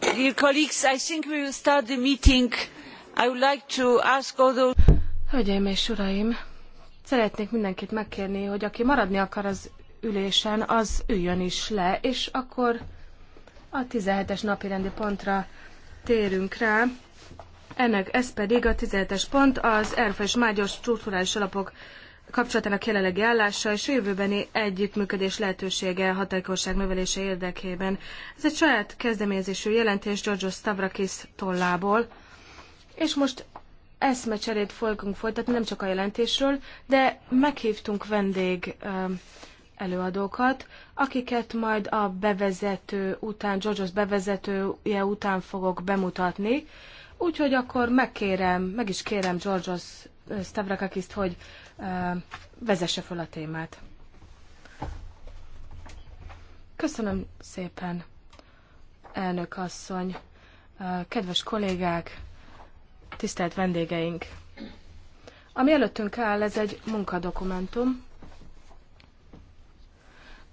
Dear colleagues, I think we will start the meeting. I would like to ask all those... Hölgyeim és uraim, szeretnék mindenkit megkérni, hogy aki maradni akar az ülésen, az üljön is le, és akkor a 17-es napirendi pontra térünk rá. Ennek ez pedig a 17-es pont az ERFA és Mágyos strukturális alapok kapcsolatának jelenlegi állása és a jövőbeni együttműködés lehetősége hatékonyság növelése érdekében. Ez egy saját kezdeményezésű jelentés Georgios Stavrakis tollából, és most eszmecserét fogunk folytatni, nem csak a jelentésről, de meghívtunk vendég előadókat, akiket majd a bevezető után, Georgios bevezetője után fogok bemutatni. Úgyhogy akkor megkérem, meg is kérem Georgios Stavrakakiszt, hogy vezesse fel a témát. Köszönöm szépen, elnök asszony, kedves kollégák, tisztelt vendégeink! Ami előttünk áll, ez egy munkadokumentum,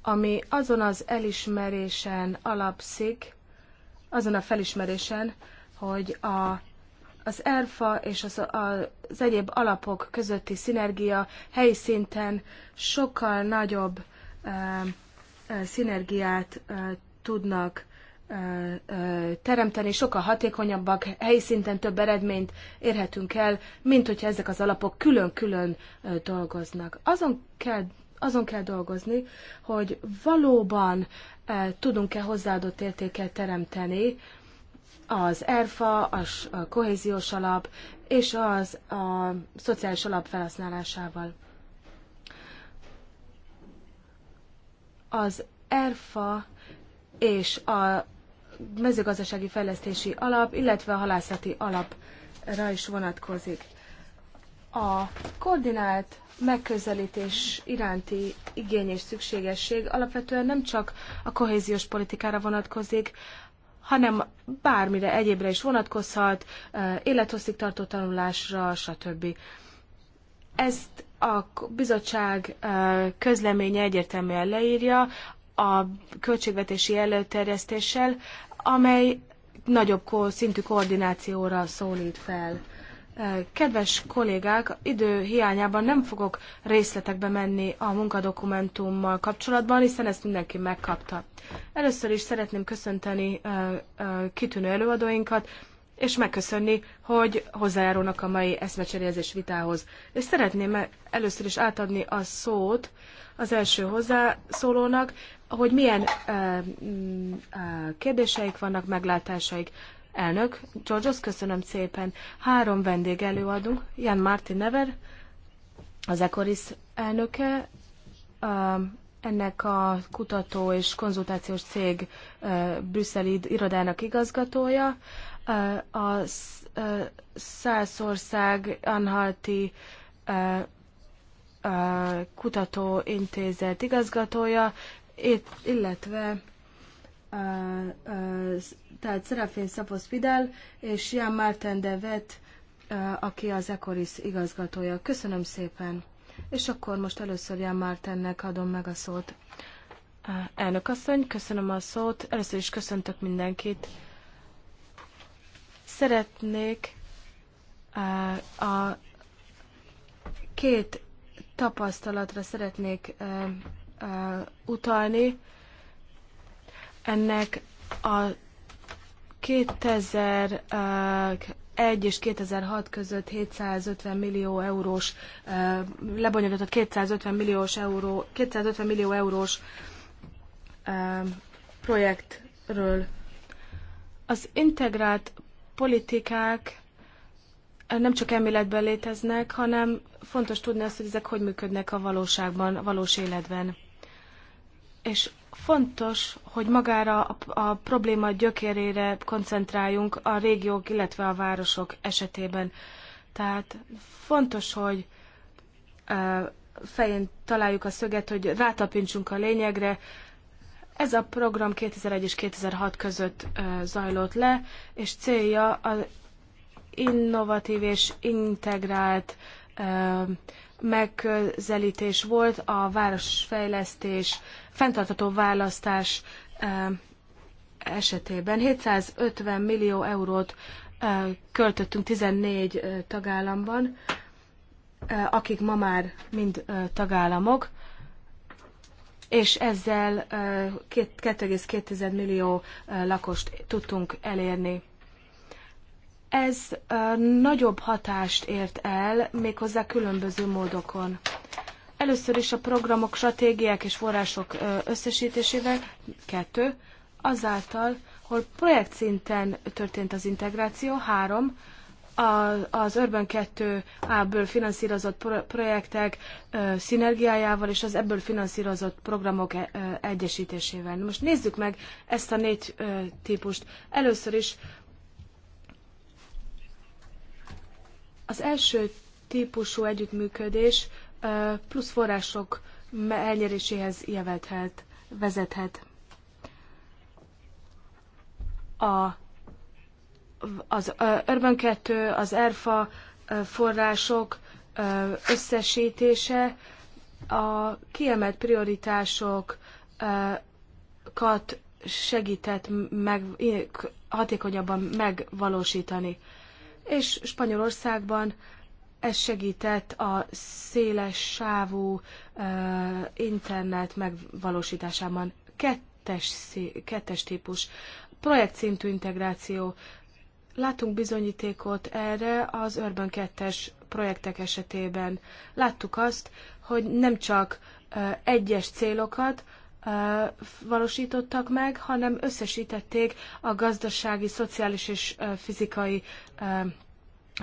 ami azon az elismerésen alapszik, azon a felismerésen, hogy a az ERFA és az, az egyéb alapok közötti szinergia helyi szinten sokkal nagyobb ö, ö, szinergiát ö, tudnak teremteni, sokkal hatékonyabbak, helyi szinten több eredményt érhetünk el, mint hogyha ezek az alapok külön-külön dolgoznak. Azon kell, azon kell dolgozni, hogy valóban tudunk-e hozzáadott értéket teremteni, az ERFA, a kohéziós alap és az a szociális alap felhasználásával. Az ERFA és a mezőgazdasági fejlesztési alap, illetve a halászati alapra is vonatkozik. A koordinált megközelítés iránti igény és szükségesség alapvetően nem csak a kohéziós politikára vonatkozik, hanem bármire egyébre is vonatkozhat, élethosszig tartó tanulásra, stb. Ezt a bizottság közleménye egyértelműen leírja a költségvetési előterjesztéssel, amely nagyobb szintű koordinációra szólít fel. Kedves kollégák, idő hiányában nem fogok részletekbe menni a munkadokumentummal kapcsolatban, hiszen ezt mindenki megkapta. Először is szeretném köszönteni kitűnő előadóinkat, és megköszönni, hogy hozzájárulnak a mai eszmecserézés vitához. És szeretném először is átadni a szót az első hozzászólónak, hogy milyen kérdéseik vannak, meglátásaik. Elnök, Georgios, köszönöm szépen. Három vendég előadunk, Jan Martin Never, az Ecoris elnöke, ennek a kutató és konzultációs cég brüsszeli irodának igazgatója, a Szászország Anhalti Kutatóintézet igazgatója, illetve tehát Szerafén Szaposz Fidel és Jan Márten Devet, aki az Ekoris igazgatója. Köszönöm szépen! És akkor most először Jan Mártennek adom meg a szót. Elnök asszony, köszönöm a szót. Először is köszöntök mindenkit. Szeretnék a két tapasztalatra szeretnék utalni, ennek a 2001 eh, és 2006 között 750 millió eurós, eh, lebonyolított 250 milliós euró, 250 millió eurós eh, projektről. Az integrált politikák nem csak elméletben léteznek, hanem fontos tudni azt, hogy ezek hogy működnek a valóságban, a valós életben. És Fontos, hogy magára a, probléma gyökerére koncentráljunk a régiók, illetve a városok esetében. Tehát fontos, hogy fején találjuk a szöget, hogy rátapintsunk a lényegre. Ez a program 2001 és 2006 között zajlott le, és célja az innovatív és integrált megközelítés volt a városfejlesztés, fenntartató választás esetében. 750 millió eurót költöttünk 14 tagállamban, akik ma már mind tagállamok, és ezzel 2,2 millió lakost tudtunk elérni. Ez nagyobb hatást ért el, méghozzá különböző módokon. Először is a programok, stratégiák és források összesítésével, kettő, azáltal, hogy projekt szinten történt az integráció, három, az Urban 2A-ből finanszírozott projektek szinergiájával és az ebből finanszírozott programok egyesítésével. Most nézzük meg ezt a négy típust. Először is Az első típusú együttműködés plusz források elnyeréséhez jövethet, vezethet. A, az Urban 2, az ERFA források összesítése, a kiemelt prioritásokat segített meg, hatékonyabban megvalósítani és Spanyolországban ez segített a széles sávú uh, internet megvalósításában. Kettes, kettes típus projekt szintű integráció. Látunk bizonyítékot erre az Urban 2-es projektek esetében. Láttuk azt, hogy nem csak egyes célokat, valósítottak meg, hanem összesítették a gazdasági, szociális és fizikai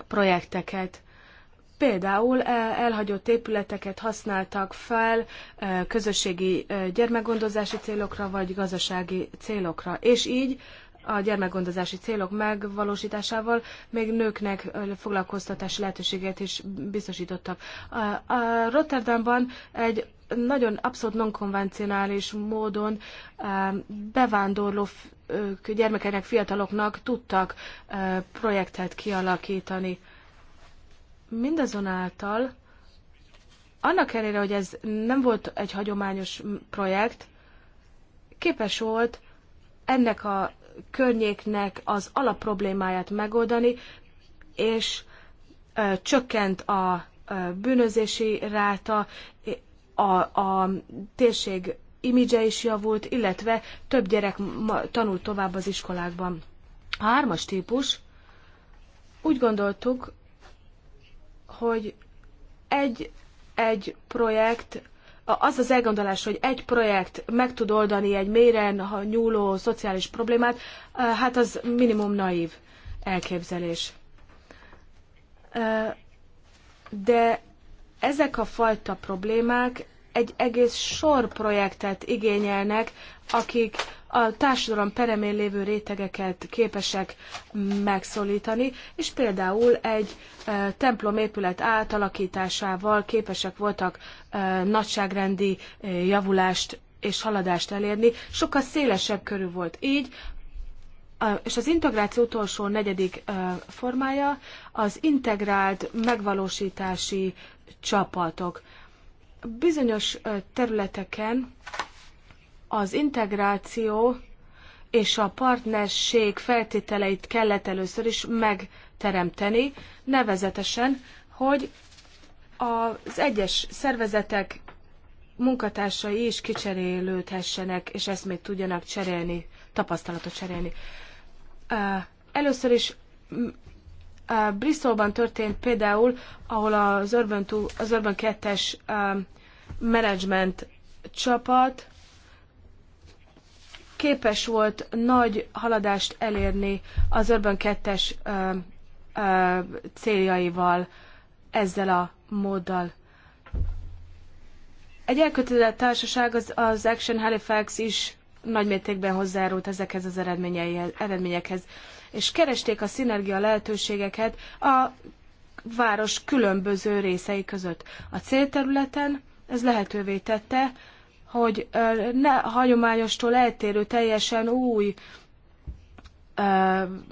projekteket. Például elhagyott épületeket használtak fel közösségi gyermekgondozási célokra vagy gazdasági célokra, és így a gyermekgondozási célok megvalósításával még nőknek foglalkoztatási lehetőséget is biztosítottak. A Rotterdamban egy nagyon abszolút nonkonvencionális módon um, bevándorló gyermekeknek, fiataloknak tudtak uh, projektet kialakítani. Mindazonáltal, annak ellenére, hogy ez nem volt egy hagyományos projekt, képes volt ennek a környéknek az alapproblémáját megoldani, és csökkent a bűnözési ráta, a, a térség imidzse is javult, illetve több gyerek tanult tovább az iskolákban. A hármas típus, úgy gondoltuk, hogy egy, egy projekt, az az elgondolás, hogy egy projekt meg tud oldani egy méren nyúló szociális problémát, hát az minimum naív elképzelés. De ezek a fajta problémák egy egész sor projektet igényelnek, akik a társadalom peremén lévő rétegeket képesek megszólítani, és például egy e, templomépület átalakításával képesek voltak e, nagyságrendi e, javulást és haladást elérni, sokkal szélesebb körű volt. Így és az integráció utolsó negyedik formája az integrált megvalósítási csapatok. Bizonyos területeken az integráció és a partnerség feltételeit kellett először is megteremteni, nevezetesen, hogy az egyes szervezetek munkatársai is kicserélődhessenek, és még tudjanak cserélni, tapasztalatot cserélni. Először is Bristolban történt például, ahol az Urban, az Urban 2-es management csapat képes volt nagy haladást elérni az Urban 2-es céljaival ezzel a móddal. Egy elkötelezett társaság, az, az Action Halifax is nagymértékben hozzájárult ezekhez az eredményekhez és keresték a szinergia lehetőségeket a város különböző részei között. A célterületen ez lehetővé tette, hogy ne hagyományostól eltérő, teljesen új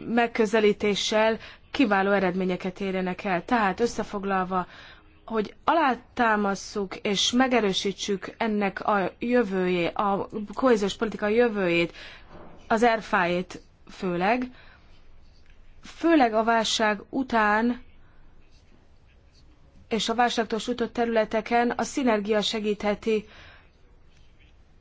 megközelítéssel kiváló eredményeket érjenek el. Tehát összefoglalva, hogy alátámasszuk és megerősítsük ennek a jövőjét, a kohéziós politika jövőjét, az erfájét főleg, főleg a válság után és a válságtól sújtott területeken a szinergia segítheti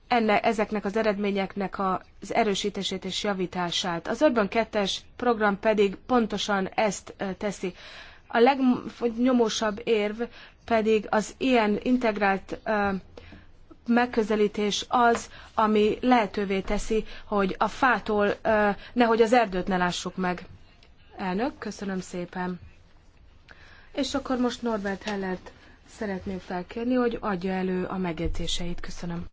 ennek, ezeknek az eredményeknek az erősítését és javítását. Az Urban 2-es program pedig pontosan ezt teszi. A legnyomósabb érv pedig az ilyen integrált megközelítés az, ami lehetővé teszi, hogy a fától nehogy az erdőt ne lássuk meg. Elnök, köszönöm szépen. És akkor most Norbert Hellert szeretném felkérni, hogy adja elő a megjegyzéseit. Köszönöm.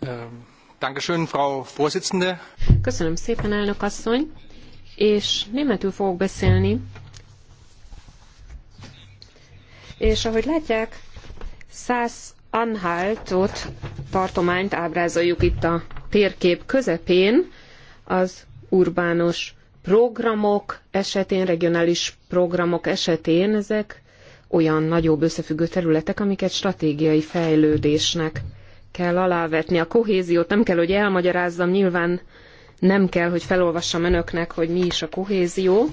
Um. Dankeschön, Frau Vorsitzende. Köszönöm szépen, elnök asszony, és németül fogok beszélni. És ahogy látják, 100 Anhaltot tartományt ábrázoljuk itt a térkép közepén, az urbános programok esetén, regionális programok esetén ezek olyan nagyobb összefüggő területek, amiket stratégiai fejlődésnek kell alávetni a kohéziót, nem kell, hogy elmagyarázzam, nyilván nem kell, hogy felolvassam önöknek, hogy mi is a kohézió,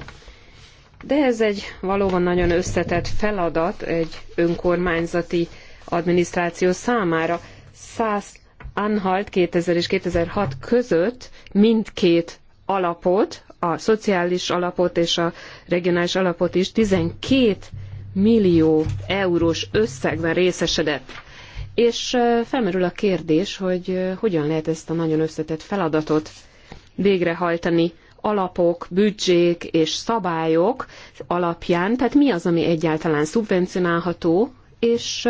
de ez egy valóban nagyon összetett feladat egy önkormányzati adminisztráció számára. 100 Anhalt 2000 és 2006 között mindkét alapot, a szociális alapot és a regionális alapot is 12 millió eurós összegben részesedett. És felmerül a kérdés, hogy hogyan lehet ezt a nagyon összetett feladatot végrehajtani alapok, büdzsék és szabályok alapján, tehát mi az, ami egyáltalán szubvencionálható, és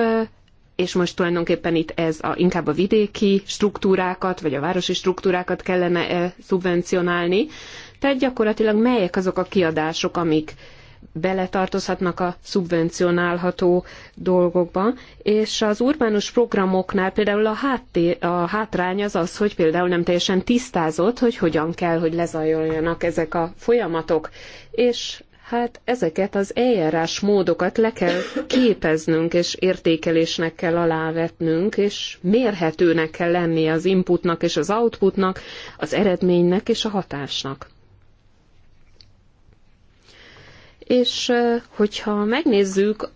és most tulajdonképpen itt ez a, inkább a vidéki struktúrákat, vagy a városi struktúrákat kellene -e szubvencionálni. Tehát gyakorlatilag melyek azok a kiadások, amik beletartozhatnak a szubvencionálható dolgokba, és az urbánus programoknál például a, háttér, a hátrány az az, hogy például nem teljesen tisztázott, hogy hogyan kell, hogy lezajoljanak ezek a folyamatok, és hát ezeket az eljárás módokat le kell képeznünk, és értékelésnek kell alávetnünk, és mérhetőnek kell lennie az inputnak és az outputnak, az eredménynek és a hatásnak. És hogyha megnézzük,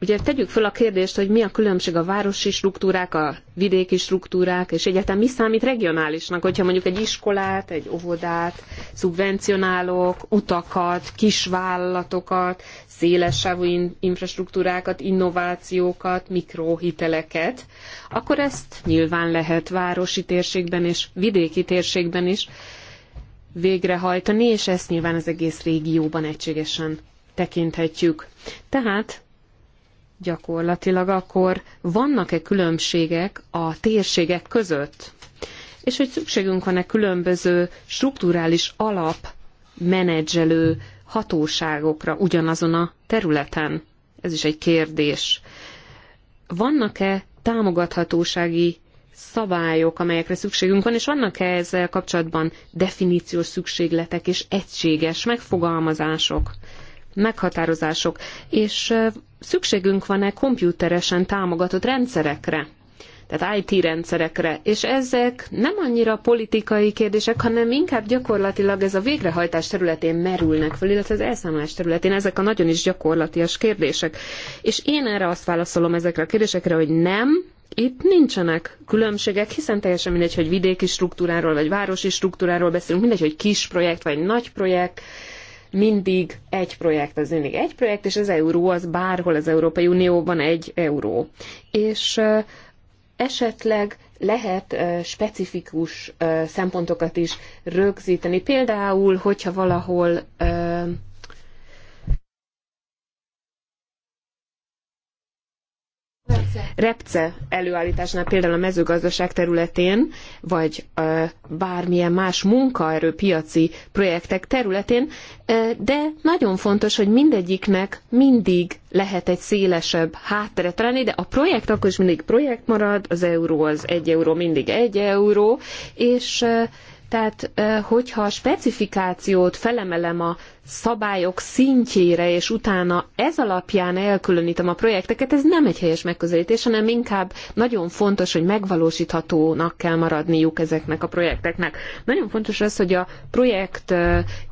ugye tegyük föl a kérdést, hogy mi a különbség a városi struktúrák, a vidéki struktúrák, és egyáltalán mi számít regionálisnak, hogyha mondjuk egy iskolát, egy óvodát szubvencionálok, utakat, kisvállalatokat, szélessávú infrastruktúrákat, innovációkat, mikrohiteleket, akkor ezt nyilván lehet városi térségben és vidéki térségben is végrehajtani, és ezt nyilván az egész régióban egységesen tekinthetjük. Tehát gyakorlatilag akkor vannak-e különbségek a térségek között? És hogy szükségünk van-e különböző strukturális alap menedzselő hatóságokra ugyanazon a területen? Ez is egy kérdés. Vannak-e támogathatósági szabályok, amelyekre szükségünk van, és vannak-e ezzel kapcsolatban definíciós szükségletek és egységes megfogalmazások, meghatározások, és szükségünk van-e komputeresen támogatott rendszerekre? tehát IT rendszerekre, és ezek nem annyira politikai kérdések, hanem inkább gyakorlatilag ez a végrehajtás területén merülnek fel, illetve az elszámolás területén ezek a nagyon is gyakorlatias kérdések. És én erre azt válaszolom ezekre a kérdésekre, hogy nem, itt nincsenek különbségek, hiszen teljesen mindegy, hogy vidéki struktúráról vagy városi struktúráról beszélünk, mindegy, hogy kis projekt vagy nagy projekt, mindig egy projekt, az mindig egy projekt, és az euró az bárhol az Európai Unióban egy euró. És esetleg lehet specifikus szempontokat is rögzíteni. Például, hogyha valahol repce előállításnál például a mezőgazdaság területén, vagy bármilyen más munkaerőpiaci projektek területén, de nagyon fontos, hogy mindegyiknek mindig lehet egy szélesebb hátteret találni, de a projekt akkor is mindig projekt marad, az euró az egy euró mindig egy euró, és tehát, hogyha a specifikációt felemelem a szabályok szintjére, és utána ez alapján elkülönítem a projekteket, ez nem egy helyes megközelítés, hanem inkább nagyon fontos, hogy megvalósíthatónak kell maradniuk ezeknek a projekteknek. Nagyon fontos az, hogy a projekt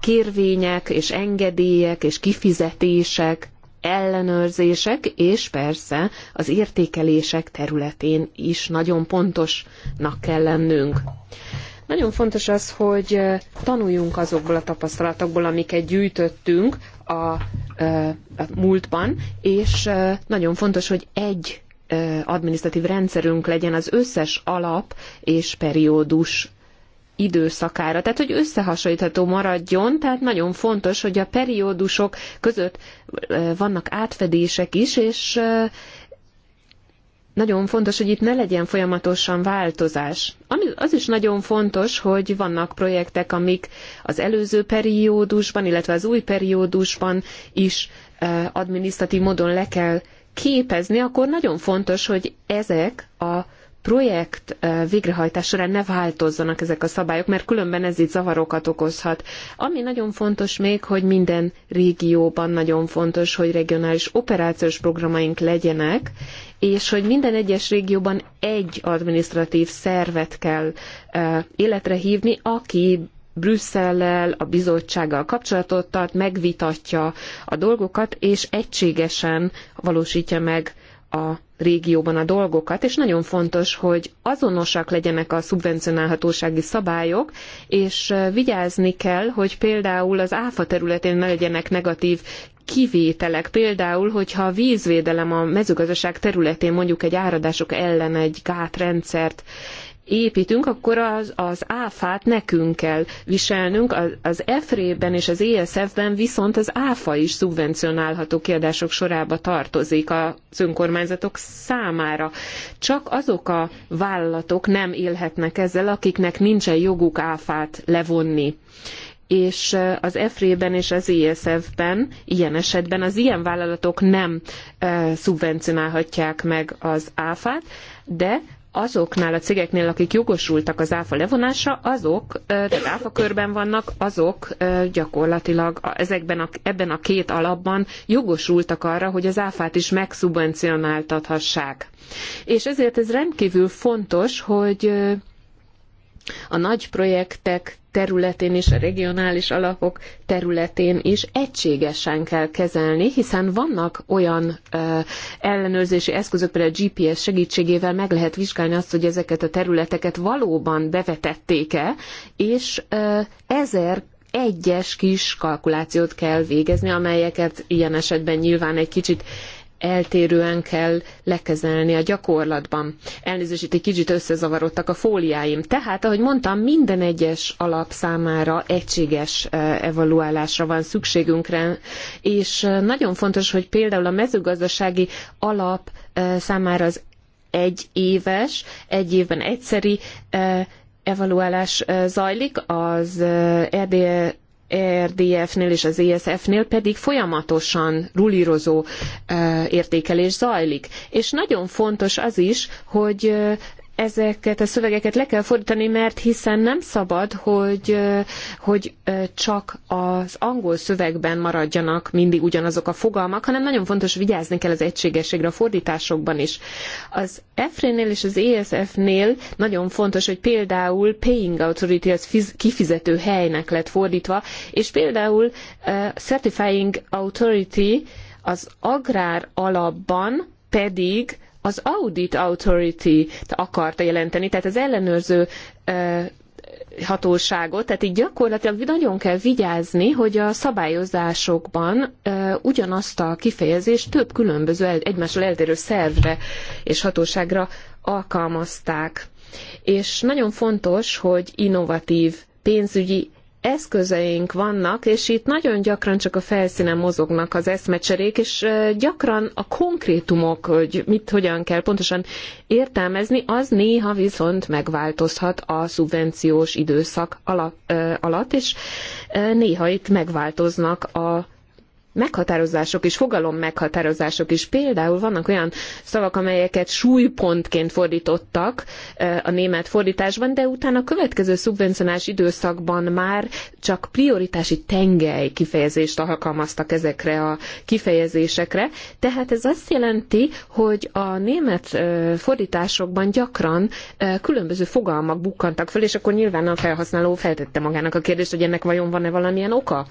kérvények és engedélyek és kifizetések ellenőrzések, és persze az értékelések területén is nagyon pontosnak kell lennünk. Nagyon fontos az, hogy tanuljunk azokból a tapasztalatokból, amiket gyűjtöttünk a, a, a múltban, és nagyon fontos, hogy egy adminisztratív rendszerünk legyen az összes alap és periódus időszakára, tehát hogy összehasonlítható maradjon, tehát nagyon fontos, hogy a periódusok között vannak átfedések is, és nagyon fontos, hogy itt ne legyen folyamatosan változás. Ami az is nagyon fontos, hogy vannak projektek, amik az előző periódusban, illetve az új periódusban is adminisztratív módon le kell képezni, akkor nagyon fontos, hogy ezek a projekt végrehajtás során ne változzanak ezek a szabályok, mert különben ez itt zavarokat okozhat. Ami nagyon fontos még, hogy minden régióban nagyon fontos, hogy regionális operációs programaink legyenek, és hogy minden egyes régióban egy administratív szervet kell életre hívni, aki Brüsszellel, a bizottsággal kapcsolatot tart, megvitatja a dolgokat, és egységesen valósítja meg a régióban a dolgokat, és nagyon fontos, hogy azonosak legyenek a szubvencionálhatósági szabályok, és vigyázni kell, hogy például az áfa területén ne legyenek negatív kivételek, például, hogyha a vízvédelem a mezőgazdaság területén mondjuk egy áradások ellen egy gátrendszert építünk, akkor az, az áfát nekünk kell viselnünk, az, az EFRE-ben és az ESF-ben viszont az áfa is szubvencionálható kiadások sorába tartozik az önkormányzatok számára. Csak azok a vállalatok nem élhetnek ezzel, akiknek nincsen joguk áfát levonni és az EFRE-ben és az ESF-ben ilyen esetben az ilyen vállalatok nem e, szubvencionálhatják meg az áfát, de azoknál a cégeknél, akik jogosultak az áfa levonásra, azok, tehát áfa körben vannak, azok gyakorlatilag ezekben a, ebben a két alapban jogosultak arra, hogy az áfát is megszubvencionáltathassák. És ezért ez rendkívül fontos, hogy a nagy projektek területén is, a regionális alapok területén is egységesen kell kezelni, hiszen vannak olyan ellenőrzési eszközök, például a GPS segítségével meg lehet vizsgálni azt, hogy ezeket a területeket valóban bevetették-e, és ezer egyes kis kalkulációt kell végezni, amelyeket ilyen esetben nyilván egy kicsit eltérően kell lekezelni a gyakorlatban. Elnézést, itt egy kicsit összezavarodtak a fóliáim. Tehát, ahogy mondtam, minden egyes alap számára egységes eh, evaluálásra van szükségünkre, és eh, nagyon fontos, hogy például a mezőgazdasági alap eh, számára az egy éves, egy évben egyszeri evaluálás zajlik, az erdélye RDF-nél és az ESF-nél pedig folyamatosan rulírozó értékelés zajlik. És nagyon fontos az is, hogy ezeket a szövegeket le kell fordítani, mert hiszen nem szabad, hogy, hogy csak az angol szövegben maradjanak mindig ugyanazok a fogalmak, hanem nagyon fontos vigyázni kell az egységességre a fordításokban is. Az EFRE-nél és az ESF-nél nagyon fontos, hogy például paying authority az kifizető helynek lett fordítva, és például uh, certifying authority az agrár alapban pedig az Audit Authority-t akarta jelenteni, tehát az ellenőrző hatóságot, tehát így gyakorlatilag nagyon kell vigyázni, hogy a szabályozásokban e, ugyanazt a kifejezést több különböző el, egymással eltérő szervre és hatóságra alkalmazták. És nagyon fontos, hogy innovatív pénzügyi eszközeink vannak, és itt nagyon gyakran csak a felszínen mozognak az eszmecserék, és gyakran a konkrétumok, hogy mit hogyan kell pontosan értelmezni, az néha viszont megváltozhat a szubvenciós időszak alatt, és néha itt megváltoznak a meghatározások és fogalom meghatározások is. Például vannak olyan szavak, amelyeket súlypontként fordítottak a német fordításban, de utána a következő szubvencionás időszakban már csak prioritási tengely kifejezést alkalmaztak ezekre a kifejezésekre. Tehát ez azt jelenti, hogy a német fordításokban gyakran különböző fogalmak bukkantak föl, és akkor nyilván a felhasználó feltette magának a kérdést, hogy ennek vajon van-e valamilyen oka.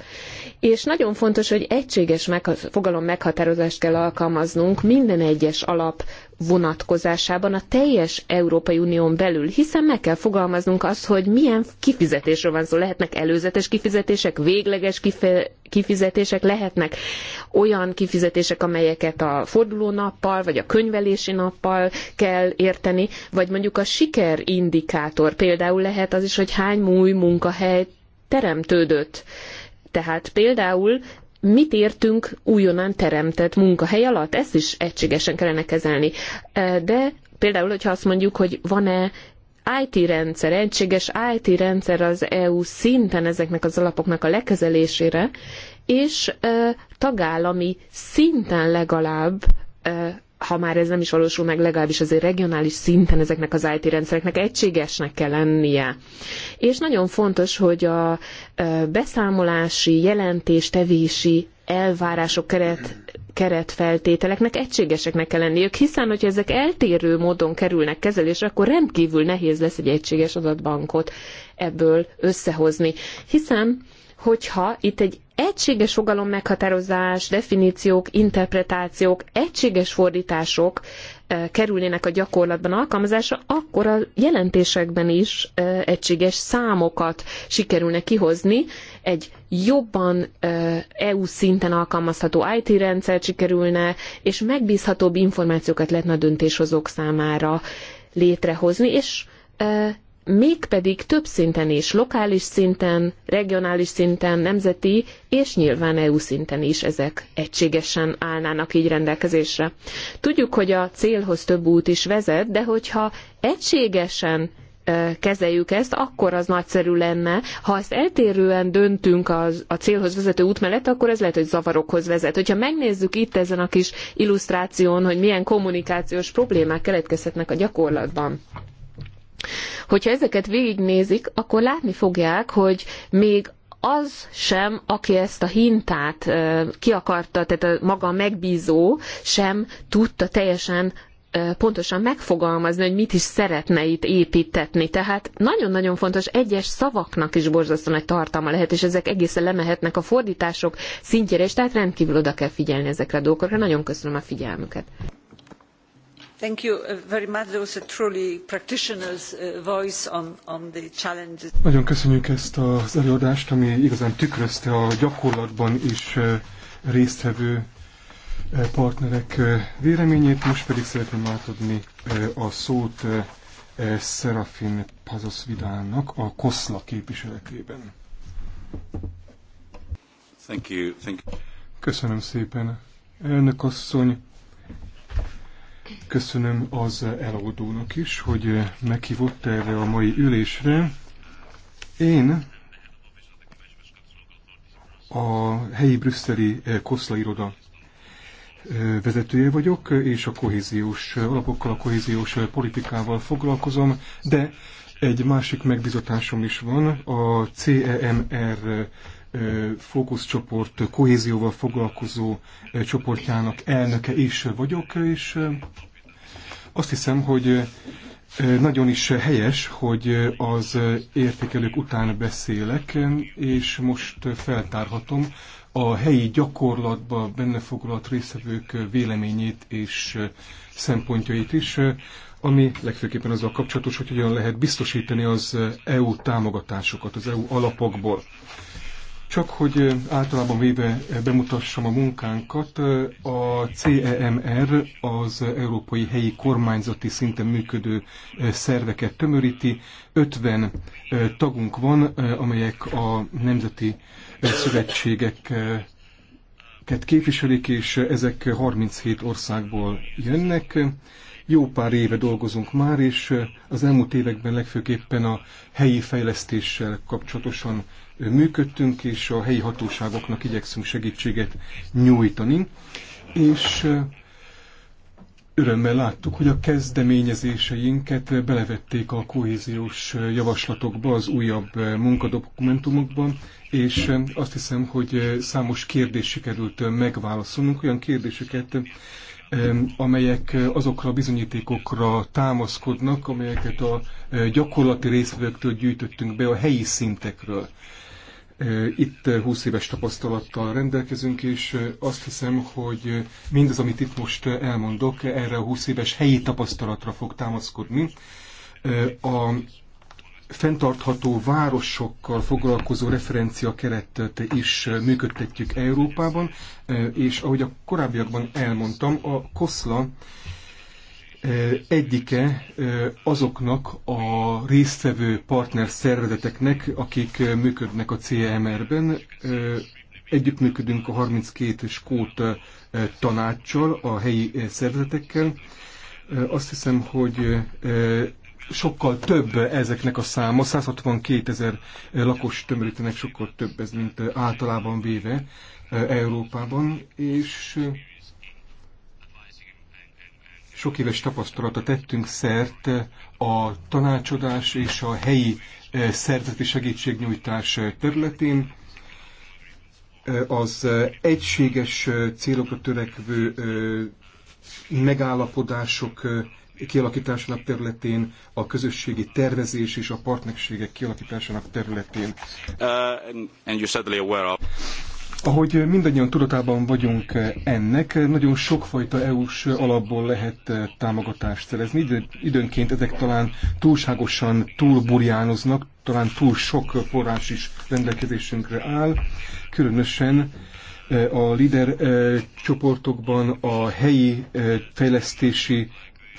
És nagyon fontos, hogy egy egységes fogalom meghatározást kell alkalmaznunk minden egyes alap vonatkozásában a teljes Európai Unión belül, hiszen meg kell fogalmaznunk azt, hogy milyen kifizetésről van szó. Lehetnek előzetes kifizetések, végleges kifizetések, lehetnek olyan kifizetések, amelyeket a fordulónappal vagy a könyvelési nappal kell érteni, vagy mondjuk a sikerindikátor például lehet az is, hogy hány új munkahely teremtődött. Tehát például mit értünk újonnan teremtett munkahely alatt, ezt is egységesen kellene kezelni. De például, hogyha azt mondjuk, hogy van-e IT rendszer, egységes IT rendszer az EU szinten ezeknek az alapoknak a lekezelésére, és tagállami szinten legalább ha már ez nem is valósul meg, legalábbis azért regionális szinten ezeknek az IT rendszereknek egységesnek kell lennie. És nagyon fontos, hogy a beszámolási, tevési, elvárások keret keretfeltételeknek egységeseknek kell lenniük, hiszen hogyha ezek eltérő módon kerülnek kezelésre, akkor rendkívül nehéz lesz egy egységes adatbankot ebből összehozni. Hiszen hogyha itt egy egységes fogalom meghatározás, definíciók, interpretációk, egységes fordítások eh, kerülnének a gyakorlatban alkalmazásra, akkor a jelentésekben is eh, egységes számokat sikerülne kihozni, egy jobban eh, EU szinten alkalmazható IT rendszer sikerülne, és megbízhatóbb információkat lehetne a döntéshozók számára létrehozni, és mégpedig több szinten is, lokális szinten, regionális szinten, nemzeti és nyilván EU szinten is ezek egységesen állnának így rendelkezésre. Tudjuk, hogy a célhoz több út is vezet, de hogyha egységesen kezeljük ezt, akkor az nagyszerű lenne. Ha ezt eltérően döntünk az, a célhoz vezető út mellett, akkor ez lehet, hogy zavarokhoz vezet. Hogyha megnézzük itt ezen a kis illusztráción, hogy milyen kommunikációs problémák keletkezhetnek a gyakorlatban Hogyha ezeket végignézik, akkor látni fogják, hogy még az sem, aki ezt a hintát ki akarta, tehát a maga a megbízó sem tudta teljesen pontosan megfogalmazni, hogy mit is szeretne itt építetni. Tehát nagyon-nagyon fontos, egyes szavaknak is borzasztó nagy tartalma lehet, és ezek egészen lemehetnek a fordítások szintjére, és tehát rendkívül oda kell figyelni ezekre a dolgokra. Nagyon köszönöm a figyelmüket. Thank you uh, very much. There was a truly practitioner's uh, voice on, on the challenges. Nagyon köszönjük ezt az előadást, ami igazán tükrözte a gyakorlatban is uh, résztvevő partnerek véleményét. Most pedig szeretném átadni a szót Serafin Pazos Vidánnak a Koszla képviseletében. Thank you. Thank you. Köszönöm szépen, elnök asszony Köszönöm az eladónak is, hogy meghívott erre a mai ülésre. Én a helyi brüsszeli eh, Koszla iroda eh, vezetője vagyok, és a kohéziós eh, alapokkal, a kohéziós politikával foglalkozom, de egy másik megbizatásom is van, a CEMR fókuszcsoport kohézióval foglalkozó csoportjának elnöke is vagyok, és azt hiszem, hogy nagyon is helyes, hogy az értékelők után beszélek, és most feltárhatom a helyi gyakorlatba benne foglalt részvevők véleményét és szempontjait is, ami legfőképpen azzal kapcsolatos, hogy hogyan lehet biztosítani az EU támogatásokat az EU alapokból. Csak hogy általában véve bemutassam a munkánkat, a CEMR az Európai Helyi Kormányzati szinten működő szerveket tömöríti. 50 tagunk van, amelyek a nemzeti szövetségek képviselik, és ezek 37 országból jönnek. Jó pár éve dolgozunk már, és az elmúlt években legfőképpen a helyi fejlesztéssel kapcsolatosan működtünk, és a helyi hatóságoknak igyekszünk segítséget nyújtani, és örömmel láttuk, hogy a kezdeményezéseinket belevették a kohéziós javaslatokba, az újabb munkadokumentumokban, és azt hiszem, hogy számos kérdés sikerült megválaszolnunk, olyan kérdéseket, amelyek azokra a bizonyítékokra támaszkodnak, amelyeket a gyakorlati részvevőktől gyűjtöttünk be a helyi szintekről. Itt 20 éves tapasztalattal rendelkezünk, és azt hiszem, hogy mindaz, amit itt most elmondok, erre a 20 éves helyi tapasztalatra fog támaszkodni. A fenntartható városokkal foglalkozó referencia keretet is működtetjük Európában, és ahogy a korábbiakban elmondtam, a Koszla egyike azoknak a résztvevő partner szervezeteknek, akik működnek a CMR-ben. Együttműködünk a 32 skót tanácssal, a helyi szervezetekkel. Azt hiszem, hogy sokkal több ezeknek a száma, 162 ezer lakos tömörítenek sokkal több ez, mint általában véve Európában, és sok éves tapasztalata tettünk szert a tanácsodás és a helyi szerzeti segítségnyújtás területén. Az egységes célokra törekvő megállapodások kialakításának területén, a közösségi tervezés és a partnerségek kialakításának területén. Uh, and you're aware of. Ahogy mindannyian tudatában vagyunk ennek, nagyon sokfajta EU-s alapból lehet támogatást szerezni. Időnként ezek talán túlságosan túlburjánoznak, talán túl sok forrás is rendelkezésünkre áll, különösen eh, a líder eh, csoportokban, a helyi eh, fejlesztési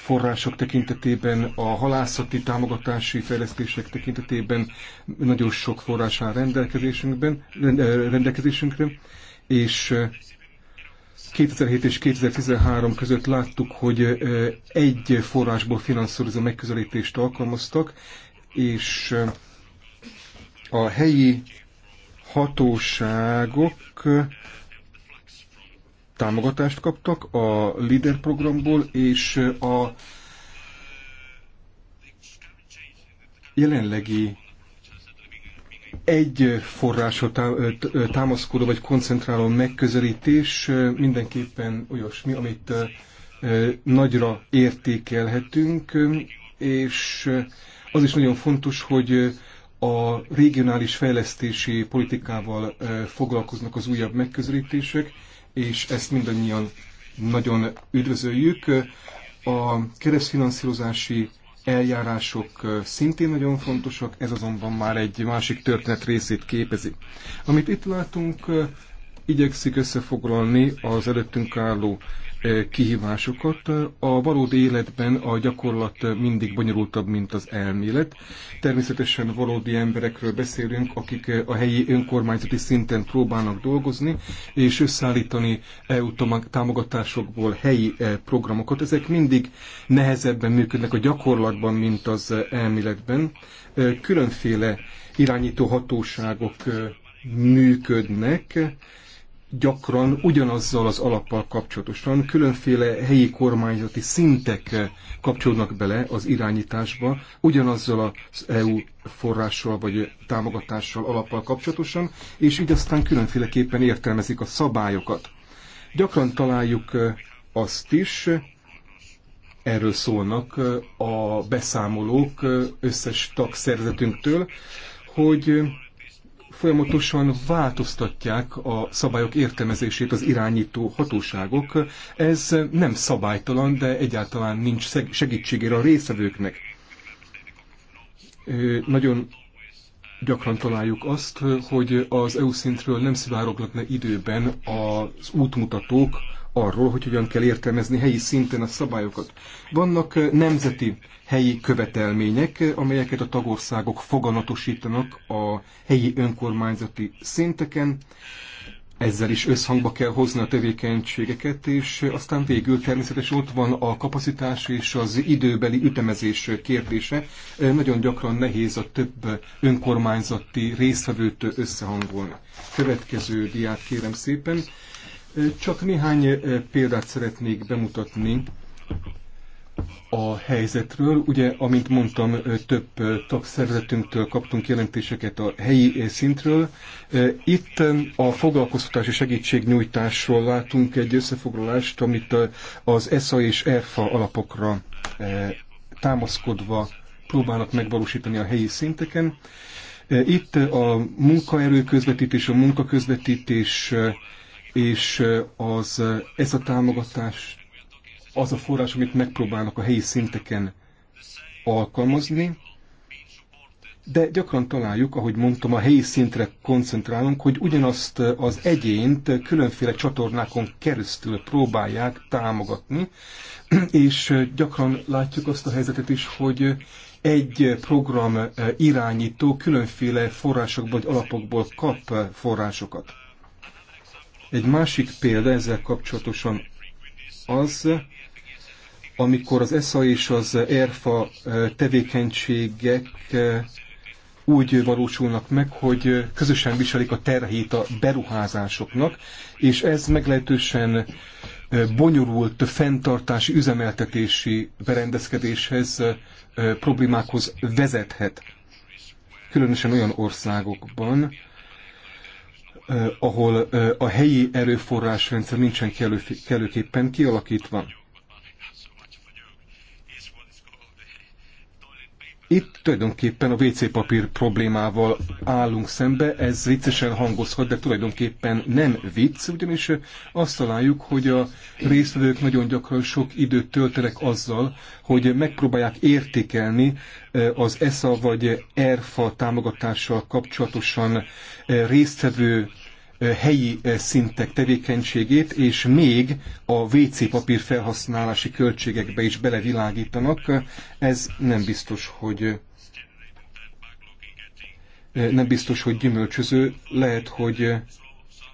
források tekintetében, a halászati támogatási fejlesztések tekintetében nagyon sok forrás áll rendelkezésünkben, rendelkezésünkre, és 2007 és 2013 között láttuk, hogy egy forrásból finanszírozó megközelítést alkalmaztak, és a helyi hatóságok támogatást kaptak a LEADER programból, és a jelenlegi egy forrásra támaszkodó vagy koncentráló megközelítés mindenképpen olyasmi, amit nagyra értékelhetünk, és az is nagyon fontos, hogy a regionális fejlesztési politikával foglalkoznak az újabb megközelítések, és ezt mindannyian nagyon üdvözöljük. A keresztfinanszírozási eljárások szintén nagyon fontosak, ez azonban már egy másik történet részét képezi. Amit itt látunk, igyekszik összefoglalni az előttünk álló kihívásokat. A valódi életben a gyakorlat mindig bonyolultabb, mint az elmélet. Természetesen valódi emberekről beszélünk, akik a helyi önkormányzati szinten próbálnak dolgozni, és összeállítani EU támogatásokból helyi programokat. Ezek mindig nehezebben működnek a gyakorlatban, mint az elméletben. Különféle irányító hatóságok működnek, gyakran ugyanazzal az alappal kapcsolatosan különféle helyi kormányzati szintek kapcsolnak bele az irányításba, ugyanazzal az EU forrással vagy támogatással alappal kapcsolatosan, és így aztán különféleképpen értelmezik a szabályokat. Gyakran találjuk azt is, erről szólnak a beszámolók összes tagszerzetünktől, hogy folyamatosan változtatják a szabályok értelmezését az irányító hatóságok. Ez nem szabálytalan, de egyáltalán nincs segítségére a részvevőknek. Nagyon gyakran találjuk azt, hogy az EU szintről nem szivárognak időben az útmutatók arról, hogy hogyan kell értelmezni helyi szinten a szabályokat. Vannak nemzeti helyi követelmények, amelyeket a tagországok foganatosítanak a helyi önkormányzati szinteken. Ezzel is összhangba kell hozni a tevékenységeket, és aztán végül természetesen ott van a kapacitás és az időbeli ütemezés kérdése. Nagyon gyakran nehéz a több önkormányzati résztvevőt összehangolni. Következő diát kérem szépen. Csak néhány eh, példát szeretnék bemutatni a helyzetről. Ugye, amint mondtam, eh, több eh, tagszervezetünktől kaptunk jelentéseket a helyi szintről. Itt a foglalkoztatási segítségnyújtásról látunk egy összefoglalást, amit az ESA és ERFA alapokra támaszkodva próbálnak megvalósítani a helyi szinteken. Itt a munkaerő közvetítés, a munkaközvetítés közvetítés és az, ez a támogatás az a forrás, amit megpróbálnak a helyi szinteken alkalmazni, de gyakran találjuk, ahogy mondtam, a helyi szintre koncentrálunk, hogy ugyanazt az egyént különféle csatornákon keresztül próbálják támogatni, és gyakran látjuk azt a helyzetet is, hogy egy program irányító különféle forrásokból vagy alapokból kap forrásokat. Egy másik példa ezzel kapcsolatosan az, amikor az ESA és az ERFA eh, tevékenységek eh, úgy valósulnak meg, hogy közösen viselik a terhét a beruházásoknak, és ez meglehetősen eh, bonyolult fenntartási, üzemeltetési berendezkedéshez, problémákhoz vezethet. Különösen olyan országokban, Eh, ahol eh, a helyi erőforrásrendszer nincsen kellőképpen kialakítva. Itt tulajdonképpen a WC papír problémával állunk szembe, ez viccesen hangozhat, de tulajdonképpen nem vicc, ugyanis azt találjuk, hogy a résztvevők nagyon gyakran sok időt töltenek azzal, hogy megpróbálják értékelni e, az ESA vagy ERFA támogatással kapcsolatosan e, résztvevő helyi szintek tevékenységét, és még a WC papír felhasználási költségekbe is belevilágítanak. Ez nem biztos, hogy nem biztos, hogy gyümölcsöző. Lehet, hogy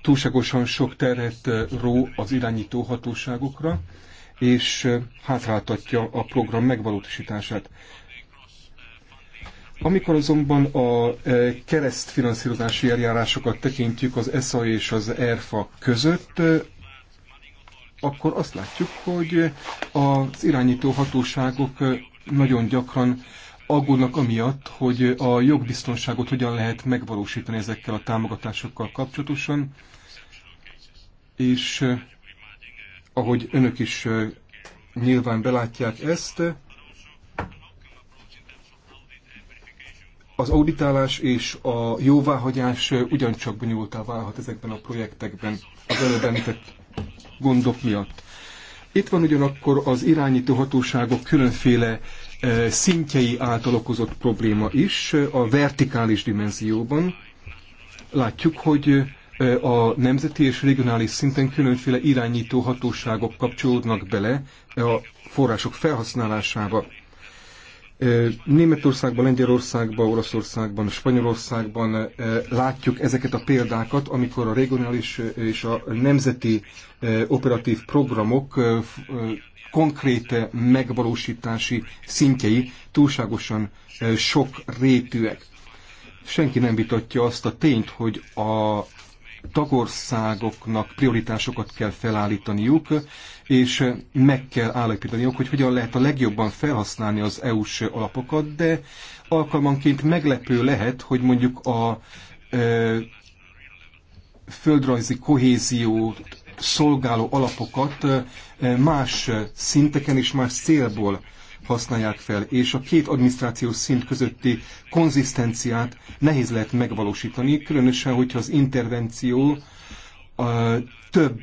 túlságosan sok terhet ró az irányító hatóságokra, és hátráltatja a program megvalósítását. Amikor azonban a e, keresztfinanszírozási eljárásokat tekintjük az ESA és az ERFA között, e, akkor azt látjuk, hogy az irányító hatóságok e, nagyon gyakran aggódnak amiatt, hogy a jogbiztonságot hogyan lehet megvalósítani ezekkel a támogatásokkal kapcsolatosan, és ahogy önök is nyilván belátják ezt, az auditálás és a jóváhagyás ugyancsak bonyolultá válhat ezekben a projektekben az előbb említett gondok miatt. Itt van ugyanakkor az irányító hatóságok különféle e, szintjei által okozott probléma is a vertikális dimenzióban. Látjuk, hogy e, a nemzeti és regionális szinten különféle irányító hatóságok kapcsolódnak bele e, a források felhasználásába. Németországban, Lengyelországban, Olaszországban, Spanyolországban látjuk ezeket a példákat, amikor a regionális és a nemzeti operatív programok konkrét megvalósítási szintjei túlságosan sok rétűek. Senki nem vitatja azt a tényt, hogy a tagországoknak prioritásokat kell felállítaniuk, és meg kell állapítaniuk, hogy hogyan lehet a legjobban felhasználni az EU-s alapokat, de alkalmanként meglepő lehet, hogy mondjuk a ö, földrajzi kohéziót szolgáló alapokat más szinteken és más célból használják fel, és a két adminisztrációs szint közötti konzisztenciát nehéz lehet megvalósítani, különösen, hogyha az intervenció a több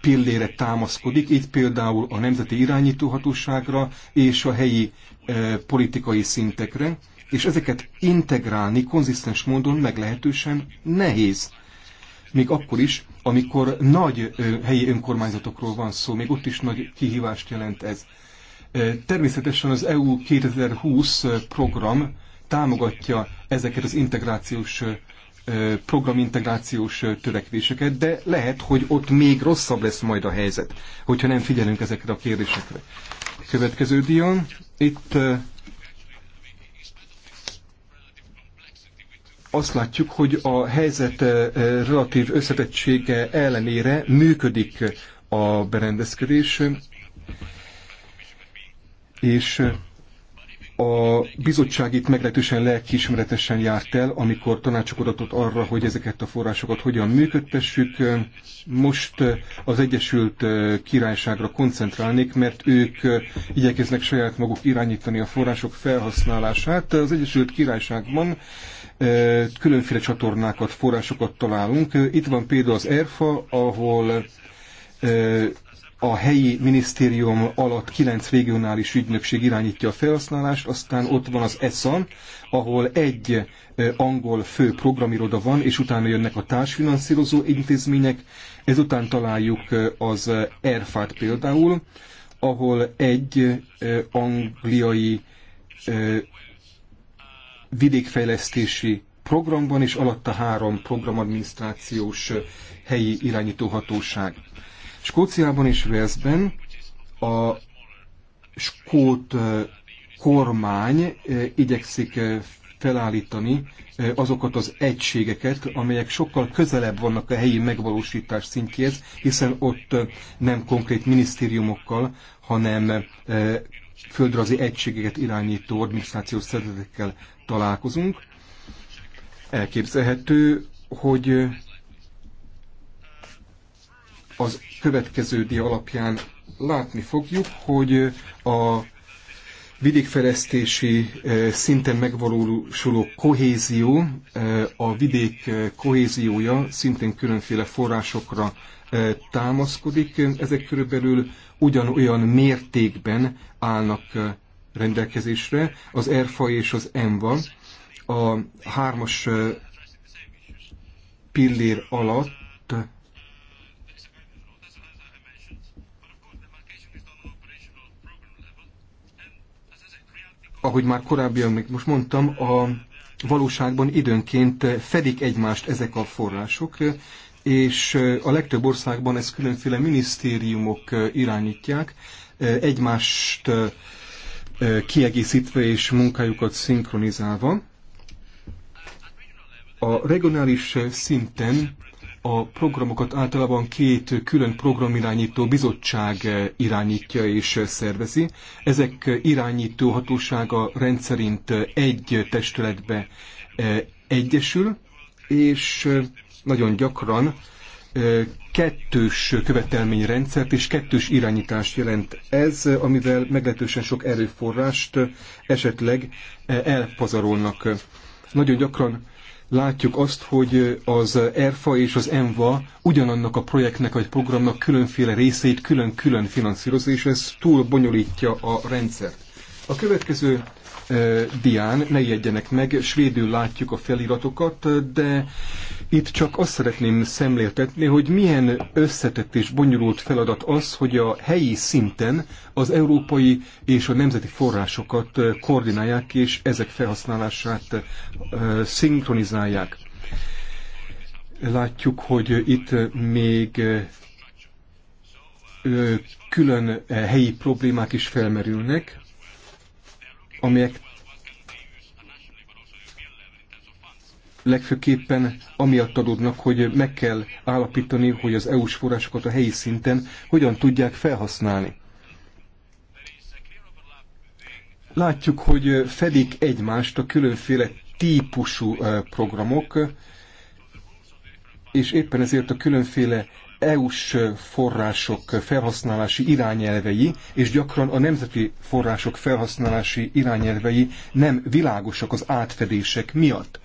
pillére támaszkodik, itt például a nemzeti irányítóhatóságra és a helyi e, politikai szintekre, és ezeket integrálni konzisztens módon meglehetősen nehéz. Még akkor is, amikor nagy ö, helyi önkormányzatokról van szó, még ott is nagy kihívást jelent ez. Természetesen az EU 2020 program támogatja ezeket az integrációs programintegrációs törekvéseket, de lehet, hogy ott még rosszabb lesz majd a helyzet, hogyha nem figyelünk ezekre a kérdésekre. Következő dion. Itt azt látjuk, hogy a helyzet relatív összetettsége ellenére működik a berendezkedés és a bizottság itt meglehetősen lelkiismeretesen járt el, amikor tanácsokat adott arra, hogy ezeket a forrásokat hogyan működtessük. Most az Egyesült Királyságra koncentrálnék, mert ők igyekeznek saját maguk irányítani a források felhasználását. Az Egyesült Királyságban különféle csatornákat, forrásokat találunk. Itt van például az ERFA, ahol a helyi minisztérium alatt kilenc regionális ügynökség irányítja a felhasználást, aztán ott van az ESAN, ahol egy eh, angol fő programiroda van, és utána jönnek a társfinanszírozó intézmények, ezután találjuk eh, az eh, ERFát például, ahol egy angliai vidékfejlesztési programban és alatta három programadminisztrációs helyi irányítóhatóság. Skóciában és Veszben a skót kormány igyekszik felállítani azokat az egységeket, amelyek sokkal közelebb vannak a helyi megvalósítás szintjéhez, hiszen ott nem konkrét minisztériumokkal, hanem földrajzi egységeket irányító adminisztrációs szervezetekkel találkozunk. Elképzelhető, hogy az következő dia alapján látni fogjuk, hogy a vidékfejlesztési e, szinten megvalósuló kohézió, e, a vidék e, kohéziója szintén különféle forrásokra támaszkodik. Ezek körülbelül ugyanolyan mértékben állnak rendelkezésre. Az ERFA és az ENVA a hármas pillér alatt ahogy már korábbi még most mondtam, a valóságban időnként fedik egymást ezek a források, és a legtöbb országban ezt különféle minisztériumok irányítják, egymást kiegészítve és munkájukat szinkronizálva. A regionális szinten a programokat általában két külön programirányító bizottság irányítja és szervezi. Ezek irányító hatósága rendszerint egy testületbe e, egyesül, és nagyon gyakran e, kettős követelményrendszert és kettős irányítást jelent ez, amivel meglehetősen sok erőforrást esetleg e, elpazarolnak. Nagyon gyakran látjuk azt, hogy az ERFA és az ENVA ugyanannak a projektnek vagy programnak különféle részeit külön-külön finanszírozza, és ez túl bonyolítja a rendszert. A következő dián, ne ijedjenek meg, svédül látjuk a feliratokat, de itt csak azt szeretném szemléltetni, hogy milyen összetett és bonyolult feladat az, hogy a helyi szinten az európai és a nemzeti forrásokat koordinálják, és ezek felhasználását szinkronizálják. Látjuk, hogy itt még külön helyi problémák is felmerülnek, amelyek legfőképpen amiatt adódnak, hogy meg kell állapítani, hogy az EU-s forrásokat a helyi szinten hogyan tudják felhasználni. Látjuk, hogy fedik egymást a különféle típusú eh, programok, és éppen ezért a különféle EU-s források felhasználási irányelvei és gyakran a nemzeti források felhasználási irányelvei nem világosak az átfedések miatt.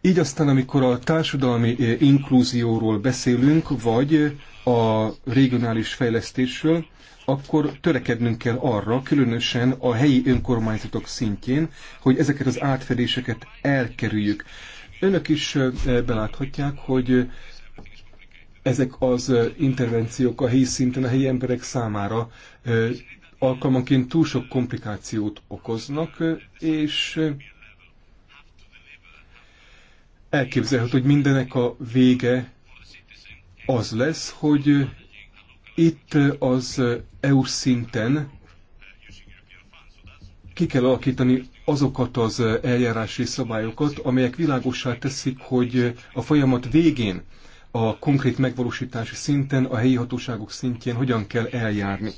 Így aztán, amikor a társadalmi eh, inkluzióról beszélünk, vagy a regionális fejlesztésről, akkor törekednünk kell arra, különösen a helyi önkormányzatok szintjén, hogy ezeket az átfedéseket elkerüljük. Önök is eh, beláthatják, hogy ezek az intervenciók a helyi szinten, a helyi emberek számára alkalmanként túl sok komplikációt okoznak, és elképzelhető, hogy mindenek a vége az lesz, hogy itt az EU szinten ki kell alakítani azokat az eljárási szabályokat, amelyek világossá teszik, hogy a folyamat végén a konkrét megvalósítási szinten, a helyi hatóságok szintjén hogyan kell eljárni.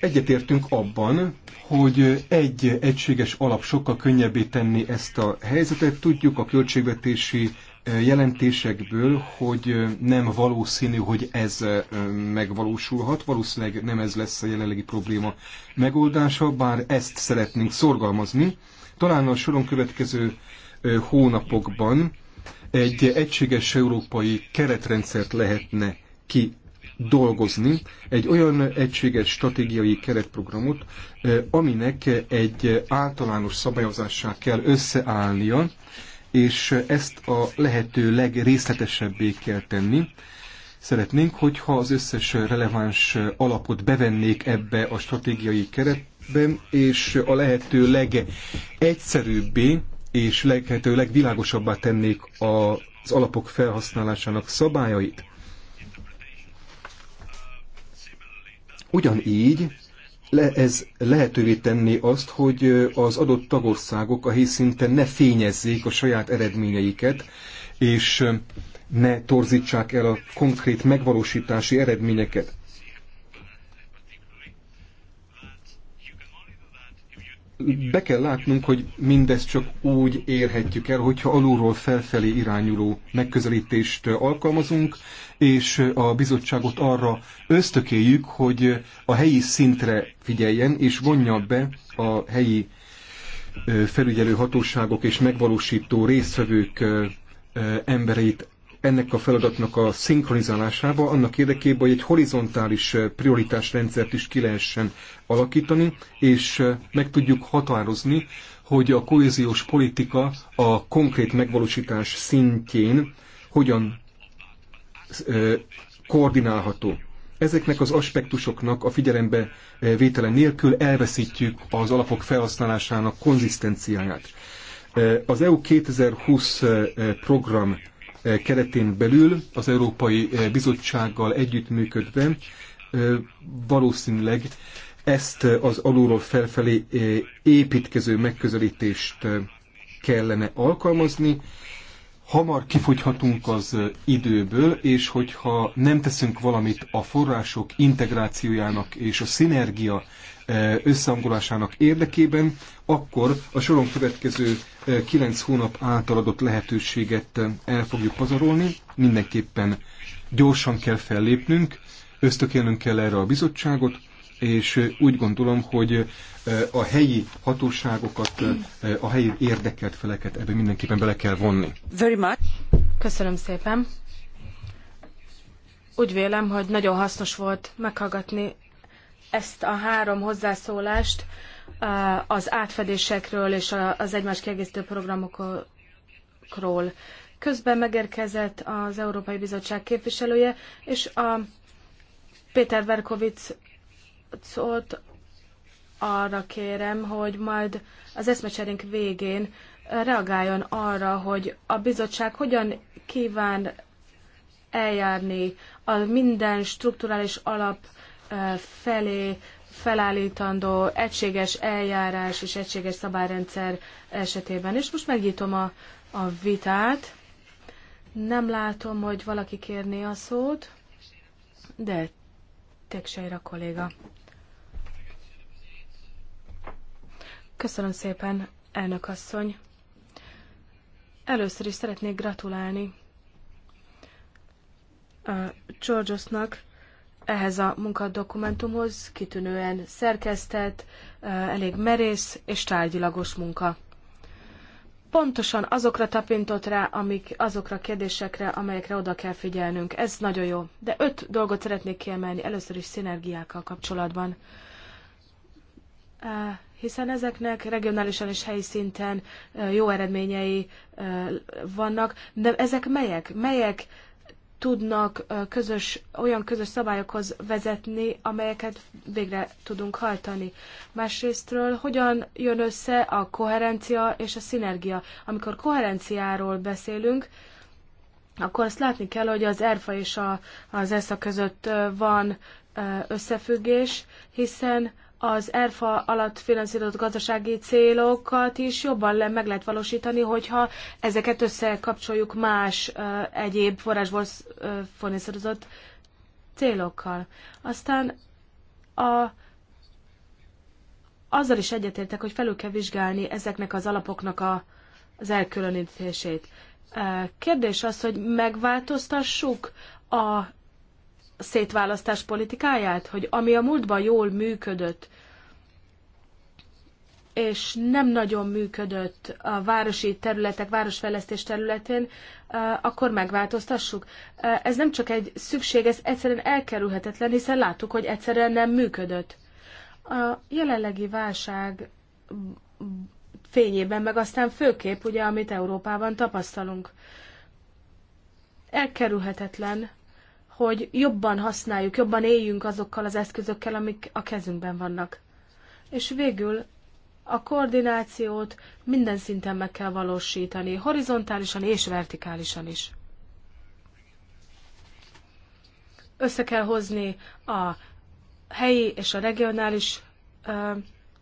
Egyetértünk abban, hogy egy egységes alap sokkal könnyebbé tenni ezt a helyzetet. Tudjuk a költségvetési jelentésekből, hogy nem valószínű, hogy ez megvalósulhat, valószínűleg nem ez lesz a jelenlegi probléma megoldása, bár ezt szeretnénk szorgalmazni. Talán a soron következő hónapokban egy egységes európai keretrendszert lehetne ki dolgozni, egy olyan egységes stratégiai keretprogramot, eh, aminek egy általános szabályozássá kell összeállnia, és ezt a lehető legrészletesebbé kell tenni. Szeretnénk, hogyha az összes releváns alapot bevennék ebbe a stratégiai keretbe, és a lehető legegyszerűbbé és lehető legvilágosabbá tennék az alapok felhasználásának szabályait. Ugyanígy le, ez lehetővé tenni azt, hogy az adott tagországok a helyszinten ne fényezzék a saját eredményeiket, és ne torzítsák el a konkrét megvalósítási eredményeket. be kell látnunk, hogy mindezt csak úgy érhetjük el, hogyha alulról felfelé irányuló megközelítést alkalmazunk, és a bizottságot arra ösztökéljük, hogy a helyi szintre figyeljen, és vonja be a helyi felügyelő hatóságok és megvalósító résztvevők embereit ennek a feladatnak a szinkronizálásába, annak érdekében, hogy egy horizontális eh, prioritásrendszert is ki lehessen alakítani, és eh, meg tudjuk határozni, hogy a kohéziós politika a konkrét megvalósítás szintjén hogyan eh, koordinálható. Ezeknek az aspektusoknak a figyelembe vétele nélkül elveszítjük az alapok felhasználásának konzisztenciáját. Az EU 2020 program keretén belül az Európai Bizottsággal együttműködve valószínűleg ezt az alulról felfelé építkező megközelítést kellene alkalmazni. Hamar kifogyhatunk az időből, és hogyha nem teszünk valamit a források integrációjának és a szinergia összehangolásának érdekében, akkor a soron következő 9 hónap által adott lehetőséget el fogjuk pazarolni. Mindenképpen gyorsan kell fellépnünk, ösztökélnünk kell erre a bizottságot, és úgy gondolom, hogy a helyi hatóságokat, a helyi érdekelt feleket ebben mindenképpen bele kell vonni. Very much. Köszönöm szépen. Úgy vélem, hogy nagyon hasznos volt meghallgatni ezt a három hozzászólást az átfedésekről és az egymás kiegészítő programokról. Közben megérkezett az Európai Bizottság képviselője, és a Péter Verkovicot arra kérem, hogy majd az eszmecserénk végén reagáljon arra, hogy a bizottság hogyan kíván eljárni a minden strukturális alap felé felállítandó egységes eljárás és egységes szabályrendszer esetében. És most megnyitom a, a vitát. Nem látom, hogy valaki kérné a szót, de Tegsejra kolléga. Köszönöm szépen, elnök asszony. Először is szeretnék gratulálni a Georgesnak ehhez a munkadokumentumhoz kitűnően szerkesztett, elég merész és tárgyilagos munka. Pontosan azokra tapintott rá, amik, azokra a kérdésekre, amelyekre oda kell figyelnünk. Ez nagyon jó. De öt dolgot szeretnék kiemelni, először is szinergiákkal kapcsolatban. Hiszen ezeknek regionálisan és helyi szinten jó eredményei vannak, de ezek melyek? Melyek tudnak közös, olyan közös szabályokhoz vezetni, amelyeket végre tudunk hajtani. Másrésztről, hogyan jön össze a koherencia és a szinergia? Amikor koherenciáról beszélünk, akkor azt látni kell, hogy az ERFA és a, az ESZA között van összefüggés, hiszen az ERFA alatt finanszírozott gazdasági célokat is jobban le, meg lehet valósítani, hogyha ezeket összekapcsoljuk más uh, egyéb forrásból uh, finanszírozott célokkal. Aztán a, azzal is egyetértek, hogy felül kell vizsgálni ezeknek az alapoknak a, az elkülönítését. Kérdés az, hogy megváltoztassuk a szétválasztás politikáját, hogy ami a múltban jól működött, és nem nagyon működött a városi területek, városfejlesztés területén, akkor megváltoztassuk. Ez nem csak egy szükség, ez egyszerűen elkerülhetetlen, hiszen láttuk, hogy egyszerűen nem működött. A jelenlegi válság fényében, meg aztán főképp, ugye, amit Európában tapasztalunk. Elkerülhetetlen, hogy jobban használjuk, jobban éljünk azokkal az eszközökkel, amik a kezünkben vannak. És végül a koordinációt minden szinten meg kell valósítani, horizontálisan és vertikálisan is. Össze kell hozni a helyi és a regionális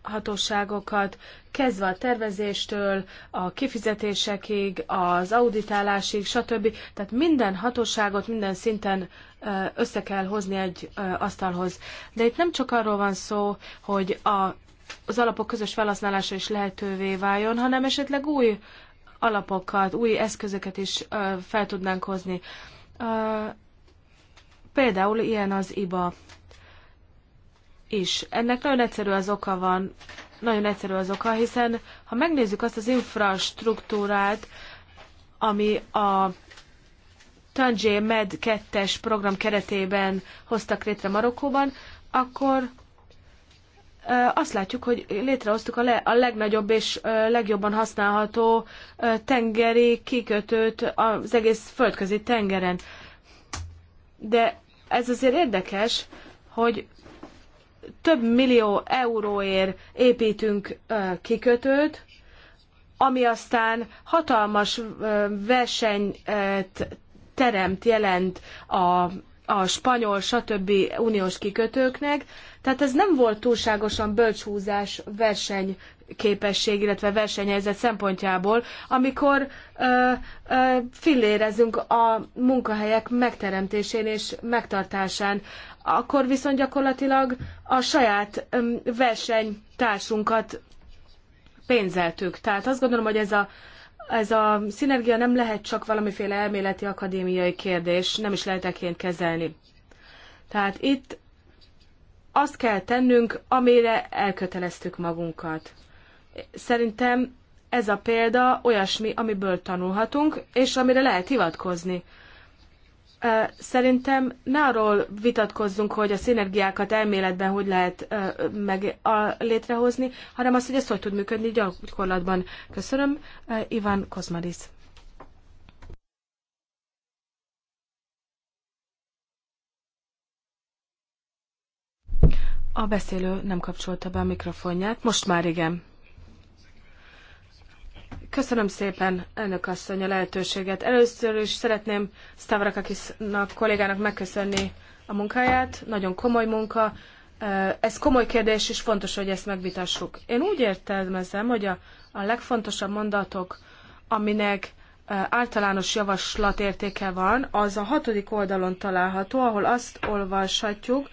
hatóságokat, kezdve a tervezéstől, a kifizetésekig, az auditálásig, stb. Tehát minden hatóságot minden szinten össze kell hozni egy asztalhoz. De itt nem csak arról van szó, hogy a, az alapok közös felhasználása is lehetővé váljon, hanem esetleg új alapokat, új eszközöket is fel tudnánk hozni. Például ilyen az IBA is. Ennek nagyon egyszerű az oka van, nagyon egyszerű az oka, hiszen ha megnézzük azt az infrastruktúrát, ami a Tanjé Med 2-es program keretében hoztak létre Marokkóban, akkor azt látjuk, hogy létrehoztuk a, le, a legnagyobb és legjobban használható tengeri kikötőt az egész földközi tengeren. De ez azért érdekes, hogy több millió euróért építünk kikötőt, ami aztán hatalmas versenyt teremt, jelent a, a spanyol, stb. uniós kikötőknek. Tehát ez nem volt túlságosan bölcshúzás verseny képesség, illetve versenyhelyzet szempontjából, amikor ö, ö, fillérezünk a munkahelyek megteremtésén és megtartásán akkor viszont gyakorlatilag a saját versenytársunkat pénzeltük. Tehát azt gondolom, hogy ez a, ez a szinergia nem lehet csak valamiféle elméleti akadémiai kérdés, nem is lehet eként kezelni. Tehát itt azt kell tennünk, amire elköteleztük magunkat. Szerintem ez a példa olyasmi, amiből tanulhatunk, és amire lehet hivatkozni. Szerintem ne arról vitatkozzunk, hogy a szinergiákat elméletben hogy lehet meg létrehozni, hanem azt, hogy ez hogy tud működni gyakorlatban. Köszönöm, Ivan Kozmaris. A beszélő nem kapcsolta be a mikrofonját, most már igen. Köszönöm szépen, elnök asszony, a lehetőséget. Először is szeretném Stavrakakisnak, kollégának megköszönni a munkáját. Nagyon komoly munka. Ez komoly kérdés, és fontos, hogy ezt megvitassuk. Én úgy értelmezem, hogy a, a legfontosabb mondatok, aminek általános javaslat értéke van, az a hatodik oldalon található, ahol azt olvashatjuk,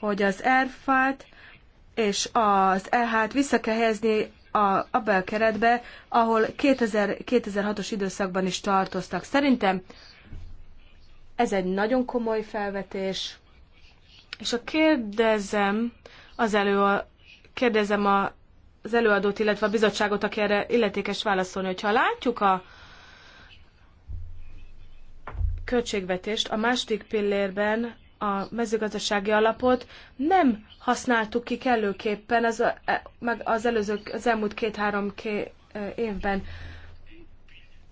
hogy az erfát és az EH-t vissza kell helyezni a, abba a keretbe, ahol 2000, 2006-os időszakban is tartoztak. Szerintem ez egy nagyon komoly felvetés, és a kérdezem az elő, a kérdezem a, az előadót, illetve a bizottságot, aki erre illetékes válaszolni, hogyha látjuk a költségvetést a második pillérben a mezőgazdasági alapot nem használtuk ki kellőképpen az, e, meg az, előző, az elmúlt két-három e, évben.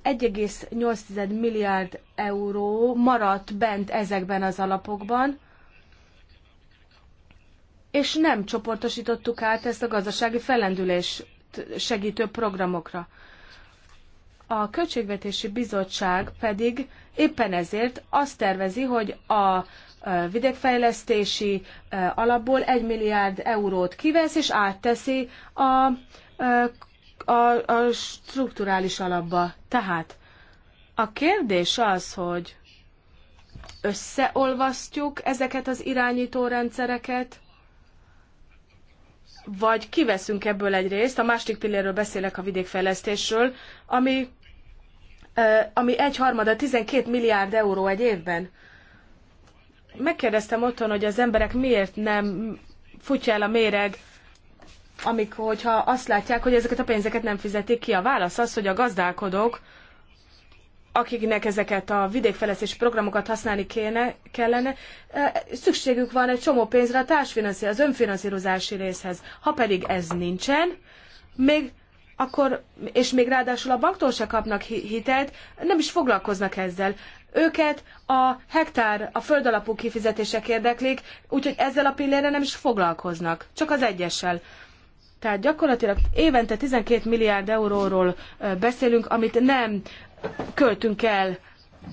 1,8 milliárd euró maradt bent ezekben az alapokban, és nem csoportosítottuk át ezt a gazdasági fellendülés segítő programokra. A Költségvetési Bizottság pedig éppen ezért azt tervezi, hogy a vidékfejlesztési alapból 1 milliárd eurót kivesz, és átteszi a, a, a strukturális alapba. Tehát a kérdés az, hogy összeolvasztjuk ezeket az irányító rendszereket, vagy kiveszünk ebből egy részt, a másik pillérről beszélek a vidékfejlesztésről, ami, ami egy harmada 12 milliárd euró egy évben megkérdeztem otthon, hogy az emberek miért nem futja el a méreg, amikor, hogyha azt látják, hogy ezeket a pénzeket nem fizetik ki. A válasz az, hogy a gazdálkodók, akiknek ezeket a vidékfejlesztési programokat használni kéne, kellene, e, szükségük van egy csomó pénzre a társfinanszírozás, az önfinanszírozási részhez. Ha pedig ez nincsen, még akkor, és még ráadásul a banktól se kapnak hitelt, nem is foglalkoznak ezzel. Őket a hektár, a földalapú kifizetések érdeklik, úgyhogy ezzel a pillére nem is foglalkoznak, csak az egyessel. Tehát gyakorlatilag évente 12 milliárd euróról beszélünk, amit nem költünk el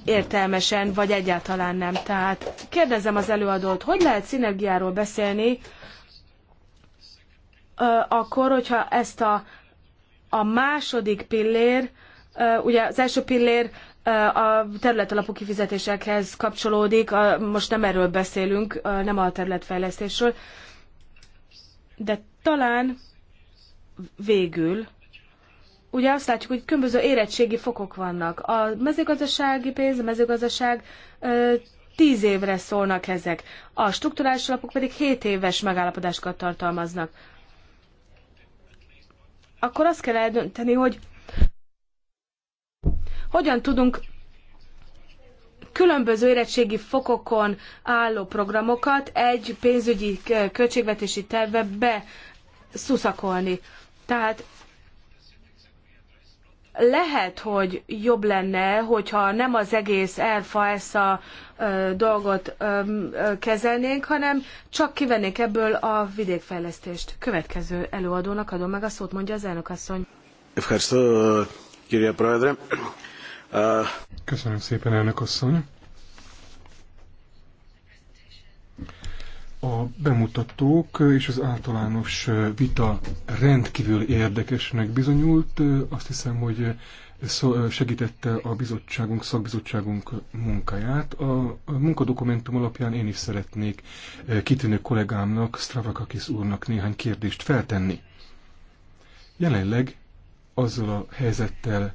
értelmesen, vagy egyáltalán nem. Tehát kérdezem az előadót, hogy lehet szinergiáról beszélni, akkor, hogyha ezt a, a második pillér, ugye az első pillér a területalapú kifizetésekhez kapcsolódik, most nem erről beszélünk, nem a területfejlesztésről, de talán végül, ugye azt látjuk, hogy különböző érettségi fokok vannak. A mezőgazdasági pénz, a mezőgazdaság tíz évre szólnak ezek, a struktúrális alapok pedig 7 éves megállapodásokat tartalmaznak. Akkor azt kell eldönteni, hogy hogyan tudunk különböző érettségi fokokon álló programokat egy pénzügyi eh, költségvetési tervbe beszuszakolni. Tehát lehet, hogy jobb lenne, hogyha nem az egész elfa ezt a eh, dolgot ö, eh, ö, kezelnénk, hanem csak kivennék ebből a vidékfejlesztést. Következő előadónak adom meg a szót, mondja az elnök asszony. Köszönöm, Uh, Köszönöm szépen, elnök asszony. A bemutatók és az általános vita rendkívül érdekesnek bizonyult. Azt hiszem, hogy segítette a bizottságunk, szakbizottságunk munkáját. A munkadokumentum alapján én is szeretnék kitűnő kollégámnak, Stravakakis úrnak néhány kérdést feltenni. Jelenleg azzal a helyzettel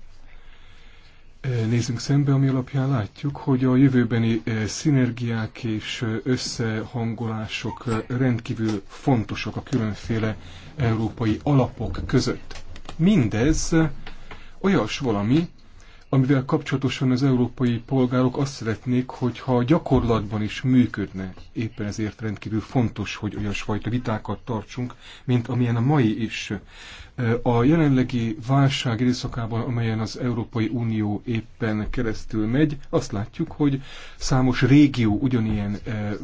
nézünk szembe, ami alapján látjuk, hogy a jövőbeni szinergiák és összehangolások rendkívül fontosak a különféle európai alapok között. Mindez olyas valami, amivel kapcsolatosan az európai polgárok azt szeretnék, hogyha gyakorlatban is működne. Éppen ezért rendkívül fontos, hogy olyasfajta vitákat tartsunk, mint amilyen a mai is. A jelenlegi válság időszakában, amelyen az Európai Unió éppen keresztül megy, azt látjuk, hogy számos régió ugyanilyen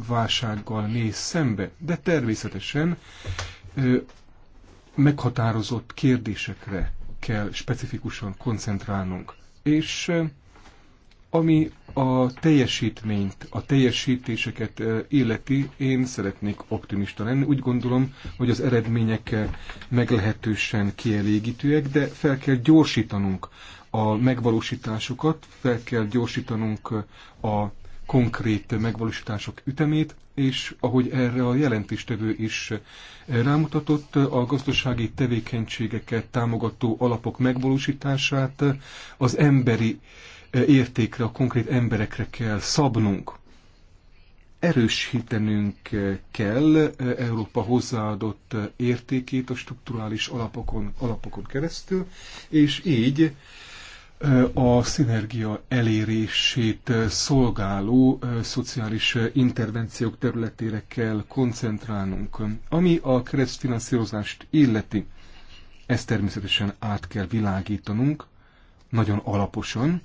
válsággal néz szembe, de természetesen meghatározott kérdésekre kell specifikusan koncentrálnunk. És ami a teljesítményt, a teljesítéseket eh, illeti, én szeretnék optimista lenni. Úgy gondolom, hogy az eredmények eh, meglehetősen kielégítőek, de fel kell gyorsítanunk a megvalósításokat, fel kell gyorsítanunk eh, a konkrét megvalósítások ütemét, és ahogy erre a jelentéstevő is rámutatott, a gazdasági tevékenységeket támogató alapok megvalósítását, az emberi értékre, a konkrét emberekre kell szabnunk. Erősítenünk kell Európa hozzáadott értékét a strukturális alapokon, alapokon keresztül, és így a szinergia elérését szolgáló szociális intervenciók területére kell koncentrálnunk. Ami a keresztfinanszírozást illeti, ezt természetesen át kell világítanunk, nagyon alaposan,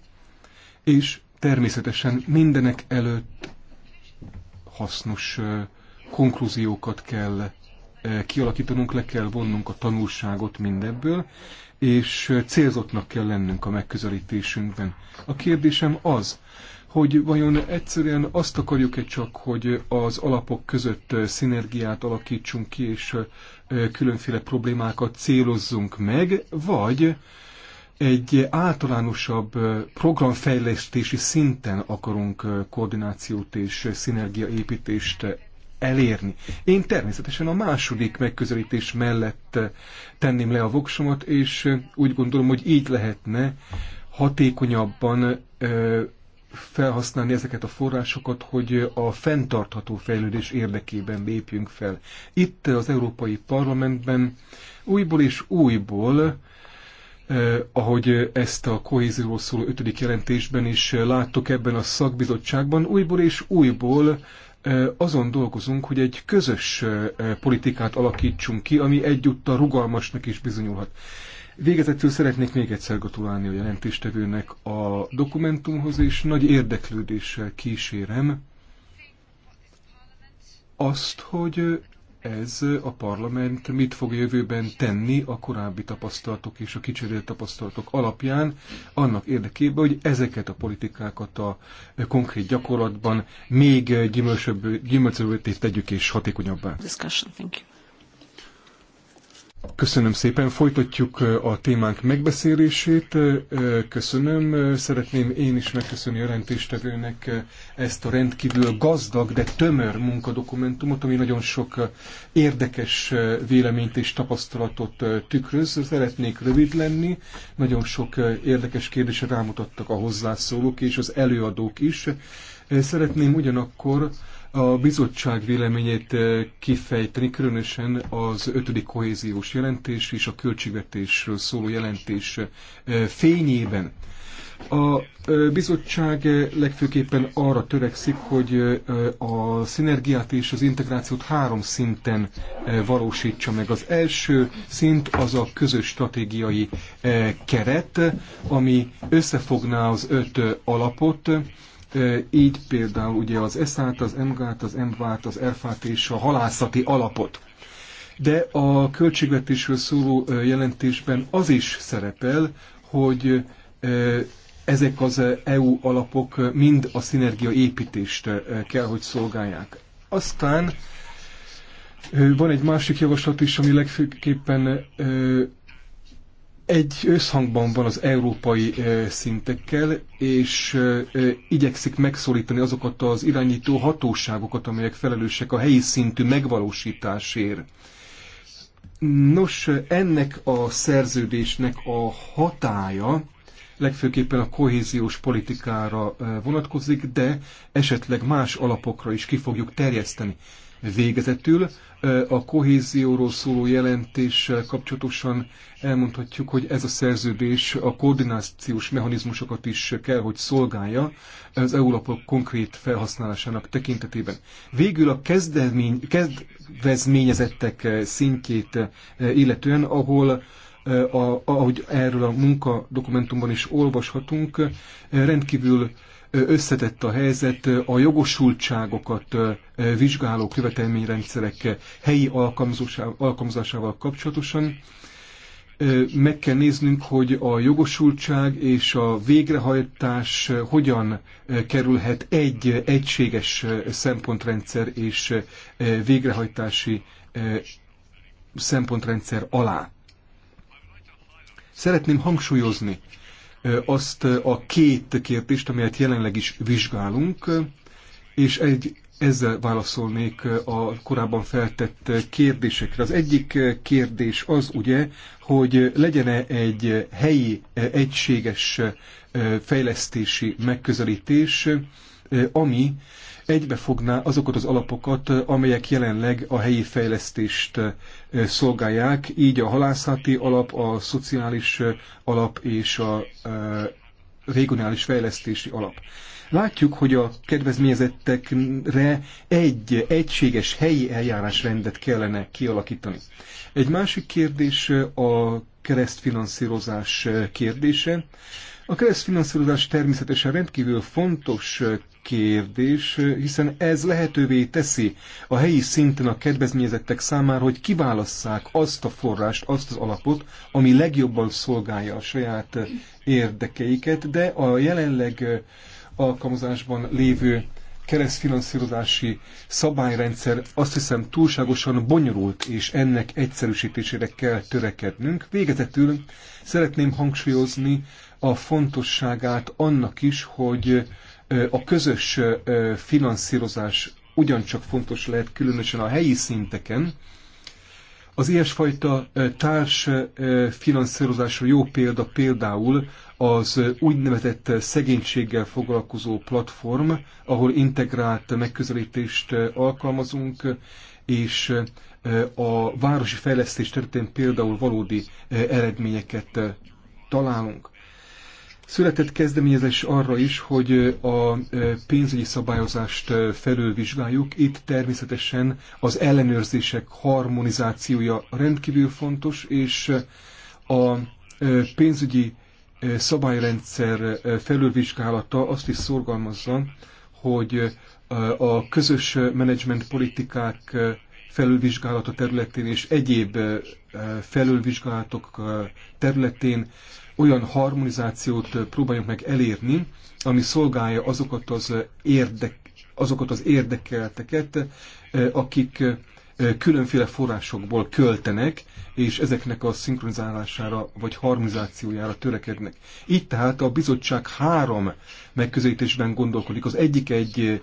és természetesen mindenek előtt hasznos konklúziókat kell kialakítanunk, le kell vonnunk a tanulságot mindebből, és célzottnak kell lennünk a megközelítésünkben. A kérdésem az, hogy vajon egyszerűen azt akarjuk-e csak, hogy az alapok között szinergiát alakítsunk ki, és különféle problémákat célozzunk meg, vagy egy általánosabb programfejlesztési szinten akarunk koordinációt és szinergiaépítést elérni. Én természetesen a második megközelítés mellett tenném le a voksomat, és úgy gondolom, hogy így lehetne hatékonyabban felhasználni ezeket a forrásokat, hogy a fenntartható fejlődés érdekében lépjünk fel. Itt az Európai Parlamentben újból és újból Eh, ahogy ezt a kohézióról szóló ötödik jelentésben is láttuk ebben a szakbizottságban, újból és újból eh, azon dolgozunk, hogy egy közös eh, politikát alakítsunk ki, ami egyúttal rugalmasnak is bizonyulhat. Végezetül szeretnék még egyszer gratulálni a jelentéstevőnek a dokumentumhoz, és nagy érdeklődéssel kísérem azt, hogy ez a parlament mit fog jövőben tenni a korábbi tapasztalatok és a kicserélt tapasztalatok alapján, annak érdekében, hogy ezeket a politikákat a konkrét gyakorlatban még gyümölcsöbbé tegyük és hatékonyabbá. Discussion, thank you. Köszönöm szépen, folytatjuk a témánk megbeszélését. Köszönöm, szeretném én is megköszönni a rendtéstevőnek ezt a rendkívül gazdag, de tömör munkadokumentumot, ami nagyon sok érdekes véleményt és tapasztalatot tükröz. Szeretnék rövid lenni, nagyon sok érdekes kérdésre rámutattak a hozzászólók és az előadók is. Szeretném ugyanakkor a bizottság véleményét eh, kifejteni, különösen az ötödik kohéziós jelentés és a költségvetésről szóló jelentés eh, fényében. A eh, bizottság legfőképpen arra törekszik, hogy a szinergiát és az integrációt három szinten valósítsa meg. Az első szint az a közös stratégiai keret, ami összefogná az öt alapot, így például ugye az ESZ-t, az MG-t, az MV-t, az ELFÁT és a halászati alapot. De a költségvetésről szóló jelentésben az is szerepel, hogy ezek az EU alapok mind a szinergia építést kell, hogy szolgálják. Aztán van egy másik javaslat is, ami legfőképpen egy összhangban van az európai eh, szintekkel, és eh, eh, igyekszik megszólítani azokat az irányító hatóságokat, amelyek felelősek a helyi szintű megvalósításért. Nos, ennek a szerződésnek a hatája legfőképpen a kohéziós politikára vonatkozik, de esetleg más alapokra is ki fogjuk terjeszteni. Végezetül a kohézióról szóló jelentéssel kapcsolatosan elmondhatjuk, hogy ez a szerződés a koordinációs mechanizmusokat is kell, hogy szolgálja az EULAPok konkrét felhasználásának tekintetében. Végül a kezdemény, kezdvezményezettek szintjét illetően, ahol a, ahogy erről a munkadokumentumban is olvashatunk, rendkívül összetett a helyzet, a jogosultságokat vizsgáló követelményrendszerek helyi alkalmazásával kapcsolatosan. Meg kell néznünk, hogy a jogosultság és a végrehajtás hogyan kerülhet egy egységes szempontrendszer és végrehajtási szempontrendszer alá. Szeretném hangsúlyozni, azt a két kérdést, amelyet jelenleg is vizsgálunk, és egy, ezzel válaszolnék a korábban feltett kérdésekre. Az egyik kérdés az ugye, hogy legyen-e egy helyi egységes fejlesztési megközelítés, ami egybefogná azokat az alapokat, amelyek jelenleg a helyi fejlesztést szolgálják, így a halászati alap, a szociális alap és a regionális fejlesztési alap. Látjuk, hogy a kedvezményezettekre egy egységes helyi eljárásrendet kellene kialakítani. Egy másik kérdés a keresztfinanszírozás kérdése. A keresztfinanszírozás természetesen rendkívül fontos kérdés, hiszen ez lehetővé teszi a helyi szinten a kedvezményezettek számára, hogy kiválasszák azt a forrást, azt az alapot, ami legjobban szolgálja a saját érdekeiket, de a jelenleg alkalmazásban lévő keresztfinanszírozási szabályrendszer azt hiszem túlságosan bonyolult, és ennek egyszerűsítésére kell törekednünk. Végezetül szeretném hangsúlyozni, a fontosságát annak is, hogy a közös finanszírozás ugyancsak fontos lehet, különösen a helyi szinteken. Az ilyesfajta társ finanszírozásra jó példa például az úgynevezett szegénységgel foglalkozó platform, ahol integrált megközelítést alkalmazunk, és a városi fejlesztés területén például valódi eredményeket találunk. Született kezdeményezés arra is, hogy a pénzügyi szabályozást felülvizsgáljuk. Itt természetesen az ellenőrzések harmonizációja rendkívül fontos, és a pénzügyi szabályrendszer felülvizsgálata azt is szorgalmazza, hogy a közös menedzsment politikák felülvizsgálata területén és egyéb felülvizsgálatok területén olyan harmonizációt próbáljunk meg elérni, ami szolgálja azokat az, érdek, azokat az érdekelteket, akik különféle forrásokból költenek, és ezeknek a szinkronizálására vagy harmonizációjára törekednek. Így tehát a bizottság három megközelítésben gondolkodik. Az egyik egy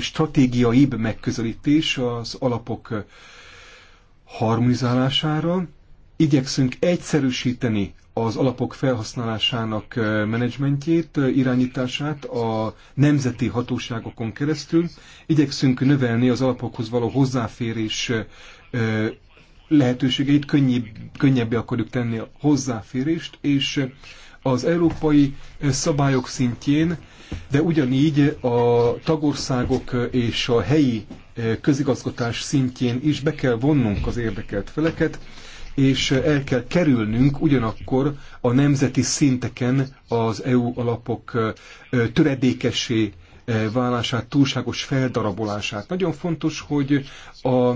stratégiaibb megközelítés az alapok harmonizálására, igyekszünk egyszerűsíteni az alapok felhasználásának menedzsmentjét, irányítását a nemzeti hatóságokon keresztül. Igyekszünk növelni az alapokhoz való hozzáférés lehetőségeit, könnyebb, könnyebbé akarjuk tenni a hozzáférést, és az európai szabályok szintjén, de ugyanígy a tagországok és a helyi közigazgatás szintjén is be kell vonnunk az érdekelt feleket, és el kell kerülnünk ugyanakkor a nemzeti szinteken az EU alapok töredékesé válását, túlságos feldarabolását. Nagyon fontos, hogy a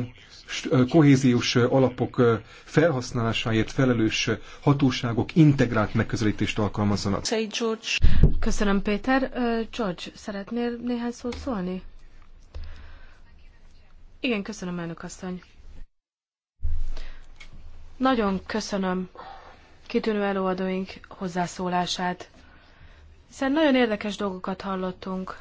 kohéziós alapok felhasználásáért felelős hatóságok integrált megközelítést alkalmazzanak. Köszönöm, Péter. George, szeretnél néhány szót szólni? Igen, köszönöm, elnök asszony. Nagyon köszönöm kitűnő előadóink hozzászólását, hiszen nagyon érdekes dolgokat hallottunk.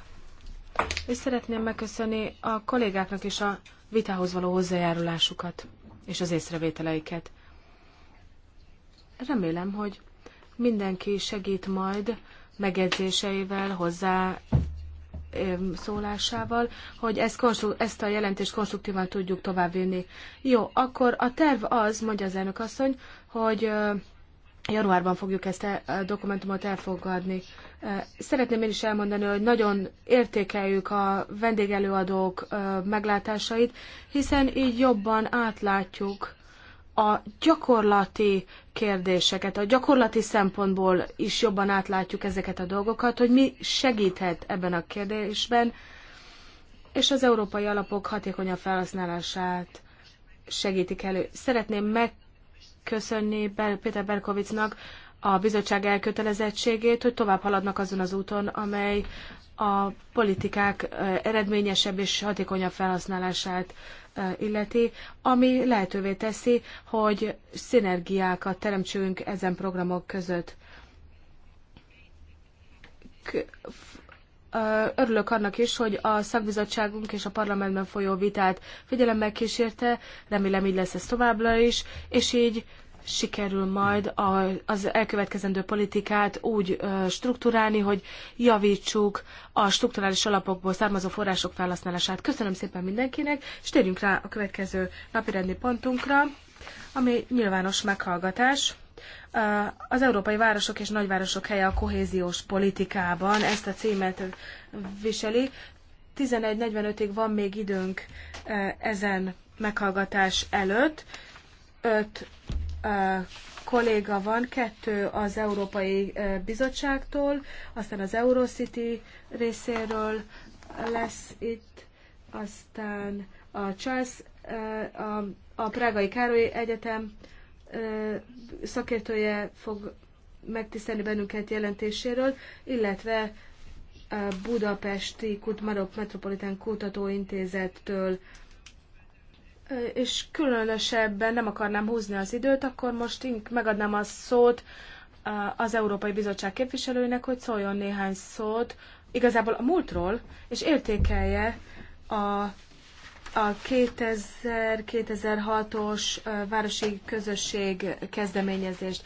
És szeretném megköszönni a kollégáknak is a vitához való hozzájárulásukat és az észrevételeiket. Remélem, hogy mindenki segít majd megedzéseivel hozzá szólásával, hogy ezt, ezt a jelentést konstruktívan tudjuk továbbvinni. Jó, akkor a terv az, mondja az elnök asszony, hogy januárban fogjuk ezt a dokumentumot elfogadni. Szeretném én is elmondani, hogy nagyon értékeljük a vendégelőadók meglátásait, hiszen így jobban átlátjuk a gyakorlati kérdéseket, a gyakorlati szempontból is jobban átlátjuk ezeket a dolgokat, hogy mi segíthet ebben a kérdésben, és az európai alapok hatékonyabb felhasználását segítik elő. Szeretném megköszönni Péter Berkovicnak a bizottság elkötelezettségét, hogy tovább haladnak azon az úton, amely a politikák eredményesebb és hatékonyabb felhasználását illeti, ami lehetővé teszi, hogy szinergiákat teremtsünk ezen programok között. Örülök annak is, hogy a szakbizottságunk és a parlamentben folyó vitát figyelemmel kísérte, remélem így lesz ez továbbra is, és így sikerül majd az elkövetkezendő politikát úgy strukturálni, hogy javítsuk a strukturális alapokból származó források felhasználását. Köszönöm szépen mindenkinek, és térjünk rá a következő napirendi pontunkra, ami nyilvános meghallgatás. Az európai városok és nagyvárosok helye a kohéziós politikában ezt a címet viseli. 11.45-ig van még időnk ezen meghallgatás előtt. 5 kolléga van, kettő az Európai Bizottságtól, aztán az Eurocity részéről lesz itt, aztán a Charles, a, a Prágai Károly Egyetem szakértője fog megtisztelni bennünket jelentéséről, illetve a Budapesti Kutmarok Metropolitán Kutatóintézettől és különösebben nem akarnám húzni az időt, akkor most megadnám a szót az Európai Bizottság képviselőinek, hogy szóljon néhány szót igazából a múltról, és értékelje a, a 2000-2006-os városi közösség kezdeményezést.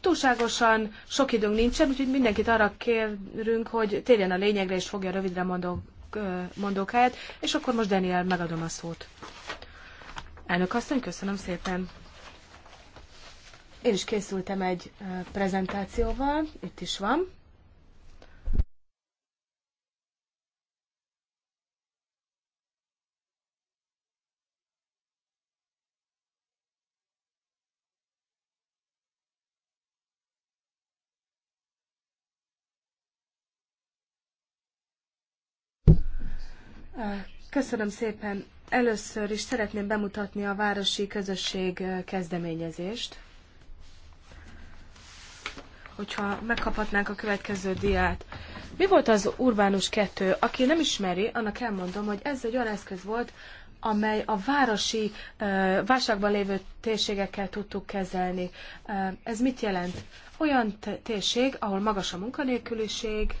Túlságosan sok időnk nincsen, úgyhogy mindenkit arra kérünk, hogy térjen a lényegre, és fogja rövidre mondó, mondókáját, és akkor most Daniel megadom a szót. Elnök asszony, köszönöm szépen. Én is készültem egy prezentációval, itt is van. Köszönöm szépen Először is szeretném bemutatni a Városi Közösség kezdeményezést. Hogyha megkaphatnánk a következő diát. Mi volt az Urbánus 2? Aki nem ismeri, annak elmondom, hogy ez egy olyan eszköz volt, amely a városi válságban lévő térségekkel tudtuk kezelni. Ez mit jelent? Olyan térség, ahol magas a munkanélküliség,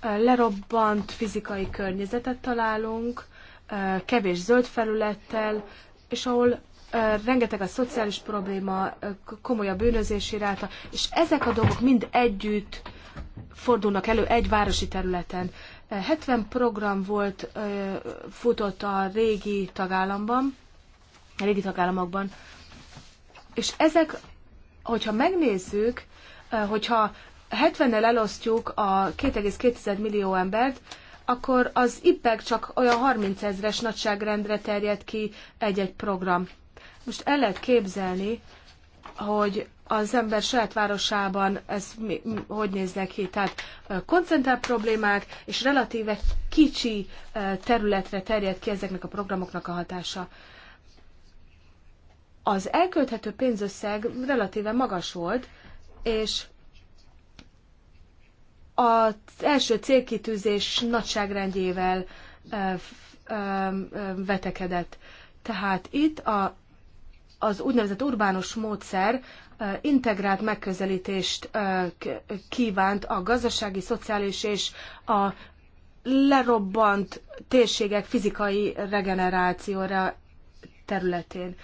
lerobbant fizikai környezetet találunk, kevés zöld felülettel, és ahol rengeteg a szociális probléma, komoly a bűnözési ráta, és ezek a dolgok mind együtt fordulnak elő egy városi területen. 70 program volt, futott a régi tagállamban, a régi tagállamokban, és ezek, hogyha megnézzük, hogyha 70-nel elosztjuk a 2,2 millió embert, akkor az IPEG csak olyan 30 ezres nagyságrendre terjed ki egy-egy program. Most el lehet képzelni, hogy az ember saját városában ez mi, mi, hogy néznek ki. Tehát koncentrált problémák és relatíve kicsi területre terjed ki ezeknek a programoknak a hatása. Az elkölthető pénzösszeg relatíve magas volt, és az első célkitűzés nagyságrendjével vetekedett. Tehát itt a, az úgynevezett urbánus módszer integrált megközelítést kívánt a gazdasági, szociális és a lerobbant térségek fizikai regenerációra területén.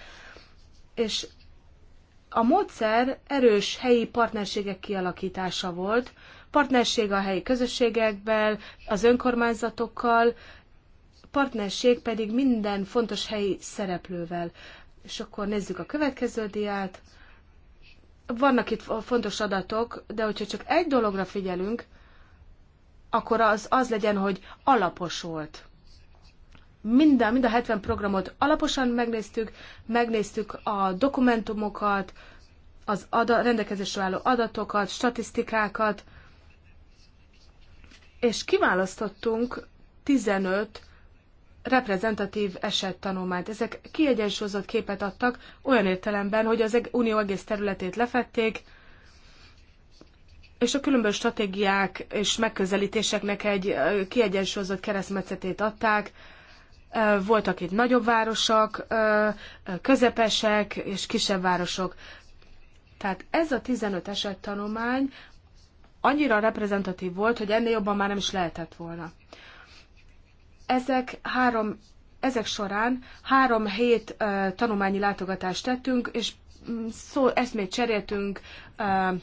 És a módszer erős helyi partnerségek kialakítása volt, partnerség a helyi közösségekben, az önkormányzatokkal, partnerség pedig minden fontos helyi szereplővel. És akkor nézzük a következő diát. Vannak itt fontos adatok, de hogyha csak egy dologra figyelünk, akkor az, az legyen, hogy alapos volt minden, mind a 70 programot alaposan megnéztük, megnéztük a dokumentumokat, az ada, rendelkezésre álló adatokat, statisztikákat, és kiválasztottunk 15 reprezentatív esettanulmányt. Ezek kiegyensúlyozott képet adtak olyan értelemben, hogy az unió egész területét lefették, és a különböző stratégiák és megközelítéseknek egy kiegyensúlyozott keresztmetszetét adták. Voltak itt nagyobb városok, közepesek és kisebb városok. Tehát ez a 15 esettanulmány annyira reprezentatív volt, hogy ennél jobban már nem is lehetett volna. Ezek három ezek során három hét uh, tanulmányi látogatást tettünk, és mm, szó, eszmét cseréltünk uh,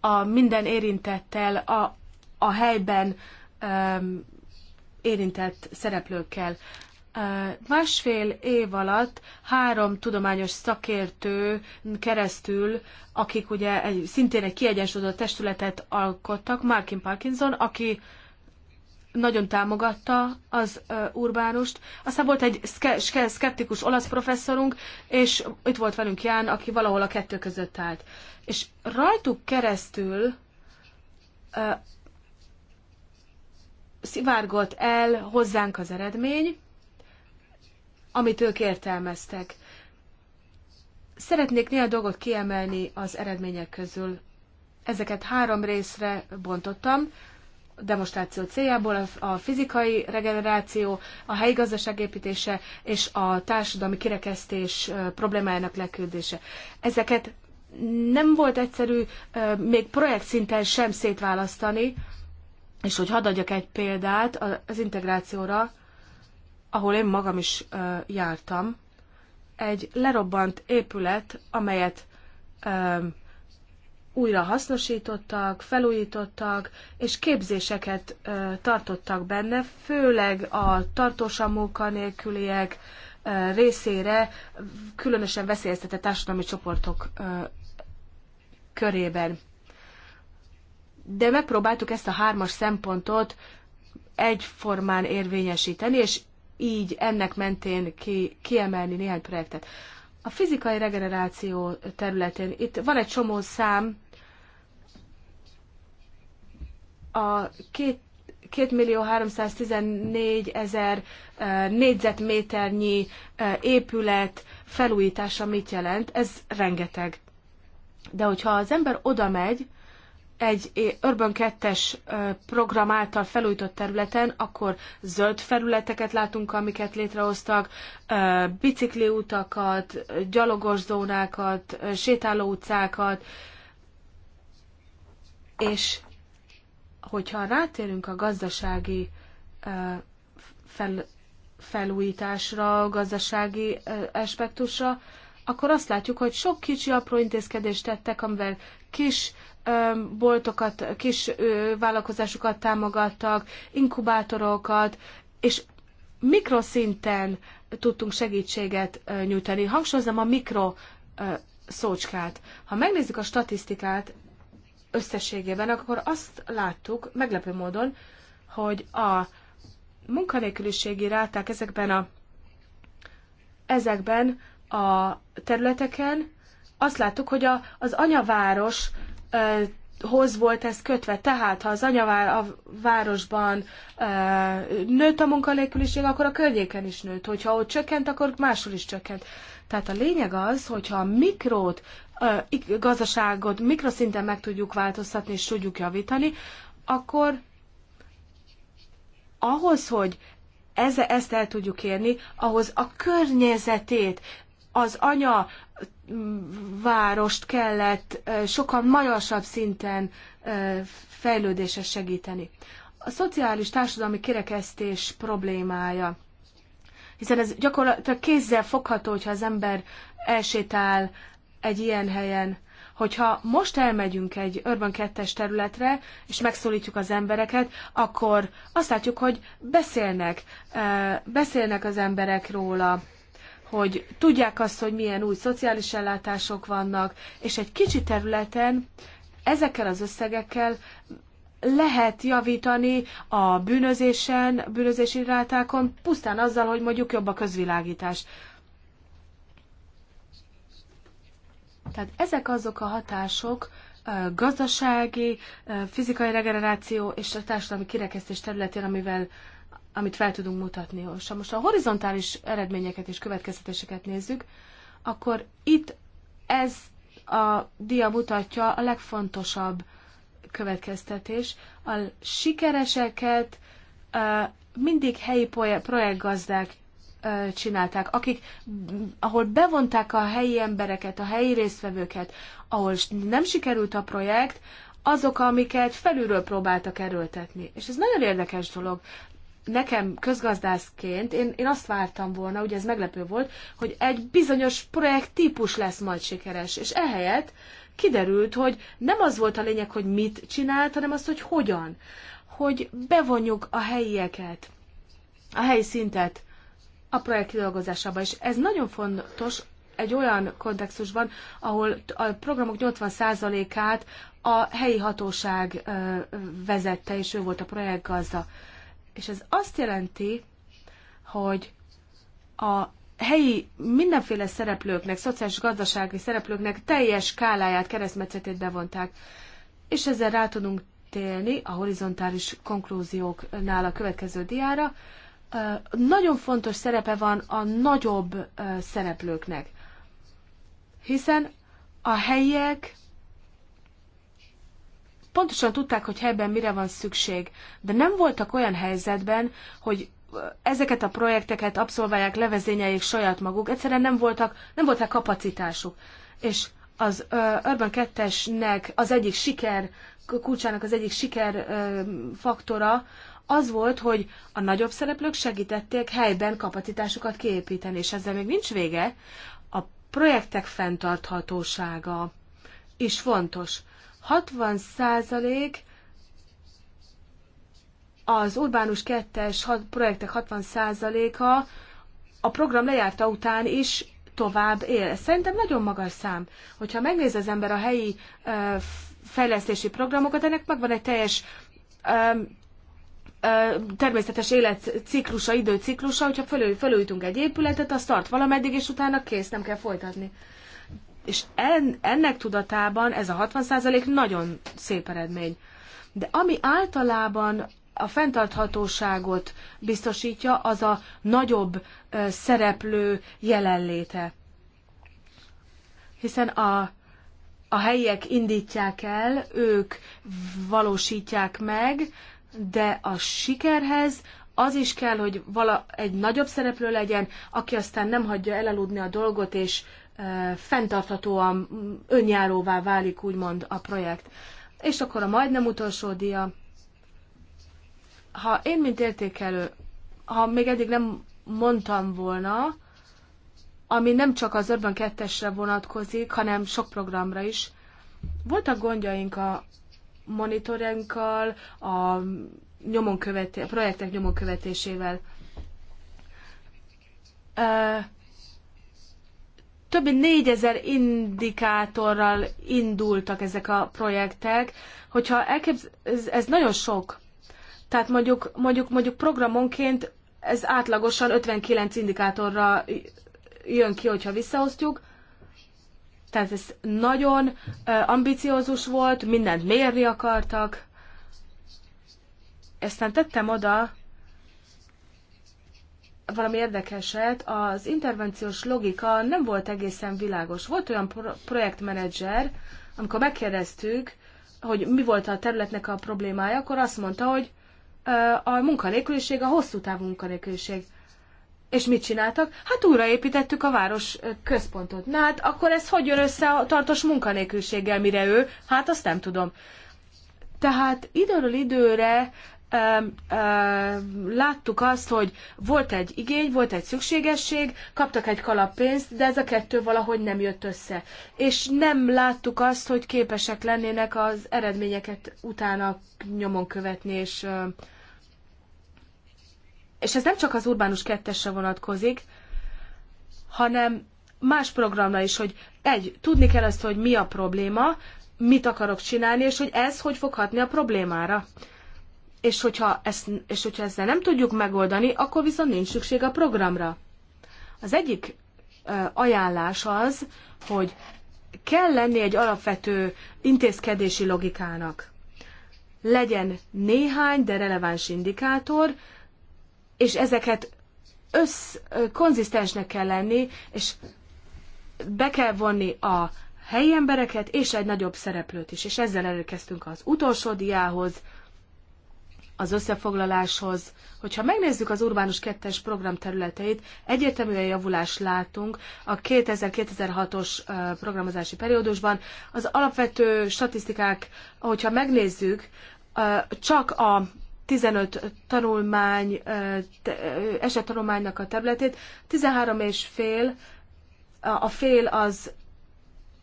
a minden érintettel, a, a helyben um, érintett szereplőkkel. Másfél év alatt három tudományos szakértő keresztül, akik ugye egy, szintén egy kiegyensúlyozott testületet alkottak, Markin Parkinson, aki nagyon támogatta az Urbánust. Aztán volt egy szke- szkeptikus olasz professzorunk, és itt volt velünk Ján, aki valahol a kettő között állt. És rajtuk keresztül uh, szivárgott el hozzánk az eredmény, amit ők értelmeztek. Szeretnék néhány dolgot kiemelni az eredmények közül. Ezeket három részre bontottam. demonstráció céljából a fizikai regeneráció, a helyi gazdaság építése és a társadalmi kirekesztés problémájának leküldése. Ezeket nem volt egyszerű még projekt szinten sem szétválasztani, és hogy hadd adjak egy példát az integrációra, ahol én magam is ö, jártam, egy lerobbant épület, amelyet ö, újra hasznosítottak, felújítottak, és képzéseket ö, tartottak benne, főleg a tartósan munkanélküliek ö, részére, különösen veszélyeztetett társadalmi csoportok ö, körében. De megpróbáltuk ezt a hármas szempontot egyformán érvényesíteni, és így ennek mentén ki, kiemelni néhány projektet. A fizikai regeneráció területén itt van egy csomó szám, a 2.314 ezer négyzetméternyi épület felújítása mit jelent? Ez rengeteg. De hogyha az ember oda megy, egy Urban 2-es program által felújított területen, akkor zöld felületeket látunk, amiket létrehoztak, bicikliutakat, gyalogos zónákat, sétáló utcákat, és hogyha rátérünk a gazdasági fel, felújításra, a gazdasági aspektusra, akkor azt látjuk, hogy sok kicsi apró intézkedést tettek, amivel kis boltokat, kis vállalkozásokat támogattak, inkubátorokat, és mikroszinten tudtunk segítséget nyújtani. Hangsúlyozom a mikro szócskát. Ha megnézzük a statisztikát összességében, akkor azt láttuk meglepő módon, hogy a munkanélküliségi ráták ezekben a ezekben a területeken azt láttuk, hogy a, az anyaváros hoz volt ez kötve. Tehát, ha az anyavárosban nőtt a munkanélküliség, akkor a környéken is nőtt. Hogyha ott csökkent, akkor máshol is csökkent. Tehát a lényeg az, hogyha a mikrót, ö, gazdaságot mikroszinten meg tudjuk változtatni és tudjuk javítani, akkor ahhoz, hogy ez, ezt el tudjuk érni, ahhoz a környezetét, az anya várost kellett sokkal magasabb szinten fejlődésre segíteni. A szociális társadalmi kirekesztés problémája, hiszen ez gyakorlatilag kézzel fogható, hogyha az ember elsétál egy ilyen helyen, hogyha most elmegyünk egy Urban 2 területre, és megszólítjuk az embereket, akkor azt látjuk, hogy beszélnek, beszélnek az emberek róla, hogy tudják azt, hogy milyen új szociális ellátások vannak, és egy kicsi területen ezekkel az összegekkel lehet javítani a bűnözésen, a bűnözési rátákon, pusztán azzal, hogy mondjuk jobb a közvilágítás. Tehát ezek azok a hatások, gazdasági, fizikai regeneráció és a társadalmi kirekesztés területén, amivel amit fel tudunk mutatni. Ha most a horizontális eredményeket és következetéseket nézzük, akkor itt ez a dia mutatja a legfontosabb következtetés. A sikereseket mindig helyi projektgazdák csinálták, akik, ahol bevonták a helyi embereket, a helyi résztvevőket, ahol nem sikerült a projekt, azok, amiket felülről próbáltak erőltetni. És ez nagyon érdekes dolog nekem közgazdászként, én, én azt vártam volna, ugye ez meglepő volt, hogy egy bizonyos projekt típus lesz majd sikeres, és ehelyett kiderült, hogy nem az volt a lényeg, hogy mit csinált, hanem az, hogy hogyan. Hogy bevonjuk a helyieket, a helyi szintet a projekt kidolgozásába, és ez nagyon fontos egy olyan kontextusban, ahol a programok 80%-át a helyi hatóság vezette, és ő volt a projektgazda. És ez azt jelenti, hogy a helyi mindenféle szereplőknek, szociális gazdasági szereplőknek teljes skáláját, keresztmetszetét bevonták. És ezzel rá tudunk télni a horizontális konklúzióknál a következő diára. Nagyon fontos szerepe van a nagyobb szereplőknek, hiszen a helyiek pontosan tudták, hogy helyben mire van szükség, de nem voltak olyan helyzetben, hogy ezeket a projekteket abszolválják, levezényeljék saját maguk, egyszerűen nem voltak, nem voltak kapacitásuk. És az Urban 2-esnek az egyik siker, kulcsának az egyik siker faktora az volt, hogy a nagyobb szereplők segítették helyben kapacitásukat kiépíteni, és ezzel még nincs vége. A projektek fenntarthatósága is fontos. 60 százalék az Urbánus 2-es projektek 60 százaléka a program lejárta után is tovább él. Szerintem nagyon magas szám. Hogyha megnéz az ember a helyi ö, fejlesztési programokat, ennek megvan egy teljes ö, ö, természetes életciklusa, időciklusa, hogyha fölül, fölültünk egy épületet, azt tart valameddig, és utána kész, nem kell folytatni. És en, ennek tudatában ez a 60% nagyon szép eredmény. De ami általában a fenntarthatóságot biztosítja, az a nagyobb ö, szereplő jelenléte. Hiszen a, a helyiek indítják el, ők valósítják meg, de a sikerhez az is kell, hogy vala, egy nagyobb szereplő legyen, aki aztán nem hagyja elaludni a dolgot, és fenntarthatóan önjáróvá válik úgymond a projekt. És akkor a majdnem utolsó dia. Ha én, mint értékelő, ha még eddig nem mondtam volna, ami nem csak az Urban 2-esre vonatkozik, hanem sok programra is. Voltak gondjaink a monitorenkkal, a, nyomon követé, a projektek nyomon követésével több mint négyezer indikátorral indultak ezek a projektek, hogyha elképz... ez, ez nagyon sok. Tehát mondjuk, mondjuk, mondjuk programonként ez átlagosan 59 indikátorra jön ki, hogyha visszaosztjuk. Tehát ez nagyon ambiciózus volt, mindent mérni akartak. Ezt nem tettem oda, valami érdekeset, az intervenciós logika nem volt egészen világos. Volt olyan pro- projektmenedzser, amikor megkérdeztük, hogy mi volt a területnek a problémája, akkor azt mondta, hogy a munkanélküliség a hosszú távú munkanélküliség. És mit csináltak? Hát újraépítettük a város központot. Na hát akkor ez hogy jön össze a tartós munkanélküliséggel, mire ő? Hát azt nem tudom. Tehát időről időre láttuk azt, hogy volt egy igény, volt egy szükségesség, kaptak egy kalap pénzt, de ez a kettő valahogy nem jött össze. És nem láttuk azt, hogy képesek lennének az eredményeket utána nyomon követni, és, és ez nem csak az Urbánus 2 vonatkozik, hanem más programra is, hogy egy, tudni kell azt, hogy mi a probléma, mit akarok csinálni, és hogy ez hogy fog hatni a problémára és hogyha, ezt, és hogyha ezzel nem tudjuk megoldani, akkor viszont nincs szükség a programra. Az egyik ajánlás az, hogy kell lenni egy alapvető intézkedési logikának. Legyen néhány, de releváns indikátor, és ezeket össz, konzisztensnek kell lenni, és be kell vonni a helyi embereket és egy nagyobb szereplőt is. És ezzel elérkeztünk az utolsó diához, az összefoglaláshoz, hogyha megnézzük az Urbánus 2-es program területeit, egyértelműen javulást látunk a 2000-2006-os programozási periódusban. Az alapvető statisztikák, hogyha megnézzük, csak a 15 tanulmány, esettanulmánynak a területét, 13 és fél, a fél az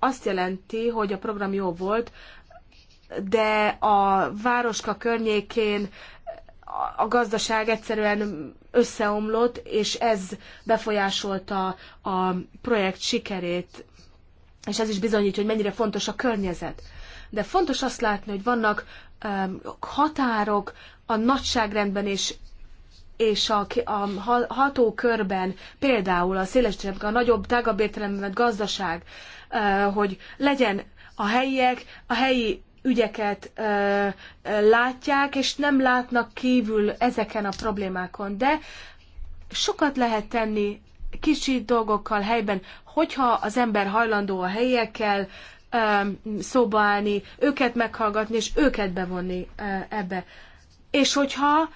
azt jelenti, hogy a program jó volt, de a városka környékén a gazdaság egyszerűen összeomlott, és ez befolyásolta a projekt sikerét, és ez is bizonyítja, hogy mennyire fontos a környezet. De fontos azt látni, hogy vannak határok a nagyságrendben és és a, a hatókörben, például a széles a nagyobb, tágabb értelemben gazdaság, eh, hogy legyen a helyiek, a helyi ügyeket látják, és nem látnak kívül ezeken a problémákon. De sokat lehet tenni kicsi dolgokkal helyben, hogyha az ember hajlandó a helyekkel szóba állni, őket meghallgatni, és őket bevonni ebbe. És hogyha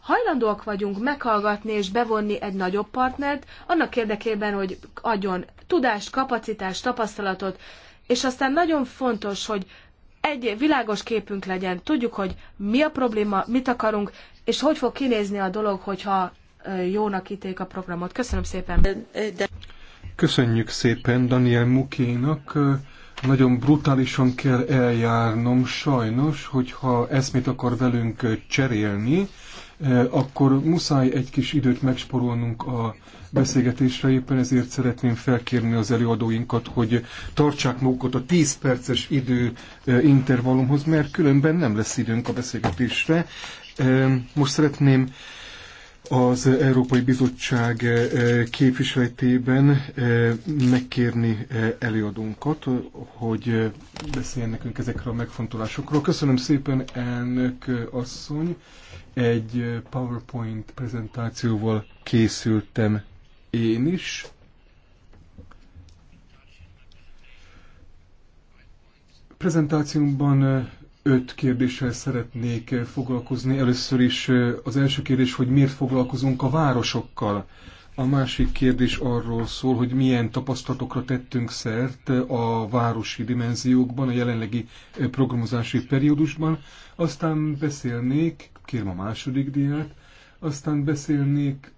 hajlandóak vagyunk meghallgatni és bevonni egy nagyobb partnert, annak érdekében, hogy adjon tudást, kapacitást, tapasztalatot, és aztán nagyon fontos, hogy egy világos képünk legyen, tudjuk, hogy mi a probléma, mit akarunk, és hogy fog kinézni a dolog, hogyha jónak ítélik a programot. Köszönöm szépen! Köszönjük szépen Daniel Mukénak. Nagyon brutálisan kell eljárnom sajnos, hogyha eszmét akar velünk cserélni, akkor muszáj egy kis időt megsporolnunk a beszélgetésre, éppen ezért szeretném felkérni az előadóinkat, hogy tartsák magukat a 10 perces idő intervallumhoz, mert különben nem lesz időnk a beszélgetésre. Most szeretném az Európai Bizottság képviseletében megkérni előadónkat, hogy beszéljen nekünk ezekről a megfontolásokról. Köszönöm szépen, elnök asszony! Egy PowerPoint prezentációval készültem én is. Prezentációmban öt kérdéssel szeretnék foglalkozni. Először is az első kérdés, hogy miért foglalkozunk a városokkal. A másik kérdés arról szól, hogy milyen tapasztalatokra tettünk szert a városi dimenziókban, a jelenlegi programozási periódusban. Aztán beszélnék Kérem a második diát. Aztán beszélnék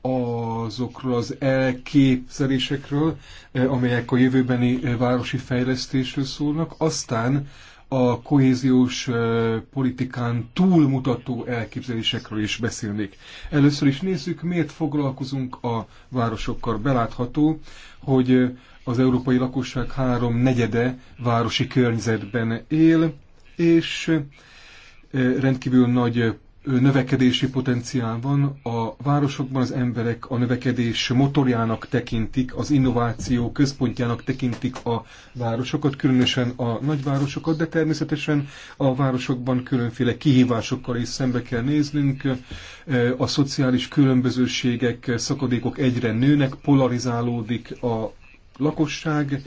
azokról az elképzelésekről, eh, amelyek a jövőbeni eh, városi fejlesztésről szólnak, aztán a kohéziós eh, politikán túlmutató elképzelésekről is beszélnék. Először is nézzük, miért foglalkozunk a városokkal. Belátható, hogy az európai lakosság három negyede városi környezetben él, és rendkívül nagy növekedési potenciál van. A városokban az emberek a növekedés motorjának tekintik, az innováció központjának tekintik a városokat, különösen a nagyvárosokat, de természetesen a városokban különféle kihívásokkal is szembe kell néznünk. A szociális különbözőségek, szakadékok egyre nőnek, polarizálódik a lakosság,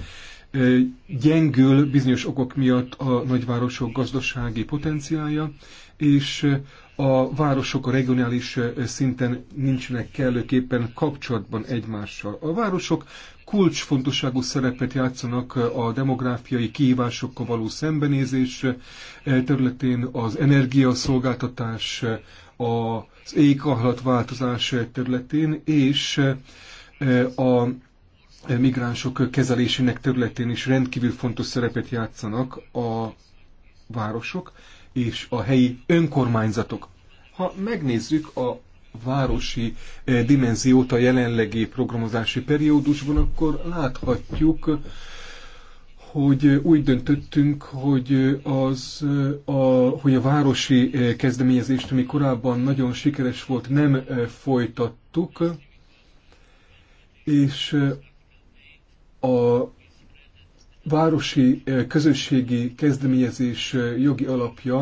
gyengül bizonyos okok miatt a nagyvárosok gazdasági potenciálja, és a városok a regionális szinten nincsenek kellőképpen kapcsolatban egymással. A városok kulcsfontosságú szerepet játszanak a demográfiai kihívásokkal való szembenézés területén, az energiaszolgáltatás, az éghajlatváltozás területén, és a migránsok kezelésének területén is rendkívül fontos szerepet játszanak a városok és a helyi önkormányzatok. Ha megnézzük a városi eh, dimenziót a jelenlegi programozási periódusban, akkor láthatjuk, hogy úgy döntöttünk, hogy, az, eh, a, hogy a városi eh, kezdeményezést, ami korábban nagyon sikeres volt, nem folytattuk, és a városi közösségi kezdeményezés jogi alapja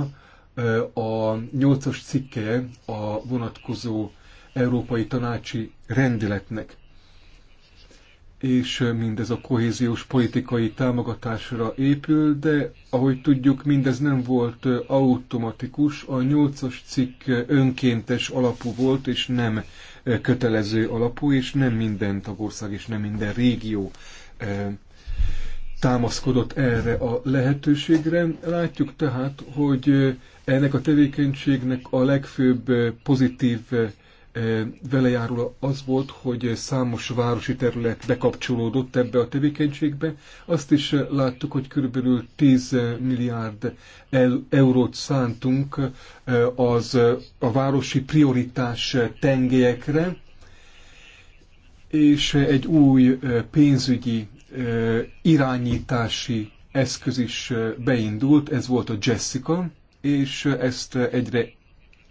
a nyolcas cikkeje a vonatkozó Európai Tanácsi Rendeletnek. És mindez a kohéziós politikai támogatásra épül, de ahogy tudjuk, mindez nem volt automatikus. A nyolcas cikk önkéntes alapú volt, és nem kötelező alapú, és nem minden tagország és nem minden régió támaszkodott erre a lehetőségre. Látjuk tehát, hogy ennek a tevékenységnek a legfőbb pozitív velejárul az volt, hogy számos városi terület bekapcsolódott ebbe a tevékenységbe. Azt is láttuk, hogy körülbelül 10 milliárd eurót szántunk az a városi prioritás tengelyekre, és egy új pénzügyi irányítási eszköz is beindult, ez volt a Jessica, és ezt egyre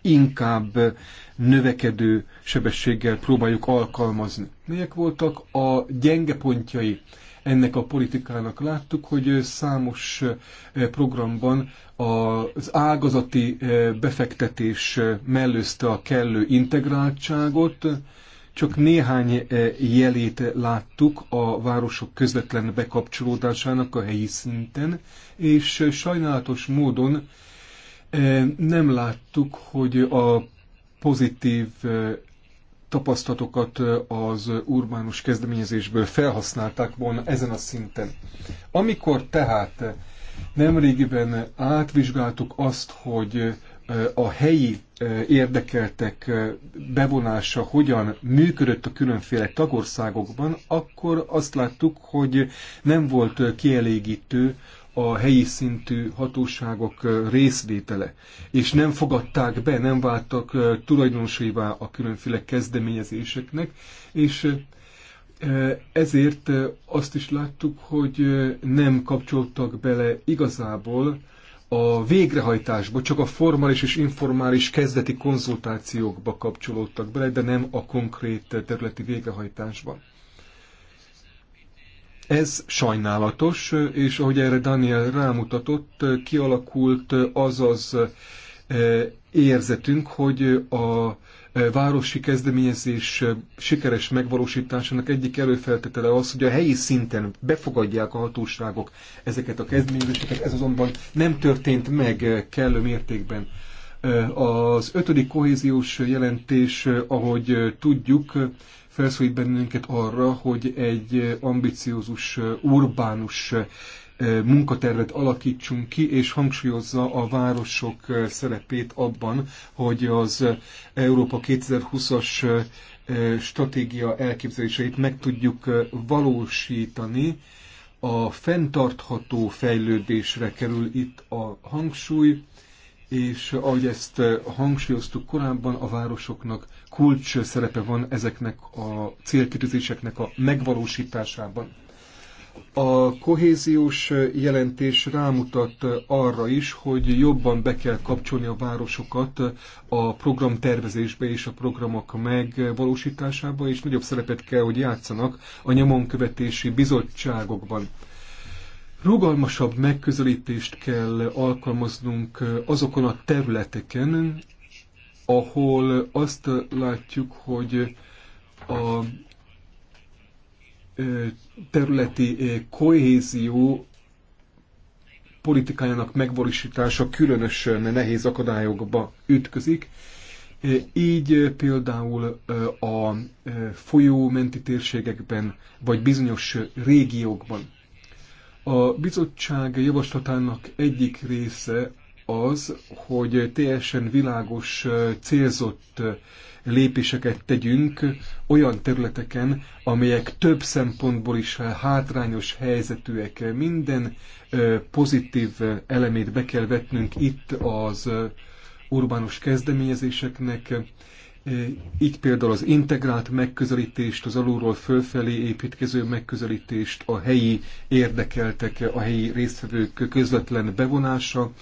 inkább növekedő sebességgel próbáljuk alkalmazni. Melyek voltak a gyenge pontjai ennek a politikának? Láttuk, hogy számos programban az ágazati befektetés mellőzte a kellő integráltságot, csak néhány eh, jelét láttuk a városok közvetlen bekapcsolódásának a helyi szinten, és sajnálatos módon eh, nem láttuk, hogy a pozitív eh, tapasztalatokat az urbánus kezdeményezésből felhasználták volna ezen a szinten. Amikor tehát nemrégiben átvizsgáltuk azt, hogy a helyi érdekeltek bevonása hogyan működött a különféle tagországokban, akkor azt láttuk, hogy nem volt kielégítő a helyi szintű hatóságok részvétele, és nem fogadták be, nem váltak tulajdonosaivá a különféle kezdeményezéseknek, és ezért azt is láttuk, hogy nem kapcsoltak bele igazából a végrehajtásba, csak a formális és informális kezdeti konzultációkba kapcsolódtak bele, de nem a konkrét területi végrehajtásban. Ez sajnálatos, és ahogy erre Daniel rámutatott, kialakult az az eh, érzetünk, hogy a városi kezdeményezés sikeres megvalósításának egyik előfeltétele az, hogy a helyi szinten befogadják a hatóságok ezeket a kezdeményezéseket, ez azonban nem történt meg kellő mértékben. Az ötödik kohéziós jelentés, ahogy tudjuk, felszólít bennünket arra, hogy egy ambiciózus, urbánus munkatervet alakítsunk ki, és hangsúlyozza a városok szerepét abban, hogy az Európa 2020-as stratégia elképzeléseit meg tudjuk valósítani. A fenntartható fejlődésre kerül itt a hangsúly, és ahogy ezt hangsúlyoztuk korábban, a városoknak kulcs szerepe van ezeknek a célkitűzéseknek a megvalósításában. A kohéziós jelentés rámutat arra is, hogy jobban be kell kapcsolni a városokat a programtervezésbe és a programok megvalósításába, és nagyobb szerepet kell, hogy játszanak a nyomonkövetési bizottságokban. Rugalmasabb megközelítést kell alkalmaznunk azokon a területeken, ahol azt látjuk, hogy a területi kohézió politikájának megvalósítása különösen nehéz akadályokba ütközik. Így például a folyó menti térségekben, vagy bizonyos régiókban. A bizottság javaslatának egyik része az, hogy teljesen világos, célzott lépéseket tegyünk olyan területeken, amelyek több szempontból is hátrányos helyzetűek. Minden pozitív elemét be kell vetnünk itt az urbánus kezdeményezéseknek, így például az integrált megközelítést, az alulról fölfelé építkező megközelítést, a helyi érdekeltek, a helyi résztvevők közvetlen bevonása,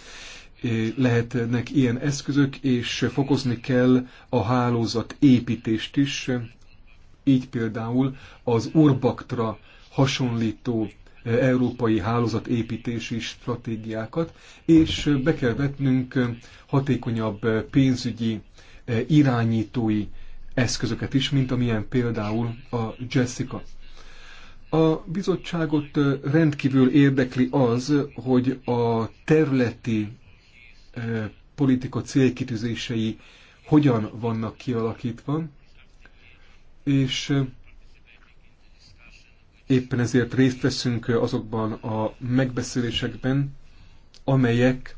lehetnek ilyen eszközök, és fokozni kell a hálózat építést is, így például az Urbaktra hasonlító európai hálózatépítési stratégiákat, és be kell vetnünk hatékonyabb pénzügyi irányítói eszközöket is, mint amilyen például a Jessica. A bizottságot rendkívül érdekli az, hogy a területi politika célkitűzései hogyan vannak kialakítva, és éppen ezért részt veszünk azokban a megbeszélésekben, amelyek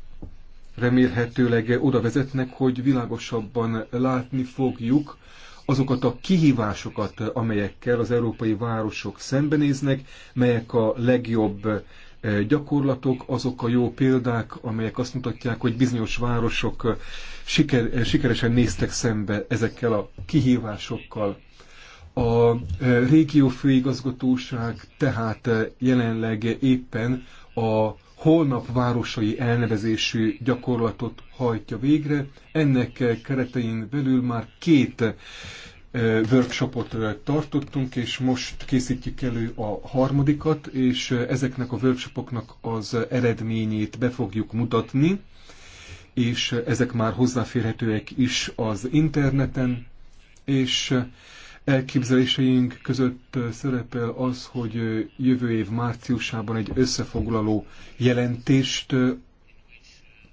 remélhetőleg oda vezetnek, hogy világosabban látni fogjuk azokat a kihívásokat, amelyekkel az európai városok szembenéznek, melyek a legjobb E, gyakorlatok, azok a jó példák, amelyek azt mutatják, hogy bizonyos városok e, siker, e, sikeresen néztek szembe ezekkel a kihívásokkal. A régió főigazgatóság tehát jelenleg éppen a holnap városai elnevezésű gyakorlatot hajtja végre. Ennek keretein belül már két workshopot tartottunk, és most készítjük elő a harmadikat, és ezeknek a workshopoknak az eredményét be fogjuk mutatni, és ezek már hozzáférhetőek is az interneten, és elképzeléseink között szerepel az, hogy jövő év márciusában egy összefoglaló jelentést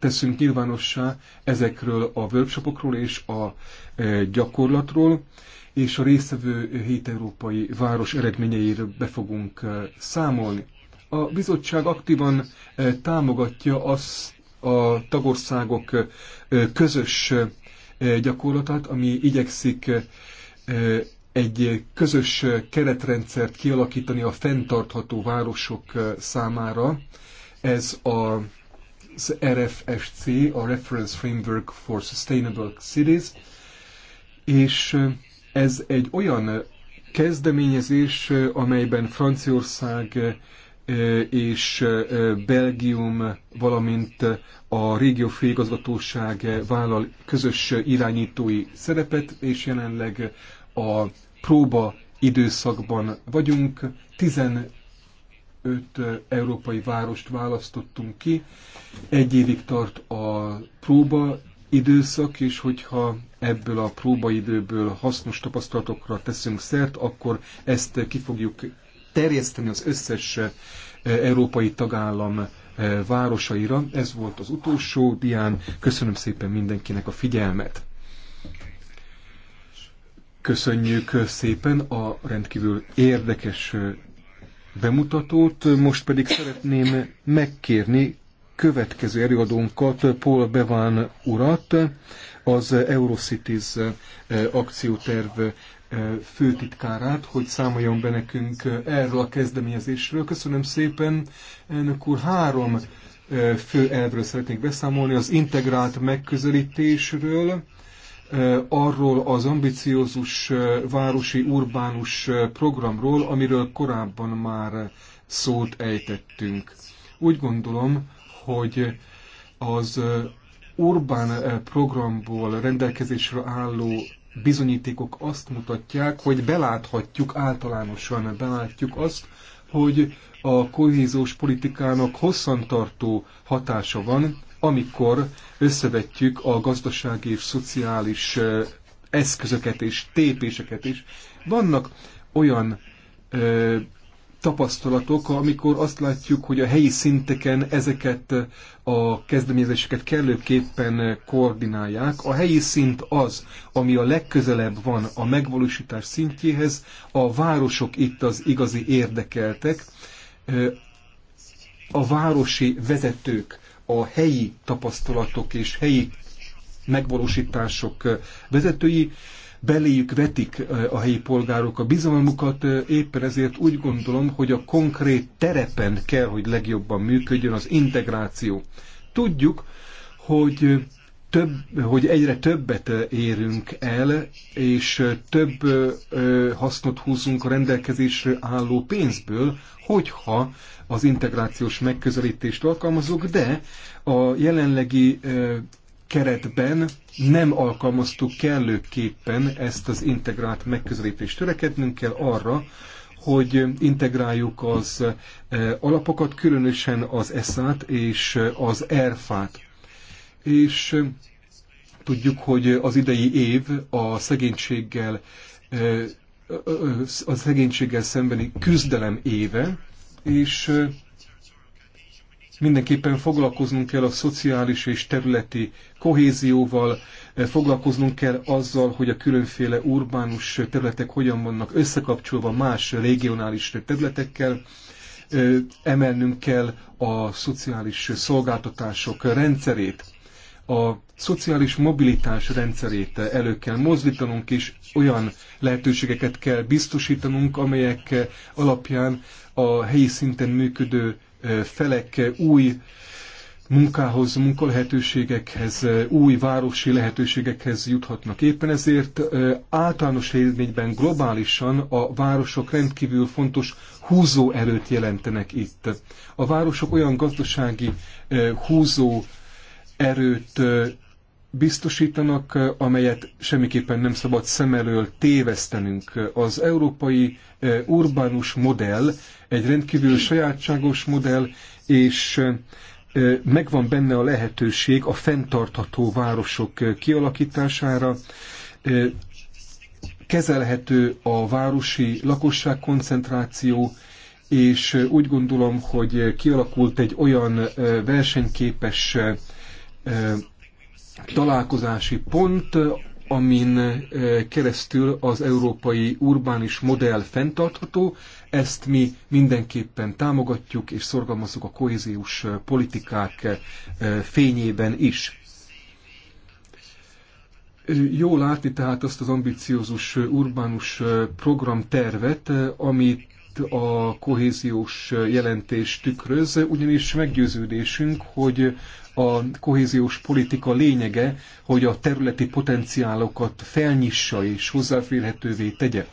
teszünk nyilvánossá ezekről a workshopokról és a e, gyakorlatról, és a résztvevő hét európai város eredményeiről be fogunk e, számolni. A bizottság aktívan e, támogatja azt a tagországok közös gyakorlatát, ami igyekszik egy közös keretrendszert kialakítani a fenntartható városok számára. Ez a az RFSC, a Reference Framework for Sustainable Cities, és eh, ez egy olyan eh, kezdeményezés, eh, amelyben Franciaország és Belgium, valamint a régió főigazgatóság vállal közös irányítói szerepet, és jelenleg a próba időszakban vagyunk. 15 öt európai várost választottunk ki. Egy évig tart a próba időszak, és hogyha ebből a próbaidőből hasznos tapasztalatokra teszünk szert, akkor ezt ki fogjuk terjeszteni az összes európai tagállam városaira. Ez volt az utolsó dián. Köszönöm szépen mindenkinek a figyelmet. Köszönjük szépen a rendkívül érdekes bemutatót, most pedig szeretném megkérni következő előadónkat, Paul Bevan urat, az Eurocities eh, akcióterv eh, főtitkárát, hogy számoljon be nekünk eh, erről a kezdeményezésről. Köszönöm szépen, elnök úr, három fő elvről szeretnék beszámolni, az integrált megközelítésről, arról az ambiciózus városi urbánus programról, amiről korábban már szót ejtettünk. Úgy gondolom, hogy az urbán programból rendelkezésre álló bizonyítékok azt mutatják, hogy beláthatjuk általánosan, belátjuk azt, hogy a kohézós politikának hosszantartó hatása van, amikor összevetjük a gazdasági és szociális eszközöket és tépéseket is. Vannak olyan ö, tapasztalatok, amikor azt látjuk, hogy a helyi szinteken ezeket a kezdeményezéseket kellőképpen koordinálják. A helyi szint az, ami a legközelebb van a megvalósítás szintjéhez, a városok itt az igazi érdekeltek, a városi vezetők a helyi tapasztalatok és helyi megvalósítások vezetői, beléjük vetik eh, a helyi polgárok a bizalmukat, eh, éppen ezért úgy gondolom, hogy a konkrét terepen kell, hogy legjobban működjön az integráció. Tudjuk, hogy több, hogy egyre többet érünk el, és több hasznot húzunk a rendelkezésre álló pénzből, hogyha az integrációs megközelítést alkalmazunk, de a jelenlegi keretben nem alkalmaztuk kellőképpen ezt az integrált megközelítést. Törekednünk kell arra, hogy integráljuk az alapokat, különösen az ESZÁT és az ERFÁT és tudjuk, hogy az idei év a szegénységgel, a szegénységgel szembeni küzdelem éve, és mindenképpen foglalkoznunk kell a szociális és területi kohézióval, foglalkoznunk kell azzal, hogy a különféle urbánus területek hogyan vannak összekapcsolva más regionális területekkel, emelnünk kell a szociális szolgáltatások rendszerét a szociális mobilitás rendszerét elő kell mozdítanunk, és olyan lehetőségeket kell biztosítanunk, amelyek alapján a helyi szinten működő felek új munkához, munkalehetőségekhez, új városi lehetőségekhez juthatnak. Éppen ezért általános érvényben globálisan a városok rendkívül fontos húzó erőt jelentenek itt. A városok olyan gazdasági húzó erőt biztosítanak, amelyet semmiképpen nem szabad szem elől tévesztenünk. Az európai urbánus modell egy rendkívül sajátságos modell, és megvan benne a lehetőség a fenntartható városok kialakítására, kezelhető a városi lakosság koncentráció, és úgy gondolom, hogy kialakult egy olyan versenyképes találkozási pont, amin keresztül az európai urbánis modell fenntartható, ezt mi mindenképpen támogatjuk és szorgalmazzuk a kohéziós politikák fényében is. Jó látni tehát azt az ambiciózus urbánus programtervet, amit a kohéziós jelentés tükröz, ugyanis meggyőződésünk, hogy a kohéziós politika lényege, hogy a területi potenciálokat felnyissa és hozzáférhetővé tegye.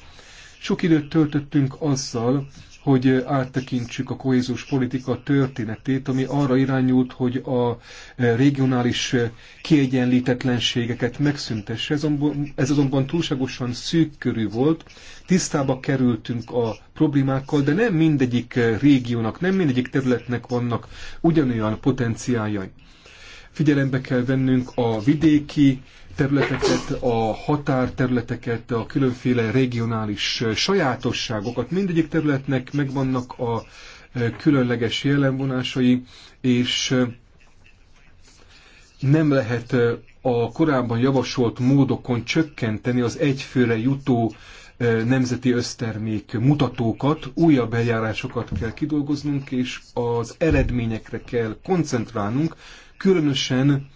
Sok időt töltöttünk azzal, hogy áttekintsük a kohézus politika történetét, ami arra irányult, hogy a regionális kiegyenlítetlenségeket megszüntesse. Ez azonban, ez azonban túlságosan szűkkörű volt, tisztába kerültünk a problémákkal, de nem mindegyik régiónak, nem mindegyik területnek vannak ugyanolyan potenciáljai. Figyelembe kell vennünk a vidéki területeket, a határterületeket, a különféle regionális sajátosságokat. Mindegyik területnek megvannak a különleges jellemvonásai, és nem lehet a korábban javasolt módokon csökkenteni az egyfőre jutó nemzeti össztermék mutatókat, újabb eljárásokat kell kidolgoznunk, és az eredményekre kell koncentrálnunk, különösen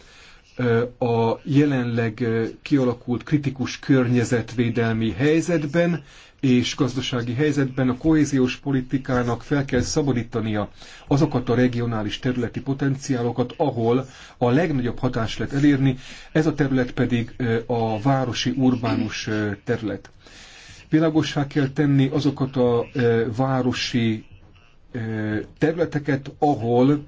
a jelenleg kialakult kritikus környezetvédelmi helyzetben és gazdasági helyzetben a kohéziós politikának fel kell szabadítania azokat a regionális területi potenciálokat, ahol a legnagyobb hatást lehet elérni, ez a terület pedig a városi urbánus terület. Világossá kell tenni azokat a városi területeket, ahol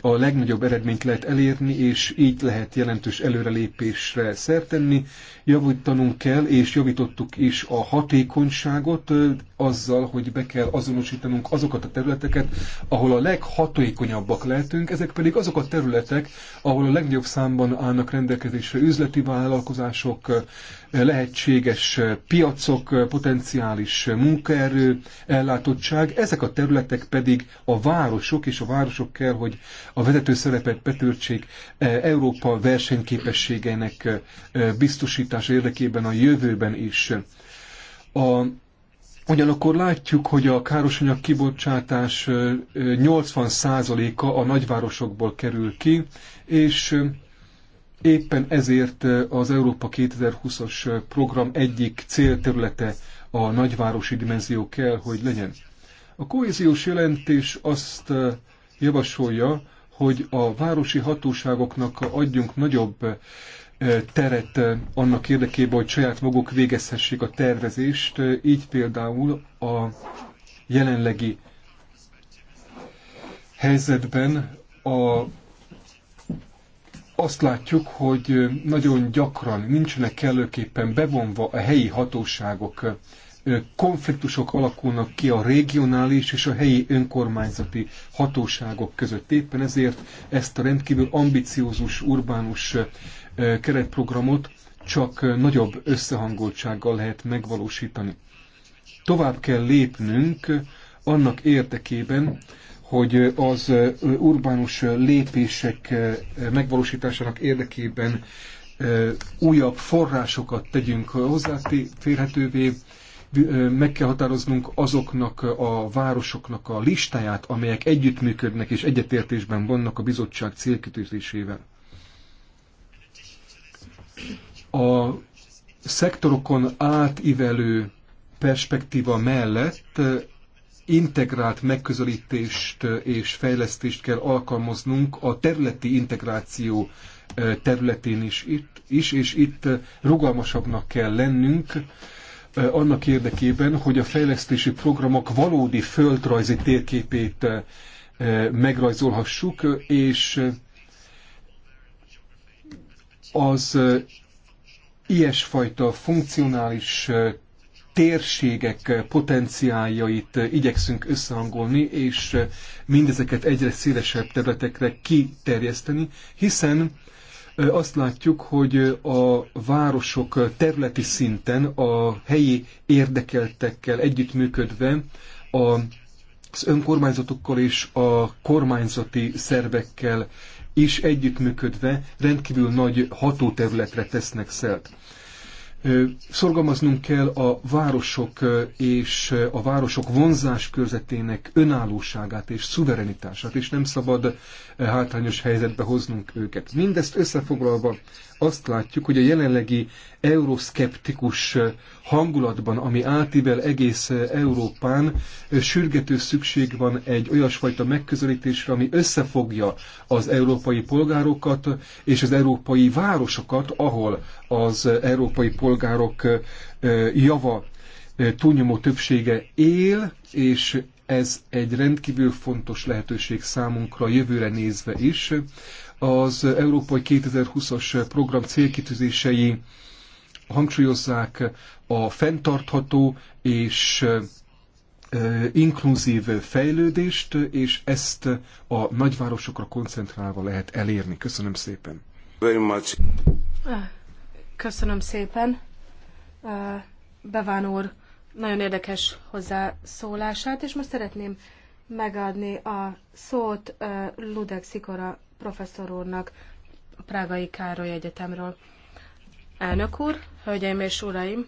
a legnagyobb eredményt lehet elérni, és így lehet jelentős előrelépésre szertenni. Javítanunk kell, és javítottuk is a hatékonyságot azzal, hogy be kell azonosítanunk azokat a területeket, ahol a leghatékonyabbak lehetünk, ezek pedig azok a területek, ahol a legnagyobb számban állnak rendelkezésre üzleti vállalkozások, lehetséges piacok, potenciális munkaerő, ellátottság, ezek a területek pedig a városok, és a városok kell, hogy a vezető szerepet betöltsék e, Európa versenyképességeinek e, biztosítása érdekében a jövőben is. A Ugyanakkor látjuk, hogy a károsanyag kibocsátás 80%-a e, a nagyvárosokból kerül ki, és Éppen ezért az Európa 2020-as program egyik célterülete a nagyvárosi dimenzió kell, hogy legyen. A kohéziós jelentés azt javasolja, hogy a városi hatóságoknak adjunk nagyobb teret annak érdekében, hogy saját maguk végezhessék a tervezést, így például a jelenlegi helyzetben a azt látjuk, hogy nagyon gyakran nincsenek kellőképpen bevonva a helyi hatóságok. Konfliktusok alakulnak ki a regionális és a helyi önkormányzati hatóságok között. Éppen ezért ezt a rendkívül ambiciózus urbánus keretprogramot csak nagyobb összehangoltsággal lehet megvalósítani. Tovább kell lépnünk annak érdekében, hogy az urbánus lépések megvalósításának érdekében újabb forrásokat tegyünk hozzáférhetővé, meg kell határoznunk azoknak a városoknak a listáját, amelyek együttműködnek és egyetértésben vannak a bizottság célkitűzésével. A szektorokon átívelő perspektíva mellett integrált megközelítést és fejlesztést kell alkalmaznunk a területi integráció területén is, itt, is és itt rugalmasabbnak kell lennünk annak érdekében, hogy a fejlesztési programok valódi földrajzi térképét megrajzolhassuk, és az ilyesfajta funkcionális térségek potenciáljait igyekszünk összehangolni, és mindezeket egyre szélesebb területekre kiterjeszteni, hiszen azt látjuk, hogy a városok területi szinten a helyi érdekeltekkel együttműködve az önkormányzatokkal és a kormányzati szervekkel is együttműködve rendkívül nagy hatóterületre tesznek szert. Szorgalmaznunk kell a városok és a városok vonzás körzetének önállóságát és szuverenitását, és nem szabad hátrányos helyzetbe hoznunk őket. Mindezt összefoglalva azt látjuk, hogy a jelenlegi euroszkeptikus hangulatban, ami átível egész Európán, sürgető szükség van egy olyasfajta megközelítésre, ami összefogja az európai polgárokat és az európai városokat, ahol az európai polgárok java túlnyomó többsége él, és ez egy rendkívül fontos lehetőség számunkra jövőre nézve is, az Európai 2020-as program célkitűzései hangsúlyozzák a fenntartható és inkluzív fejlődést, és ezt a nagyvárosokra koncentrálva lehet elérni. Köszönöm szépen. Very much. Köszönöm szépen. Beván úr nagyon érdekes hozzászólását, és most szeretném megadni a szót Ludek Szikora professzor úrnak a Prágai Károly Egyetemről. Elnök úr, hölgyeim és uraim,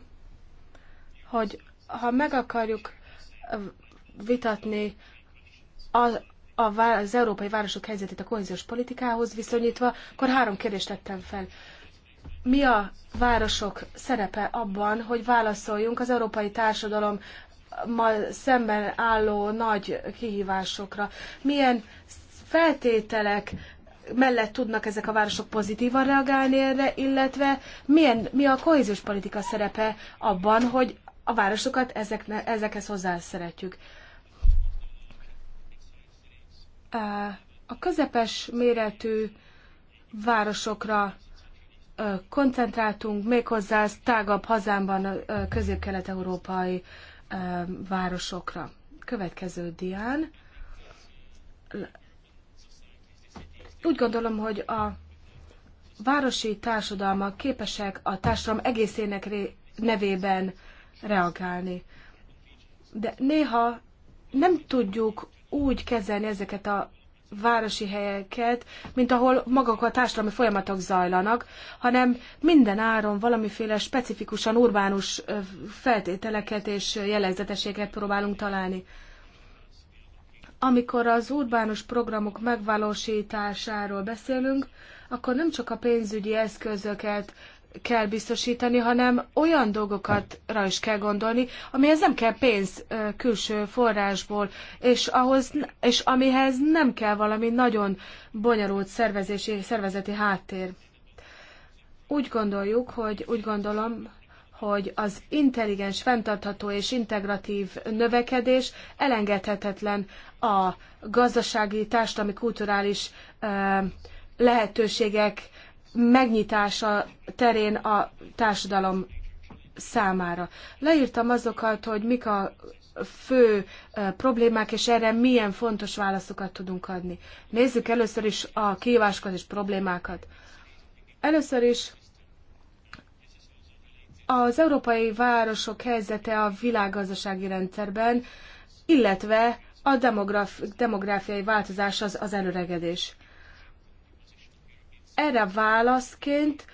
hogy ha meg akarjuk vitatni az, a, az európai városok helyzetét a kohéziós politikához viszonyítva, akkor három kérdést tettem fel. Mi a városok szerepe abban, hogy válaszoljunk az európai társadalom ma szemben álló nagy kihívásokra? Milyen feltételek mellett tudnak ezek a városok pozitívan reagálni erre, illetve milyen, mi a kohéziós politika szerepe abban, hogy a városokat ezek, ezekhez hozzá szeretjük. A közepes méretű városokra koncentráltunk, méghozzá az tágabb hazámban a közép-kelet-európai városokra. Következő dián úgy gondolom, hogy a városi társadalmak képesek a társadalom egészének nevében reagálni. De néha nem tudjuk úgy kezelni ezeket a városi helyeket, mint ahol maguk a társadalmi folyamatok zajlanak, hanem minden áron valamiféle specifikusan urbánus feltételeket és jellegzetességet próbálunk találni amikor az urbánus programok megvalósításáról beszélünk, akkor nem csak a pénzügyi eszközöket kell biztosítani, hanem olyan dolgokat rá is kell gondolni, amihez nem kell pénz külső forrásból, és, ahhoz, és amihez nem kell valami nagyon bonyolult szervezési, szervezeti háttér. Úgy gondoljuk, hogy úgy gondolom, hogy az intelligens, fenntartható és integratív növekedés elengedhetetlen a gazdasági, társadalmi, kulturális lehetőségek megnyitása terén a társadalom számára. Leírtam azokat, hogy mik a fő problémák, és erre milyen fontos válaszokat tudunk adni. Nézzük először is a kihívásokat és problémákat. Először is az európai városok helyzete a világgazdasági rendszerben, illetve a demográf, demográfiai változás az, az előregedés. Erre válaszként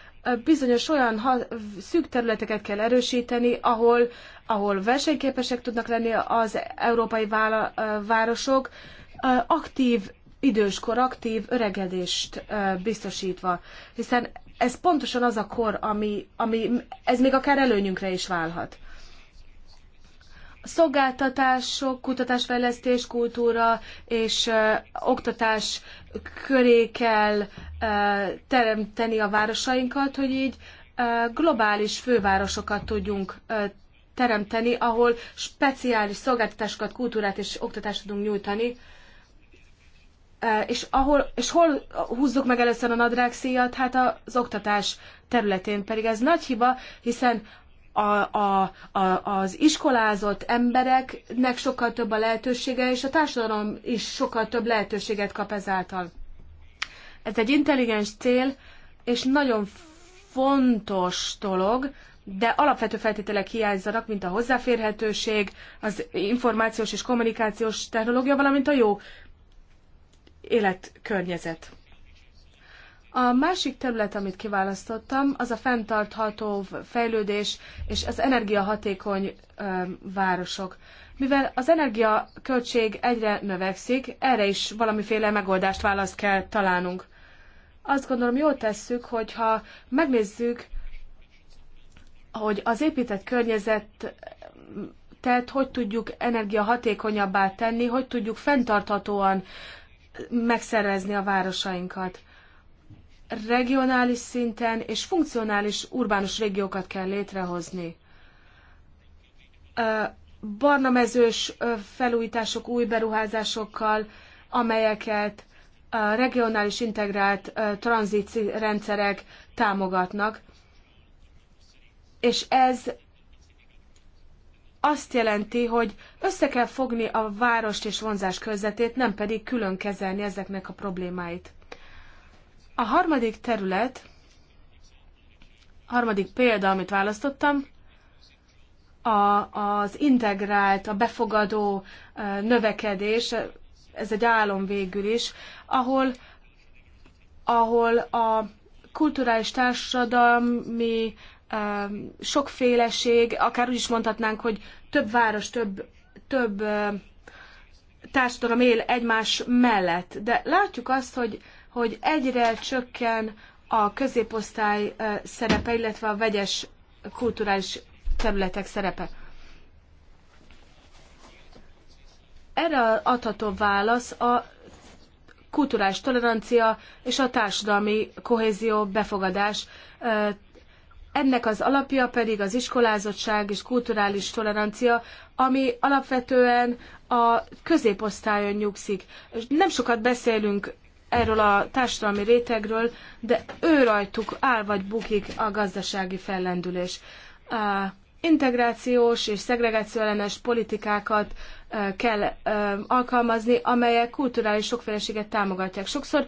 bizonyos olyan ha, szűk területeket kell erősíteni, ahol, ahol versenyképesek tudnak lenni az európai vála, városok, aktív időskor aktív öregedést biztosítva, hiszen ez pontosan az a kor, ami, ami ez még akár előnyünkre is válhat. Szolgáltatások, kutatásfejlesztés, kultúra és ö, oktatás köré kell ö, teremteni a városainkat, hogy így ö, globális fővárosokat tudjunk ö, teremteni, ahol speciális szolgáltatásokat, kultúrát és oktatást tudunk nyújtani, és, ahol, és hol húzzuk meg először a szíjat? Hát az oktatás területén pedig ez nagy hiba, hiszen a, a, a, az iskolázott embereknek sokkal több a lehetősége, és a társadalom is sokkal több lehetőséget kap ezáltal. Ez egy intelligens cél, és nagyon fontos dolog, de alapvető feltételek hiányzanak, mint a hozzáférhetőség, az információs és kommunikációs technológia, valamint a jó életkörnyezet. A másik terület, amit kiválasztottam, az a fenntartható fejlődés és az energiahatékony ö, városok. Mivel az energiaköltség egyre növekszik, erre is valamiféle megoldást választ kell találnunk. Azt gondolom, jól tesszük, hogyha megnézzük, hogy az épített környezet tehát hogy tudjuk energiahatékonyabbá tenni, hogy tudjuk fenntarthatóan megszervezni a városainkat. Regionális szinten és funkcionális urbánus régiókat kell létrehozni. Barna mezős felújítások, új beruházásokkal, amelyeket a regionális integrált tranzíci rendszerek támogatnak, és ez azt jelenti, hogy össze kell fogni a várost és vonzás körzetét, nem pedig külön kezelni ezeknek a problémáit. A harmadik terület, a harmadik példa, amit választottam, a, az integrált, a befogadó növekedés, ez egy álom végül is, ahol, ahol a kulturális társadalmi sokféleség, akár úgy is mondhatnánk, hogy több város, több, több társadalom él egymás mellett. De látjuk azt, hogy, hogy egyre csökken a középosztály szerepe, illetve a vegyes kulturális területek szerepe. Erre adható válasz a kulturális tolerancia és a társadalmi kohézió befogadás ennek az alapja pedig az iskolázottság és kulturális tolerancia, ami alapvetően a középosztályon nyugszik. Nem sokat beszélünk erről a társadalmi rétegről, de ő rajtuk áll vagy bukik a gazdasági fellendülés. A integrációs és szegregáció ellenes politikákat kell alkalmazni, amelyek kulturális sokféleséget támogatják. Sokszor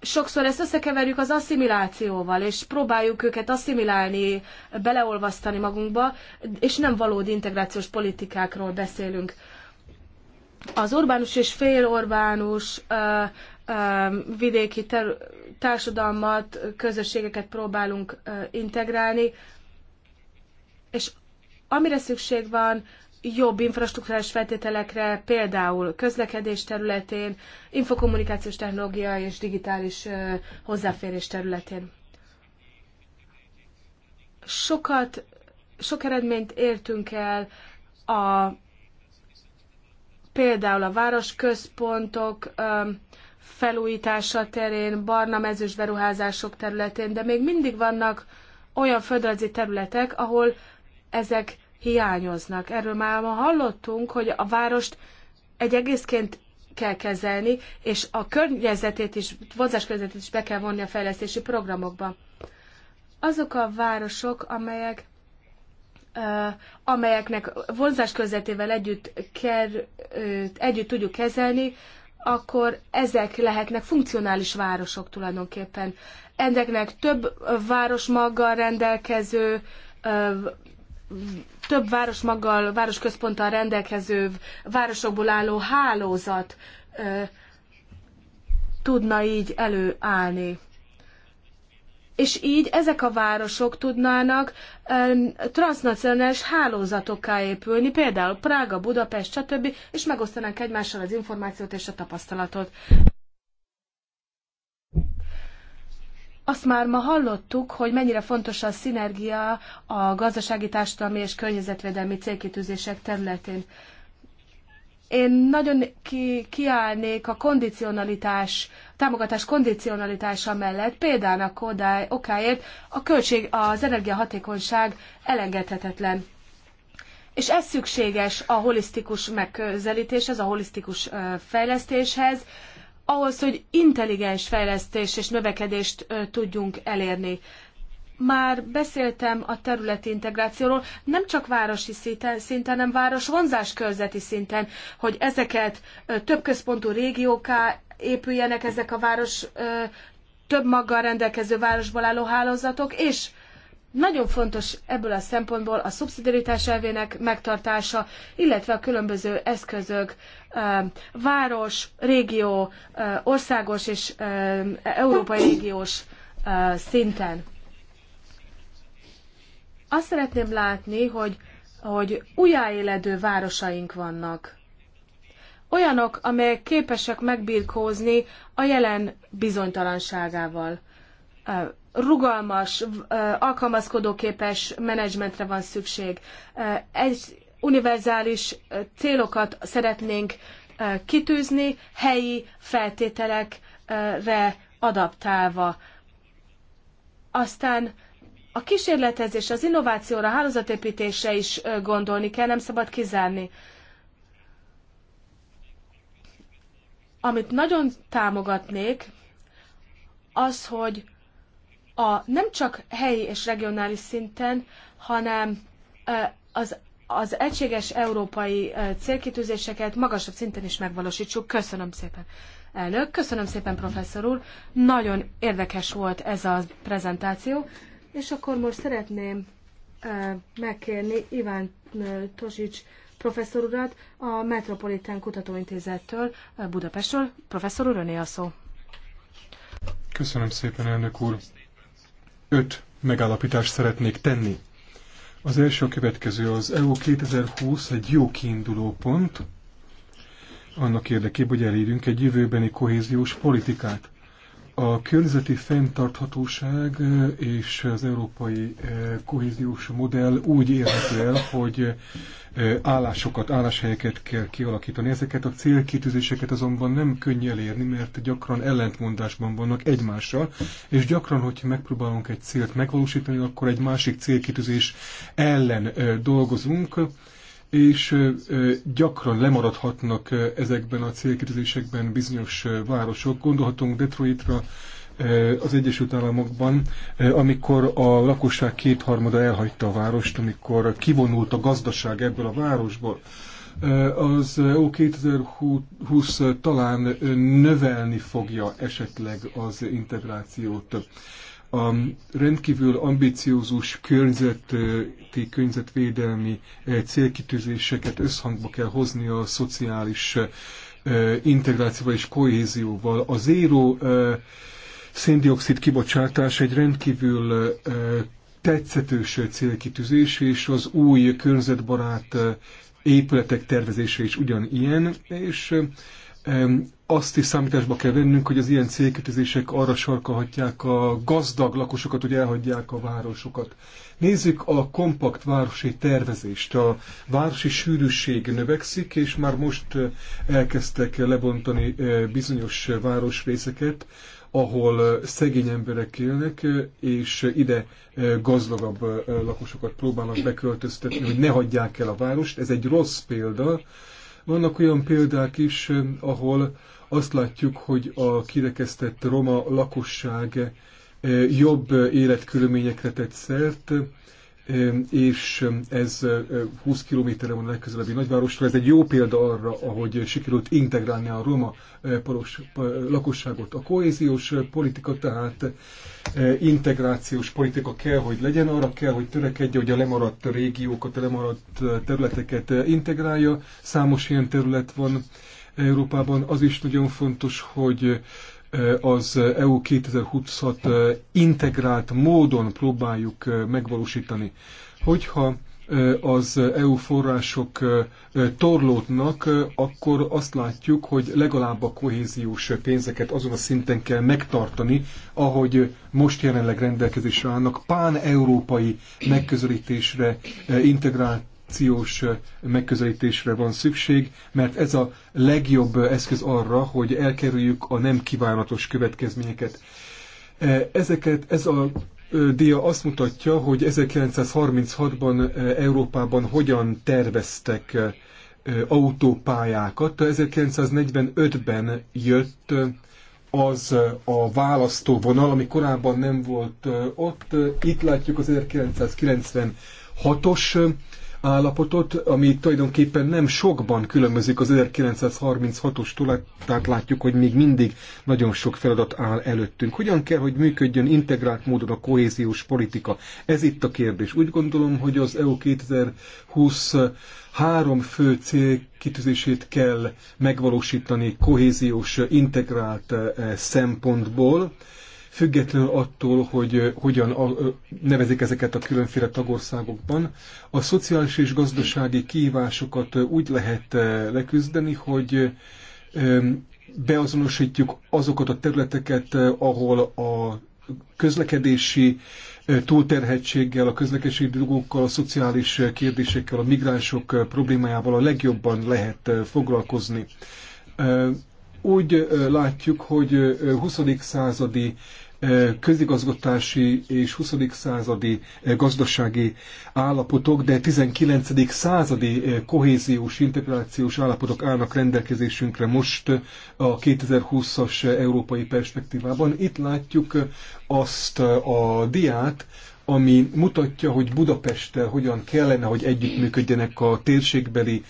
sokszor ezt összekeverjük az asszimilációval, és próbáljuk őket asszimilálni, beleolvasztani magunkba, és nem valódi integrációs politikákról beszélünk. Az urbánus és félurbánus ö, ö, vidéki ter- társadalmat, közösségeket próbálunk ö, integrálni, és amire szükség van, jobb infrastruktúrás feltételekre, például közlekedés területén, infokommunikációs technológia és digitális hozzáférés területén. Sokat, sok eredményt értünk el a például a városközpontok felújítása terén, barna mezős beruházások területén, de még mindig vannak olyan földrajzi területek, ahol ezek hiányoznak. Erről már ma hallottunk, hogy a várost egy egészként kell kezelni, és a környezetét is, környezetét is be kell vonni a fejlesztési programokba. Azok a városok, amelyek amelyeknek vonzás közvetével együtt, kell, együtt tudjuk kezelni, akkor ezek lehetnek funkcionális városok tulajdonképpen. Ezeknek több városmaggal rendelkező több város maggal, városközponttal rendelkező városokból álló hálózat ö, tudna így előállni. És így ezek a városok tudnának transnacionális hálózatokká épülni, például Prága, Budapest, stb., és megosztanánk egymással az információt és a tapasztalatot. Azt már ma hallottuk, hogy mennyire fontos a szinergia a gazdasági, társadalmi és környezetvédelmi célkitűzések területén. Én nagyon ki, kiállnék a kondicionalitás, a támogatás kondicionalitása mellett, a odáj, okáért a költség, az energiahatékonyság elengedhetetlen. És ez szükséges a holisztikus megközelítéshez, a holisztikus fejlesztéshez, ahhoz, hogy intelligens fejlesztés és növekedést tudjunk elérni. Már beszéltem a területi integrációról, nem csak városi szinten, szinten hanem város vonzás körzeti szinten, hogy ezeket több központú régióká épüljenek ezek a város több maggal rendelkező városból álló hálózatok, és nagyon fontos ebből a szempontból a szubszidiaritás elvének megtartása, illetve a különböző eszközök város, régió, országos és európai régiós szinten. Azt szeretném látni, hogy, hogy újjáéledő városaink vannak. Olyanok, amelyek képesek megbirkózni a jelen bizonytalanságával. Rugalmas, alkalmazkodóképes menedzsmentre van szükség. Egy univerzális célokat szeretnénk kitűzni, helyi feltételekre adaptálva. Aztán a kísérletezés, az innovációra, a hálózatépítése is gondolni kell, nem szabad kizárni. Amit nagyon támogatnék, az, hogy a, nem csak helyi és regionális szinten, hanem az az egységes európai célkitűzéseket magasabb szinten is megvalósítsuk. Köszönöm szépen, elnök. Köszönöm szépen, professzor úr. Nagyon érdekes volt ez a prezentáció. És akkor most szeretném megkérni Iván Tosics professzor urat a Metropolitán Kutatóintézettől Budapestről. Professzor úr, öné a szó. Köszönöm szépen, elnök úr. Öt megállapítást szeretnék tenni az első a következő, az EU 2020 egy jó kiinduló pont, annak érdekében, hogy elérjünk egy jövőbeni kohéziós politikát. A környezeti fenntarthatóság és az európai kohéziós modell úgy érhető el, hogy állásokat, álláshelyeket kell kialakítani. Ezeket a célkitűzéseket azonban nem könnyű elérni, mert gyakran ellentmondásban vannak egymással, és gyakran, hogyha megpróbálunk egy célt megvalósítani, akkor egy másik célkitűzés ellen dolgozunk, és gyakran lemaradhatnak ezekben a célkitűzésekben bizonyos városok. Gondolhatunk Detroitra, az Egyesült Államokban, amikor a lakosság kétharmada elhagyta a várost, amikor kivonult a gazdaság ebből a városból, az ó 2020 talán növelni fogja esetleg az integrációt a rendkívül ambiciózus környezeti, környezetvédelmi eh, célkitűzéseket összhangba kell hozni a szociális eh, integrációval és kohézióval. A zéró eh, széndiokszid kibocsátás egy rendkívül tetszetős célkitűzés, és az új környezetbarát épületek tervezése is ugyanilyen, és azt is számításba kell vennünk, hogy az ilyen célkötözések arra sarkalhatják a gazdag lakosokat, hogy elhagyják a városokat. Nézzük a kompakt városi tervezést. A városi sűrűség növekszik, és már most elkezdtek lebontani bizonyos városrészeket, ahol szegény emberek élnek, és ide gazdagabb lakosokat próbálnak beköltöztetni, hogy ne hagyják el a várost. Ez egy rossz példa. Vannak olyan példák is, ahol azt látjuk, hogy a kirekesztett roma lakosság eh, jobb eh, életkörülményekre tett szert, eh, és ez 20 kilométerre van a legközelebbi nagyvárosra. Ez egy jó példa arra, ahogy sikerült integrálni a roma palos, lakosságot. A kohéziós politika tehát integrációs politika kell, hogy legyen, arra kell, hogy törekedje, hogy a lemaradt régiókat, a lemaradt területeket integrálja. Számos ilyen terület van, Európában. Az is nagyon fontos, hogy az EU 2026 integrált módon próbáljuk megvalósítani. Hogyha az EU források torlódnak, akkor azt látjuk, hogy legalább a kohéziós pénzeket azon a szinten kell megtartani, ahogy most jelenleg rendelkezésre állnak. Pán-európai megközelítésre, integrált reakciós megközelítésre van szükség, mert ez a legjobb eszköz arra, hogy elkerüljük a nem kívánatos következményeket. Ezeket, ez a dia azt mutatja, hogy 1936-ban Európában hogyan terveztek autópályákat. 1945-ben jött az a választóvonal, ami korábban nem volt ott. Itt látjuk az 1996-os állapotot, ami tulajdonképpen nem sokban különbözik az 1936-ostól, tehát látjuk, hogy még mindig nagyon sok feladat áll előttünk. Hogyan kell, hogy működjön integrált módon a kohéziós politika? Ez itt a kérdés. Úgy gondolom, hogy az EU 2020 három fő célkitűzését kell megvalósítani kohéziós integrált eh, szempontból függetlenül attól, hogy hogyan nevezik ezeket a különféle tagországokban. A szociális és gazdasági kihívásokat úgy lehet leküzdeni, hogy beazonosítjuk azokat a területeket, ahol a közlekedési túlterhetséggel, a közlekedési dolgokkal, a szociális kérdésekkel, a migránsok problémájával a legjobban lehet foglalkozni. Úgy látjuk, hogy 20. századi közigazgatási és 20. századi gazdasági állapotok, de 19. századi kohéziós, integrációs állapotok állnak rendelkezésünkre most a 2020-as európai perspektívában. Itt látjuk azt a diát, ami mutatja, hogy Budapesttel hogyan kellene, hogy együttműködjenek a térségbeli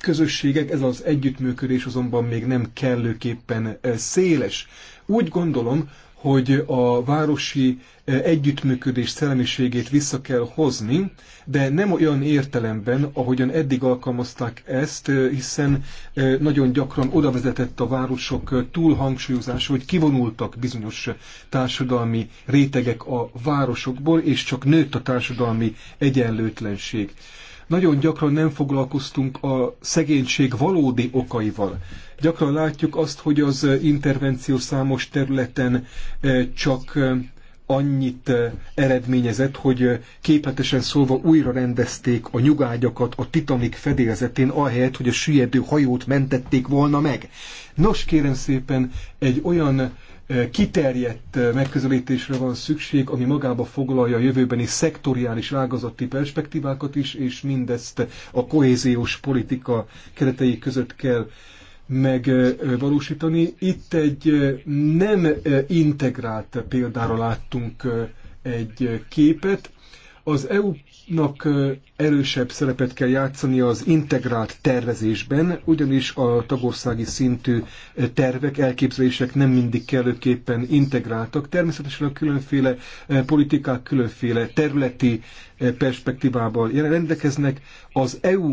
közösségek, ez az együttműködés azonban még nem kellőképpen széles. Úgy gondolom, hogy a városi eh, együttműködés szellemiségét vissza kell hozni, de nem olyan értelemben, ahogyan eddig alkalmazták ezt, eh, hiszen eh, nagyon gyakran oda vezetett a városok túlhangsúlyozása, hogy kivonultak bizonyos társadalmi rétegek a városokból, és csak nőtt a társadalmi egyenlőtlenség. Nagyon gyakran nem foglalkoztunk a szegénység valódi okaival. Gyakran látjuk azt, hogy az intervenció számos területen eh, csak eh, annyit eh, eredményezett, hogy képletesen szólva újra rendezték a nyugágyakat a Titanic fedélzetén, ahelyett, hogy a süllyedő hajót mentették volna meg. Nos, kérem szépen, egy olyan kiterjedt megközelítésre van szükség, ami magába foglalja a jövőbeni szektoriális ágazati perspektívákat is, és mindezt a kohéziós politika keretei között kell megvalósítani. Itt egy nem integrált példára láttunk egy képet. Az EU nak erősebb szerepet kell játszani az integrált tervezésben, ugyanis a tagországi szintű tervek, elképzelések nem mindig kellőképpen integráltak. Természetesen a különféle politikák különféle területi perspektívával rendelkeznek. Az EU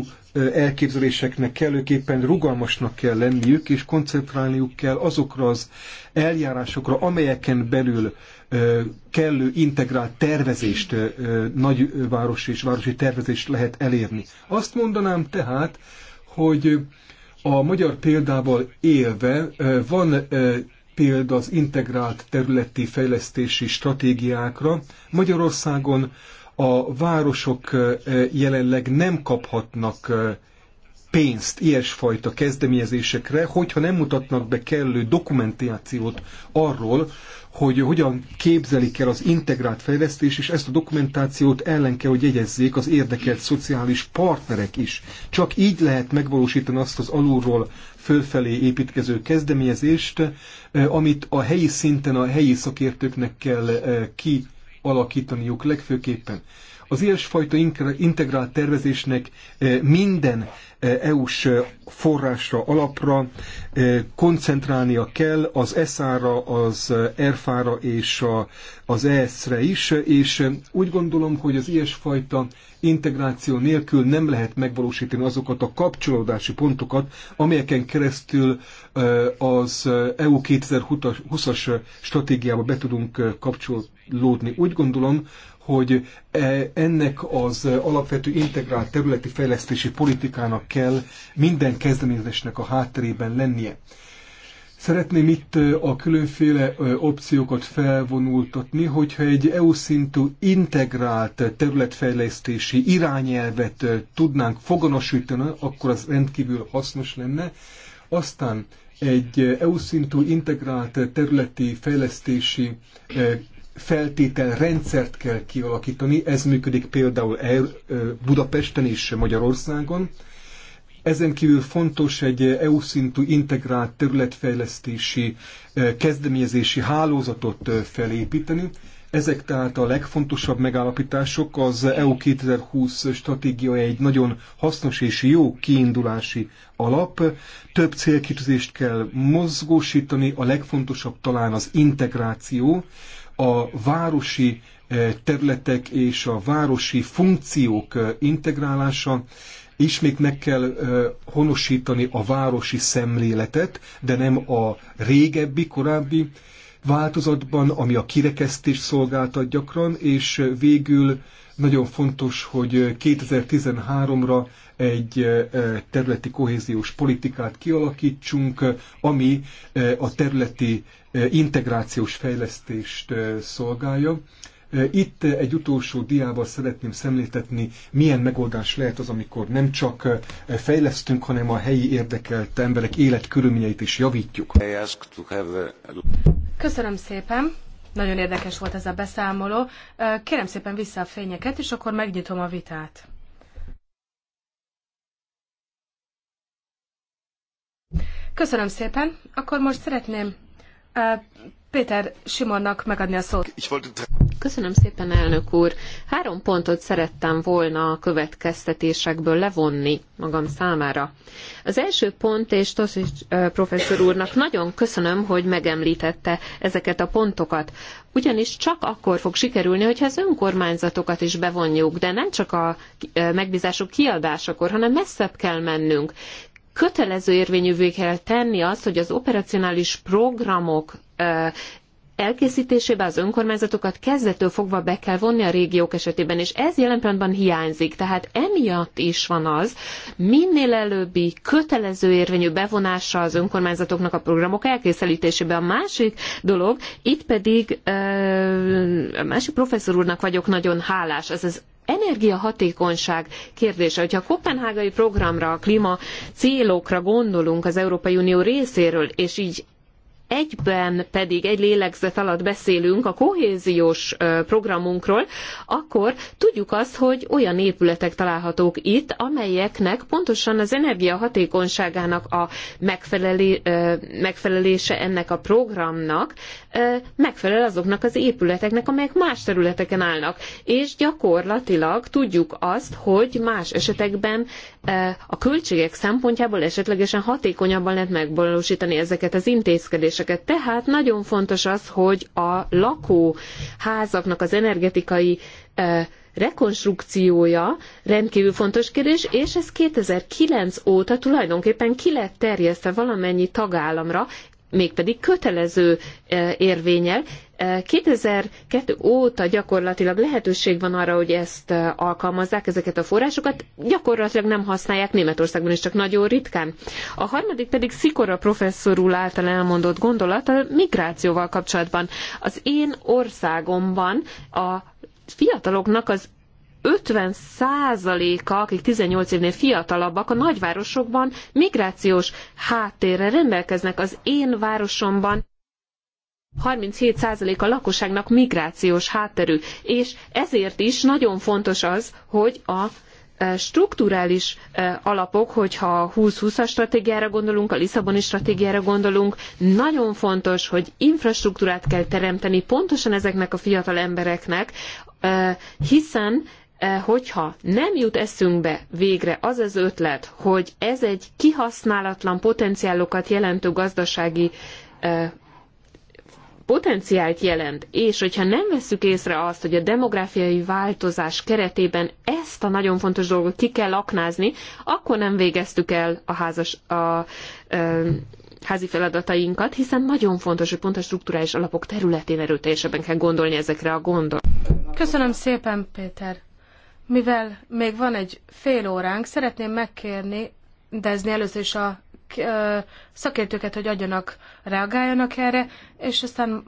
elképzeléseknek kellőképpen rugalmasnak kell lenniük, és koncentrálniuk kell azokra az eljárásokra, amelyeken belül kellő integrált tervezést, nagyvárosi és városi tervezést lehet elérni. Azt mondanám tehát, hogy a magyar példával élve van példa az integrált területi fejlesztési stratégiákra. Magyarországon a városok jelenleg nem kaphatnak pénzt ilyesfajta kezdeményezésekre, hogyha nem mutatnak be kellő dokumentációt arról, hogy hogyan képzelik el az integrált fejlesztés, és ezt a dokumentációt ellen kell, hogy jegyezzék az érdekelt szociális partnerek is. Csak így lehet megvalósítani azt az alulról fölfelé építkező kezdeményezést, amit a helyi szinten a helyi szakértőknek kell kialakítaniuk legfőképpen. Az ilyesfajta integrált tervezésnek eh, minden eh, EU-s eh, forrásra, alapra koncentrálnia kell az ESZ-ra, az ERFA-ra és az ESZ-re is, és úgy gondolom, hogy az ilyesfajta integráció nélkül nem lehet megvalósítani azokat a kapcsolódási pontokat, amelyeken keresztül az EU e 2020-as stratégiába be tudunk kapcsolódni. Úgy gondolom, hogy e, ennek az e, alapvető integrált területi fejlesztési politikának kell minden kezdeményezésnek a hátterében lennie. Szeretném itt e, a különféle opciókat felvonultatni, hogyha egy EU szintű integrált területfejlesztési irányelvet tudnánk foganosítani, akkor az rendkívül hasznos lenne. Aztán egy EU szintű integrált területi fejlesztési feltétel rendszert kell kialakítani, ez működik például Budapesten és Magyarországon. Ezen kívül fontos egy EU szintű integrált területfejlesztési kezdeményezési hálózatot felépíteni. Ezek tehát a legfontosabb megállapítások. Az EU 2020 stratégia egy nagyon hasznos és jó kiindulási alap. Több célkitűzést kell mozgósítani, a legfontosabb talán az integráció, a városi eh, területek és a városi funkciók eh, integrálása, ismét meg kell eh, honosítani a városi szemléletet, de nem a régebbi, korábbi változatban, ami a kirekesztés szolgálta gyakran, és végül nagyon fontos, hogy 2013-ra egy területi kohéziós politikát kialakítsunk, ami a területi integrációs fejlesztést szolgálja. Itt egy utolsó diával szeretném szemléltetni, milyen megoldás lehet az, amikor nem csak fejlesztünk, hanem a helyi érdekelt emberek életkörülményeit is javítjuk. Köszönöm szépen! Nagyon érdekes volt ez a beszámoló. Kérem szépen vissza a fényeket, és akkor megnyitom a vitát. Köszönöm szépen. Akkor most szeretném Péter Simonnak megadni a szót. Köszönöm szépen, elnök úr. Három pontot szerettem volna a következtetésekből levonni magam számára. Az első pont, és Tosics professzor úrnak nagyon köszönöm, hogy megemlítette ezeket a pontokat. Ugyanis csak akkor fog sikerülni, hogyha az önkormányzatokat is bevonjuk, de nem csak a megbízások kiadásakor, hanem messzebb kell mennünk kötelező érvényűvé kell tenni azt, hogy az operacionális programok elkészítésébe az önkormányzatokat kezdettől fogva be kell vonni a régiók esetében, és ez jelen pillanatban hiányzik. Tehát emiatt is van az, minél előbbi kötelező érvényű bevonása az önkormányzatoknak a programok elkészítésébe. A másik dolog, itt pedig a másik professzor úrnak vagyok nagyon hálás, ez az energiahatékonyság kérdése. Hogyha a kopenhágai programra, a klíma célokra gondolunk az Európai Unió részéről, és így egyben pedig egy lélegzet alatt beszélünk a kohéziós programunkról, akkor tudjuk azt, hogy olyan épületek találhatók itt, amelyeknek pontosan az energiahatékonyságának a megfelelése ennek a programnak megfelel azoknak az épületeknek, amelyek más területeken állnak. És gyakorlatilag tudjuk azt, hogy más esetekben a költségek szempontjából esetlegesen hatékonyabban lehet megvalósítani ezeket az intézkedéseket kérdéseket. Tehát nagyon fontos az, hogy a lakóházaknak az energetikai e, rekonstrukciója rendkívül fontos kérdés, és ez 2009 óta tulajdonképpen ki lett terjesztve valamennyi tagállamra, mégpedig kötelező e, érvényel, 2002 óta gyakorlatilag lehetőség van arra, hogy ezt alkalmazzák, ezeket a forrásokat, gyakorlatilag nem használják Németországban is, csak nagyon ritkán. A harmadik pedig Szikora professzor úr által elmondott gondolat a migrációval kapcsolatban. Az én országomban a fiataloknak az 50 a akik 18 évnél fiatalabbak, a nagyvárosokban migrációs háttérre rendelkeznek. Az én városomban 37% a lakosságnak migrációs hátterű, és ezért is nagyon fontos az, hogy a e, strukturális e, alapok, hogyha a 2020-as stratégiára gondolunk, a Lisszaboni stratégiára gondolunk, nagyon fontos, hogy infrastruktúrát kell teremteni pontosan ezeknek a fiatal embereknek, e, hiszen hogyha nem jut eszünkbe végre az az ötlet, hogy ez egy kihasználatlan potenciálokat jelentő gazdasági potenciált jelent, és hogyha nem vesszük észre azt, hogy a demográfiai változás keretében ezt a nagyon fontos dolgot ki kell aknázni, akkor nem végeztük el a, házas, a, a házi feladatainkat, hiszen nagyon fontos, hogy pont a strukturális alapok területén erőteljesebben kell gondolni ezekre a gondolatokra. Köszönöm szépen, Péter. Mivel még van egy fél óránk, szeretném megkérni Dezni először is a szakértőket, hogy adjanak, reagáljanak erre, és aztán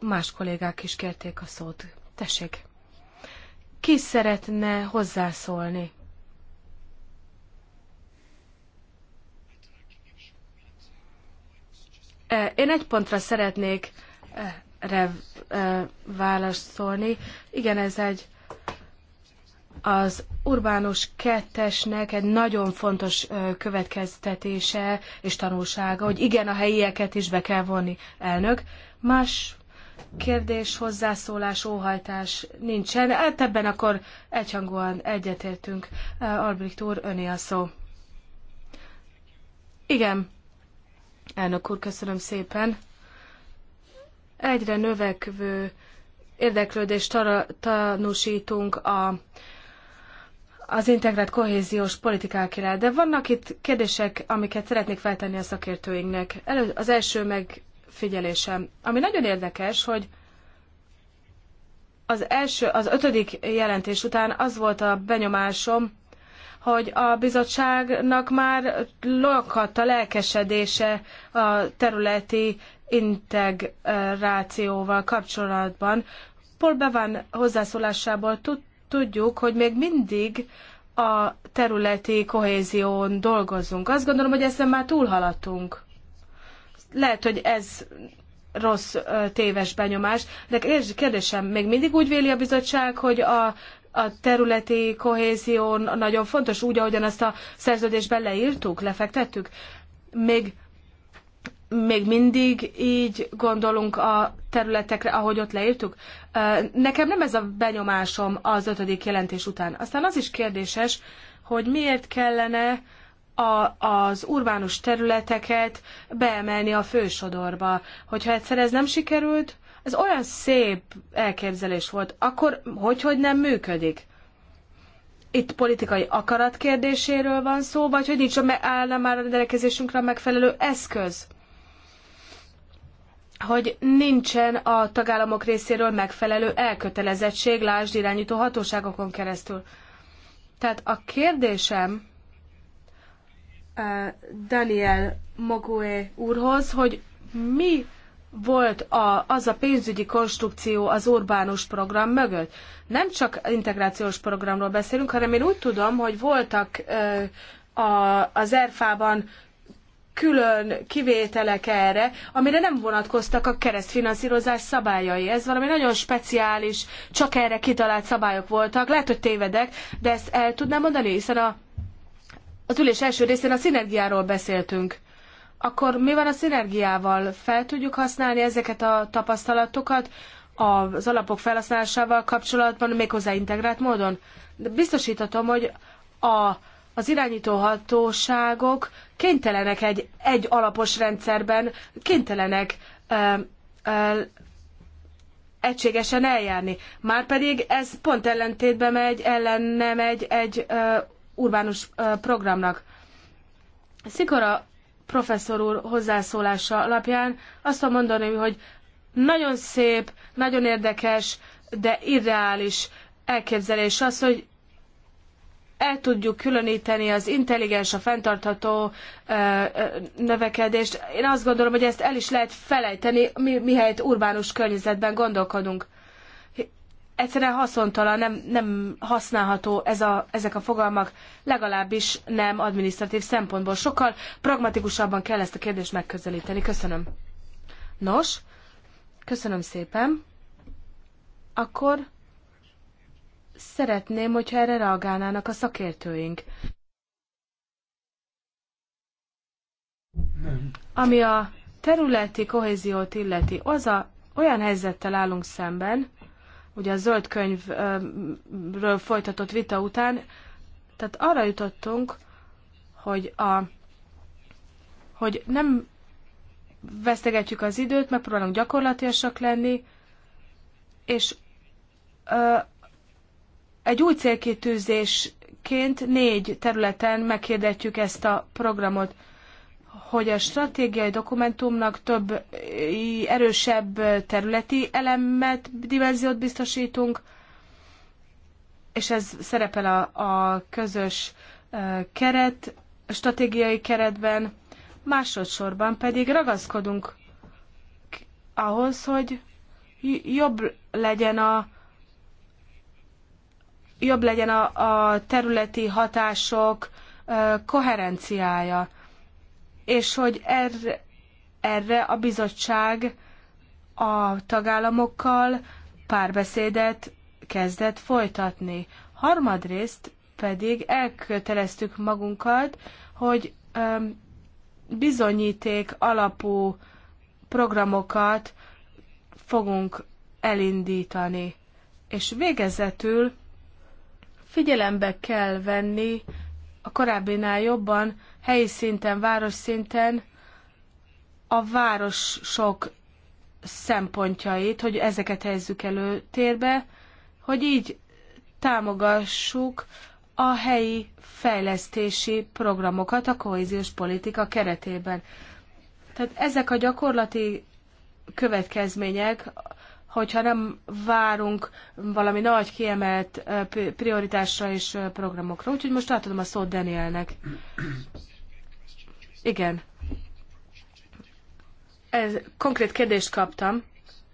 más kollégák is kérték a szót. Tessék! Ki szeretne hozzászólni? Én egy pontra szeretnék re, válaszolni. Igen, ez egy az Urbánus kettesnek egy nagyon fontos következtetése és tanulsága, hogy igen, a helyieket is be kell vonni, elnök. Más kérdés, hozzászólás, óhajtás nincsen. Hát ebben akkor egyhangúan egyetértünk. Albrecht úr, öné a szó. Igen, elnök úr, köszönöm szépen. Egyre növekvő érdeklődést tanúsítunk a az integrált kohéziós politikákra, de vannak itt kérdések, amiket szeretnék feltenni a szakértőinknek. Elő, az első megfigyelésem, ami nagyon érdekes, hogy az első, az ötödik jelentés után az volt a benyomásom, hogy a bizottságnak már lakhat a lelkesedése a területi integrációval kapcsolatban. Paul Bevan hozzászólásából tudtuk, tudjuk, hogy még mindig a területi kohézión dolgozunk. Azt gondolom, hogy ezzel már túlhaladtunk. Lehet, hogy ez rossz, téves benyomás, de kérdésem, még mindig úgy véli a bizottság, hogy a a területi kohézión nagyon fontos, úgy, ahogyan azt a szerződésben leírtuk, lefektettük. Még még mindig így gondolunk a területekre, ahogy ott leírtuk? Nekem nem ez a benyomásom az ötödik jelentés után. Aztán az is kérdéses, hogy miért kellene a, az urbánus területeket beemelni a fősodorba. Hogyha egyszer ez nem sikerült, ez olyan szép elképzelés volt, akkor hogy, hogy nem működik? Itt politikai akarat kérdéséről van szó, vagy hogy nincs állna már a rendelkezésünkre megfelelő eszköz? hogy nincsen a tagállamok részéről megfelelő elkötelezettség, lásd irányító hatóságokon keresztül. Tehát a kérdésem eh, Daniel Mogué úrhoz, hogy mi volt a, az a pénzügyi konstrukció az urbánus program mögött. Nem csak integrációs programról beszélünk, hanem én úgy tudom, hogy voltak ö, eh, a, az erfában ban külön kivételek erre, amire nem vonatkoztak a keresztfinanszírozás szabályai. Ez valami nagyon speciális, csak erre kitalált szabályok voltak. Lehet, hogy tévedek, de ezt el tudnám mondani, hiszen a, az ülés első részén a szinergiáról beszéltünk. Akkor mi van a szinergiával? Fel tudjuk használni ezeket a tapasztalatokat az alapok felhasználásával kapcsolatban, méghozzá integrált módon? De biztosítatom, hogy a az irányító hatóságok kénytelenek egy, egy alapos rendszerben, kénytelenek ö, ö, egységesen eljárni. Márpedig ez pont ellentétbe megy, ellen nem egy, egy ö, urbánus ö, programnak. Szikora professzor úr hozzászólása alapján azt tudom mondani, hogy nagyon szép, nagyon érdekes, de irreális elképzelés az, hogy el tudjuk különíteni az intelligens, a fenntartható növekedést. Én azt gondolom, hogy ezt el is lehet felejteni, mi, mihelyt urbánus környezetben gondolkodunk. Egyszerűen haszontalan, nem, nem használható ez a, ezek a fogalmak, legalábbis nem administratív szempontból. Sokkal pragmatikusabban kell ezt a kérdést megközelíteni. Köszönöm. Nos, köszönöm szépen. Akkor szeretném, hogyha erre reagálnának a szakértőink. Nem. Ami a területi kohéziót illeti, az a, olyan helyzettel állunk szemben, ugye a zöld könyvről folytatott vita után, tehát arra jutottunk, hogy, a, hogy nem vesztegetjük az időt, megpróbálunk gyakorlatilag lenni, és ö, egy új célkitűzésként négy területen meghirdetjük ezt a programot, hogy a stratégiai dokumentumnak több erősebb területi elemet, dimenziót biztosítunk, és ez szerepel a, a közös e, keret, stratégiai keretben, másodszorban pedig ragaszkodunk ahhoz, hogy jobb legyen a, jobb legyen a, a területi hatások koherenciája, és hogy erre, erre a bizottság a tagállamokkal párbeszédet kezdett folytatni. Harmadrészt pedig elköteleztük magunkat, hogy bizonyíték alapú programokat fogunk elindítani. És végezetül figyelembe kell venni a korábbinál jobban helyi szinten, város szinten a városok szempontjait, hogy ezeket helyezzük előtérbe, hogy így támogassuk a helyi fejlesztési programokat a kohéziós politika keretében. Tehát ezek a gyakorlati következmények hogyha nem várunk valami nagy kiemelt prioritásra és programokra. Úgyhogy most átadom a szót Danielnek. Igen. Ez, konkrét kérdést kaptam.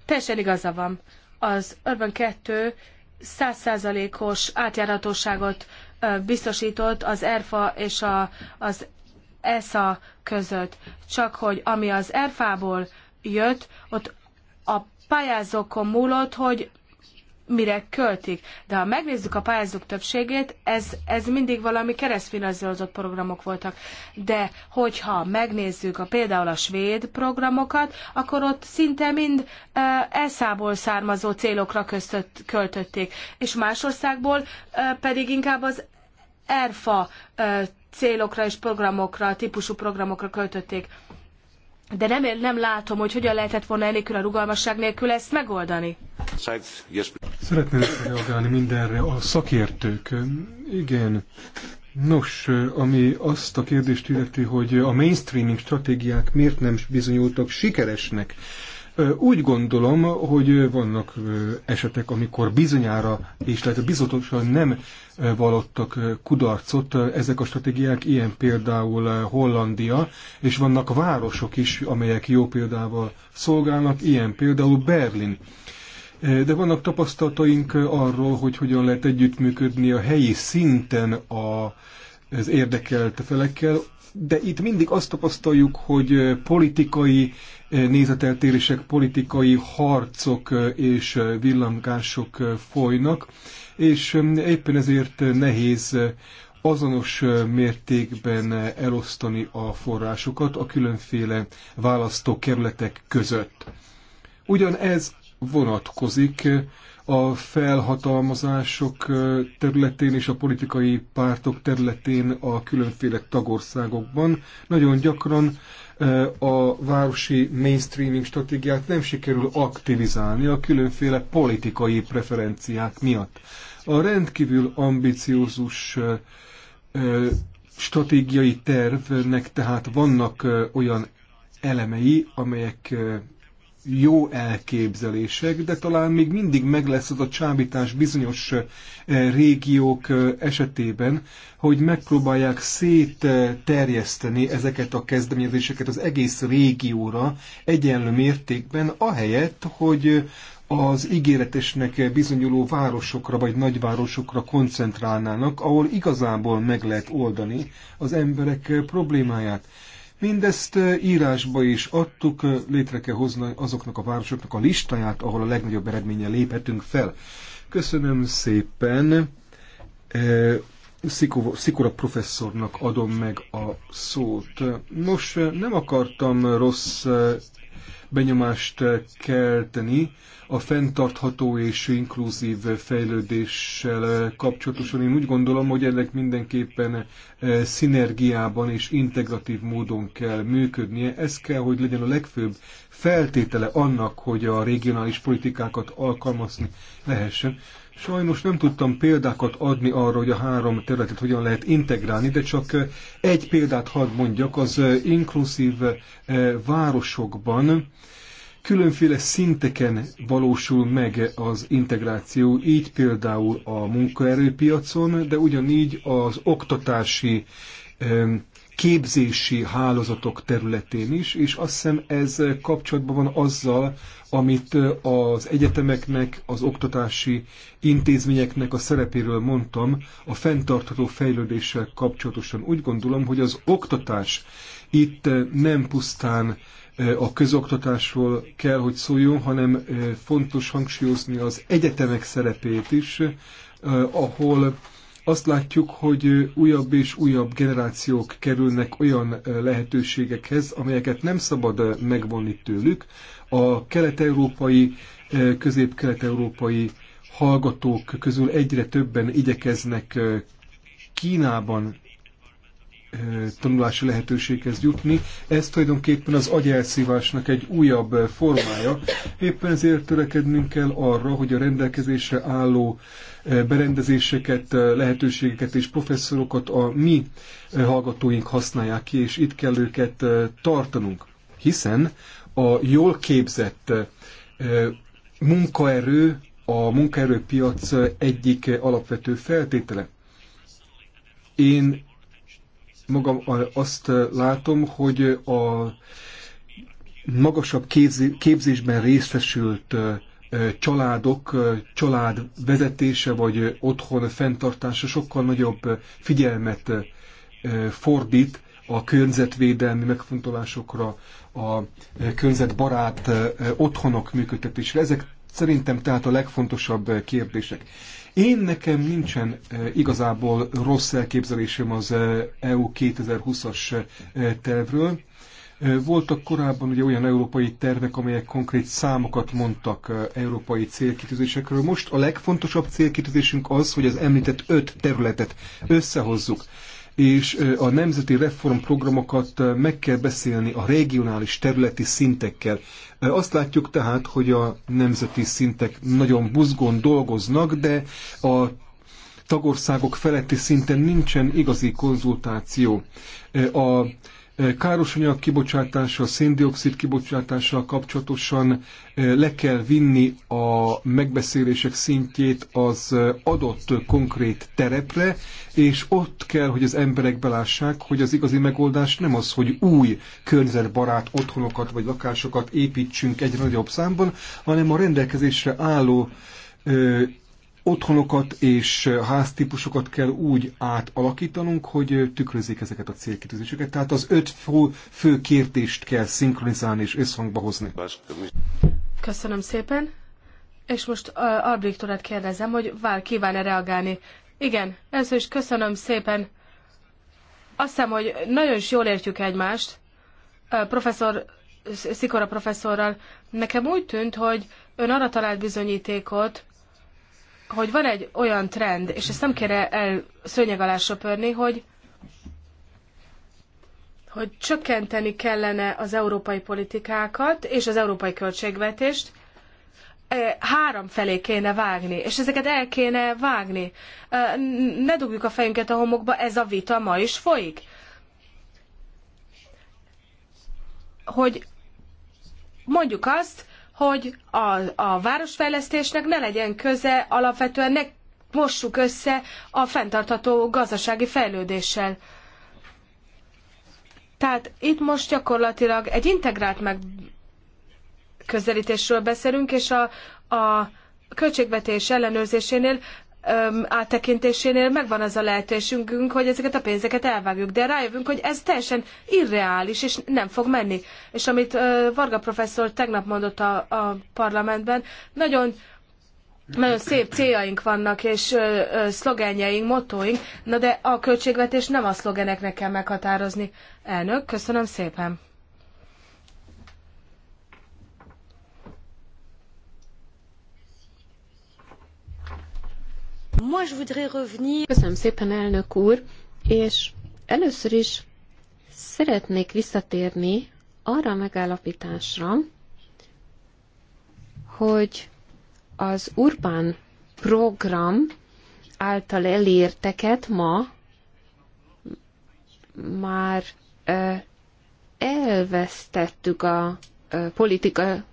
Teljesen igaza van. Az Urban 2 százszázalékos átjáratóságot biztosított az ERFA és a, az ESA között. Csak hogy ami az ERFA-ból jött, ott a pályázókon múlott, hogy mire költik. De ha megnézzük a pályázók többségét, ez, ez mindig valami keresztfinanszírozott programok voltak. De hogyha megnézzük a, például a svéd programokat, akkor ott szinte mind e, elszából származó célokra köztött, költötték. És más országból e, pedig inkább az ERFA e, célokra és programokra, típusú programokra költötték de nem, nem látom, hogy hogyan lehetett volna enélkül a rugalmasság nélkül ezt megoldani. Szeretném reagálni mindenre a szakértők. Igen. Nos, ami azt a kérdést illeti, hogy a mainstreaming stratégiák miért nem bizonyultak sikeresnek, úgy gondolom, hogy vannak esetek, amikor bizonyára, és lehet bizonyosan nem valottak kudarcot ezek a stratégiák, ilyen például Hollandia, és vannak városok is, amelyek jó példával szolgálnak, ilyen például Berlin. De vannak tapasztalataink arról, hogy hogyan lehet együttműködni a helyi szinten a, az érdekelt felekkel, de itt mindig azt tapasztaljuk, hogy politikai nézeteltérések, politikai harcok és villangások folynak, és éppen ezért nehéz azonos mértékben elosztani a forrásokat a különféle választókerületek között. Ugyan ez vonatkozik a felhatalmazások területén és a politikai pártok területén a különféle tagországokban. Nagyon gyakran a városi mainstreaming stratégiát nem sikerül aktivizálni a különféle politikai preferenciák miatt. A rendkívül ambiciózus stratégiai tervnek tehát vannak olyan elemei, amelyek jó elképzelések, de talán még mindig meg lesz az a csábítás bizonyos eh, régiók eh, esetében, hogy megpróbálják szétterjeszteni ezeket a kezdeményezéseket az egész régióra egyenlő mértékben, ahelyett, hogy az ígéretesnek bizonyuló városokra vagy nagyvárosokra koncentrálnának, ahol igazából meg lehet oldani az emberek problémáját. Mindezt írásba is adtuk, létre kell hozni azoknak a városoknak a listáját, ahol a legnagyobb eredménye léphetünk fel. Köszönöm szépen. Szikora professzornak adom meg a szót. Nos, nem akartam rossz benyomást eh, kelteni a fenntartható és inkluzív fejlődéssel eh, kapcsolatosan. Én úgy gondolom, hogy ennek mindenképpen eh, szinergiában és integratív módon kell működnie. Ez kell, hogy legyen a legfőbb feltétele annak, hogy a regionális politikákat alkalmazni lehessen. Sajnos nem tudtam példákat adni arra, hogy a három területet hogyan lehet integrálni, de csak eh, egy példát hadd mondjak, az eh, inkluzív eh, városokban különféle szinteken valósul meg az integráció, így például a munkaerőpiacon, de ugyanígy az oktatási képzési hálózatok területén is, és azt hiszem ez kapcsolatban van azzal, amit az egyetemeknek, az oktatási intézményeknek a szerepéről mondtam, a fenntartható fejlődéssel kapcsolatosan. Úgy gondolom, hogy az oktatás itt nem pusztán e, a közoktatásról kell, hogy szóljon, hanem e, fontos hangsúlyozni az egyetemek szerepét is, e, ahol azt látjuk, hogy újabb és újabb generációk kerülnek olyan lehetőségekhez, amelyeket nem szabad megvonni tőlük. A kelet-európai, közép-kelet-európai hallgatók közül egyre többen igyekeznek Kínában tanulási lehetőséghez jutni. Ez tulajdonképpen az agyelszívásnak egy újabb formája. Éppen ezért törekednünk kell arra, hogy a rendelkezésre álló berendezéseket, lehetőségeket és professzorokat a mi hallgatóink használják ki, és itt kell őket tartanunk. Hiszen a jól képzett munkaerő a munkaerőpiac egyik alapvető feltétele. Én magam azt látom, hogy a magasabb képzésben részesült családok, család vezetése vagy otthon fenntartása sokkal nagyobb figyelmet fordít a környezetvédelmi megfontolásokra, a környezetbarát otthonok működtetésre. Ezek szerintem tehát a legfontosabb kérdések. Én nekem nincsen e, igazából rossz elképzelésem az EU e 2020-as e, tervről. Voltak korábban ugye olyan európai tervek, amelyek konkrét számokat mondtak európai célkitűzésekről. Most a legfontosabb célkitűzésünk az, hogy az említett öt területet összehozzuk és a nemzeti reformprogramokat meg kell beszélni a regionális területi szintekkel. Azt látjuk tehát, hogy a nemzeti szintek nagyon buzgón dolgoznak, de a tagországok feletti szinten nincsen igazi konzultáció. A károsanyag kibocsátással, széndiokszid kibocsátással kapcsolatosan le kell vinni a megbeszélések szintjét az adott konkrét terepre, és ott kell, hogy az emberek belássák, hogy az igazi megoldás nem az, hogy új környezetbarát otthonokat vagy lakásokat építsünk egyre nagyobb számban, hanem a rendelkezésre álló otthonokat és háztípusokat kell úgy átalakítanunk, hogy tükrözik ezeket a célkitűzéseket. Tehát az öt fő, fő kértést kell szinkronizálni és összhangba hozni. Köszönöm szépen. És most uh, Albrecht kérdezem, hogy vár kíván-e reagálni. Igen, először is köszönöm szépen. Azt hiszem, hogy nagyon is jól értjük egymást. Uh, professzor Szikora professzorral. Nekem úgy tűnt, hogy ön arra talált bizonyítékot, hogy van egy olyan trend, és ezt nem kéne el szőnyeg alá söpörni, hogy, hogy csökkenteni kellene az európai politikákat és az európai költségvetést, e, három felé kéne vágni, és ezeket el kéne vágni. E, ne dugjuk a fejünket a homokba, ez a vita ma is folyik. Hogy mondjuk azt, hogy a, a városfejlesztésnek ne legyen köze alapvetően ne mossuk össze a fenntartható gazdasági fejlődéssel. Tehát itt most gyakorlatilag egy integrált megközelítésről beszélünk, és a, a költségvetés ellenőrzésénél áttekintésénél megvan az a lehetőségünk, hogy ezeket a pénzeket elvágjuk, de rájövünk, hogy ez teljesen irreális, és nem fog menni. És amit Varga professzor tegnap mondott a, a parlamentben, nagyon nagyon szép céljaink vannak, és ö, ö, szlogenjeink, motóink, na de a költségvetés nem a szlogeneknek kell meghatározni. Elnök, köszönöm szépen! Köszönöm szépen, elnök úr, és először is szeretnék visszatérni arra a megállapításra, hogy az Urbán program által elérteket ma már elvesztettük a politika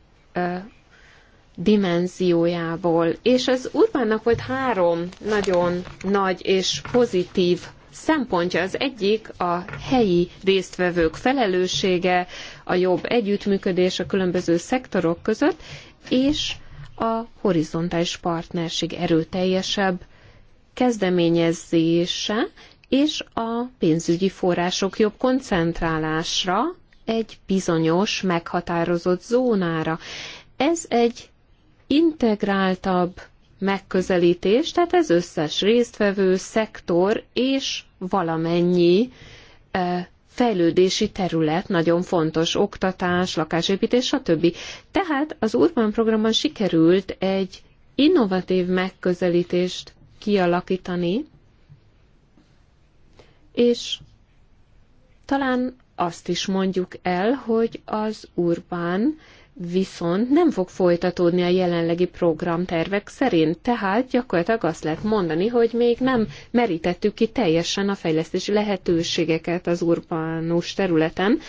dimenziójából. És az Urbánnak volt három nagyon nagy és pozitív szempontja. Az egyik a helyi résztvevők felelőssége, a jobb együttműködés a különböző szektorok között, és a horizontális partnerség erőteljesebb kezdeményezése, és a pénzügyi források jobb koncentrálásra egy bizonyos, meghatározott zónára. Ez egy integráltabb megközelítés, tehát ez összes résztvevő, szektor és valamennyi e, fejlődési terület, nagyon fontos oktatás, lakásépítés, stb. Tehát az Urban programban sikerült egy innovatív megközelítést kialakítani, és talán azt is mondjuk el, hogy az Urbán viszont nem fog folytatódni a jelenlegi programtervek szerint, tehát gyakorlatilag azt lehet mondani, hogy még nem merítettük ki teljesen a fejlesztési lehetőségeket az urbanus területen,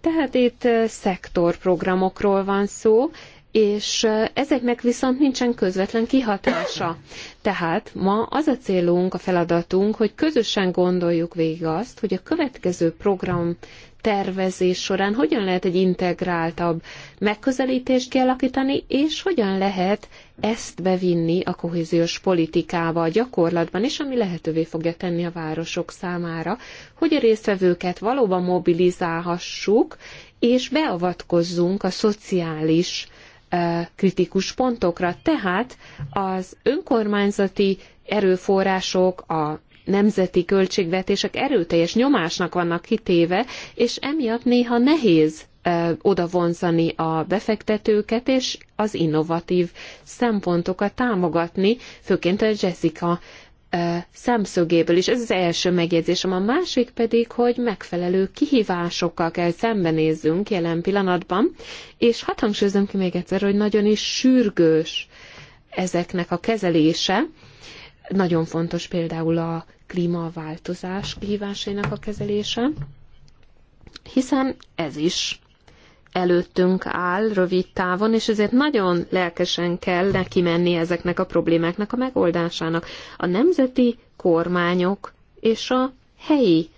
tehát itt szektorprogramokról van szó, és ezeknek viszont nincsen közvetlen kihatása. Tehát ma az a célunk, a feladatunk, hogy közösen gondoljuk végig azt, hogy a következő program tervezés során hogyan lehet egy integráltabb megközelítést kialakítani, és hogyan lehet ezt bevinni a kohéziós politikába a gyakorlatban, és ami lehetővé fogja tenni a városok számára, hogy a résztvevőket valóban mobilizálhassuk, és beavatkozzunk a szociális kritikus pontokra. Tehát az önkormányzati erőforrások, a nemzeti költségvetések erőteljes nyomásnak vannak kitéve, és emiatt néha nehéz oda vonzani a befektetőket, és az innovatív szempontokat támogatni, főként a Jessica szemszögéből is. Ez az első megjegyzésem. A másik pedig, hogy megfelelő kihívásokkal kell szembenézzünk jelen pillanatban, és hadd hangsúlyozom ki még egyszer, hogy nagyon is sürgős ezeknek a kezelése, nagyon fontos például a klímaváltozás kihívásainak a kezelése, hiszen ez is előttünk áll rövid távon, és ezért nagyon lelkesen kell neki menni ezeknek a problémáknak a megoldásának. A nemzeti kormányok és a helyi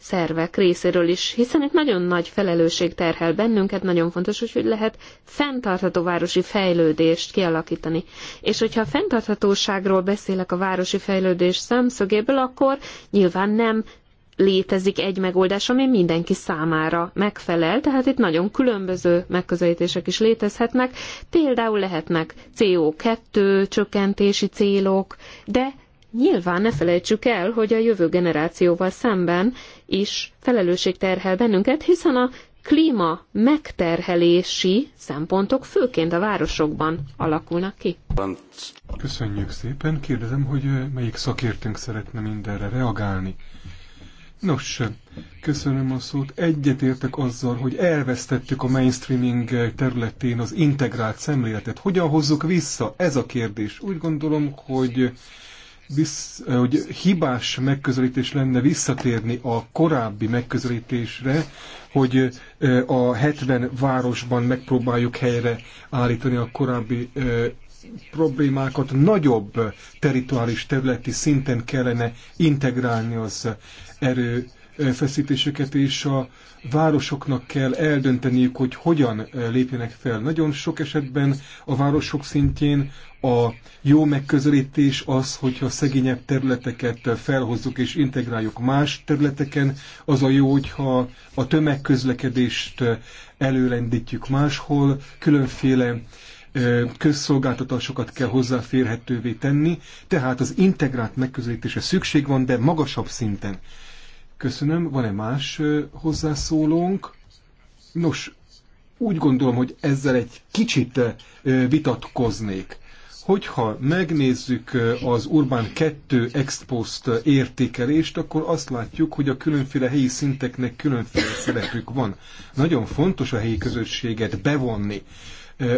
szervek részéről is, hiszen itt nagyon nagy felelősség terhel bennünket, nagyon fontos, hogy, hogy lehet fenntartható városi fejlődést kialakítani. És hogyha a fenntarthatóságról beszélek a városi fejlődés szemszögéből, akkor nyilván nem létezik egy megoldás, ami mindenki számára megfelel, tehát itt nagyon különböző megközelítések is létezhetnek, például lehetnek CO2 csökkentési célok, de nyilván ne felejtsük el, hogy a jövő generációval szemben is felelősség terhel bennünket, hiszen a klíma megterhelési szempontok főként a városokban alakulnak ki. Köszönjük szépen. Kérdezem, hogy melyik szakértünk szeretne mindenre reagálni. Nos, köszönöm a szót. Egyetértek azzal, hogy elvesztettük a mainstreaming területén az integrált szemléletet. Hogyan hozzuk vissza? Ez a kérdés. Úgy gondolom, hogy visz, hogy hibás megközelítés lenne visszatérni a korábbi megközelítésre, hogy a 70 városban megpróbáljuk helyre állítani a korábbi problémákat nagyobb teritoriális területi szinten kellene integrálni az erő feszítéseket, és a városoknak kell eldönteniük, hogy hogyan lépjenek fel. Nagyon sok esetben a városok szintjén a jó megközelítés az, hogyha szegényebb területeket felhozzuk és integráljuk más területeken, az a jó, hogyha a tömegközlekedést előrendítjük máshol, különféle közszolgáltatásokat kell hozzáférhetővé tenni, tehát az integrált megközelítése szükség van, de magasabb szinten. Köszönöm. Van-e más hozzászólónk? Nos, úgy gondolom, hogy ezzel egy kicsit vitatkoznék. Hogyha megnézzük az Urban 2 Expost értékelést, akkor azt látjuk, hogy a különféle helyi szinteknek különféle szerepük van. Nagyon fontos a helyi közösséget bevonni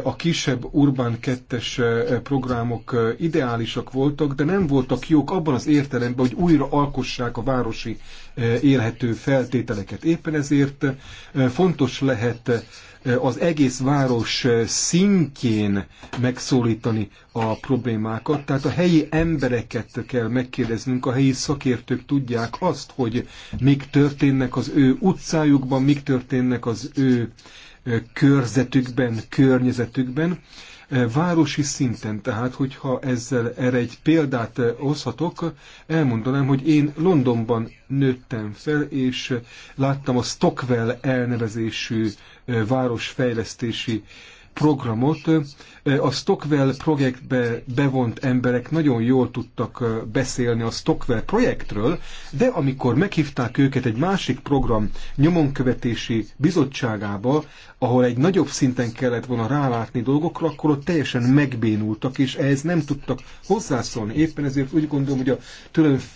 a kisebb Urban kettes eh, programok eh, ideálisak voltak, de nem voltak jók abban az értelemben, hogy újra alkossák a városi eh, élhető feltételeket. Éppen ezért fontos lehet az egész város szintjén megszólítani a problémákat. Tehát a helyi embereket kell megkérdeznünk, a helyi szakértők tudják azt, hogy mik történnek az ő utcájukban, mik történnek az ő körzetükben, környezetükben, városi szinten. Tehát, hogyha ezzel erre egy példát hozhatok, elmondanám, hogy én Londonban nőttem fel, és láttam a Stockwell elnevezésű városfejlesztési programot, a Stockwell projektbe bevont emberek nagyon jól tudtak beszélni a Stockwell projektről, de amikor meghívták őket egy másik program nyomonkövetési bizottságába, ahol egy nagyobb szinten kellett volna rálátni dolgokra, akkor ott teljesen megbénultak, és ehhez nem tudtak hozzászólni. Éppen ezért úgy gondolom, hogy a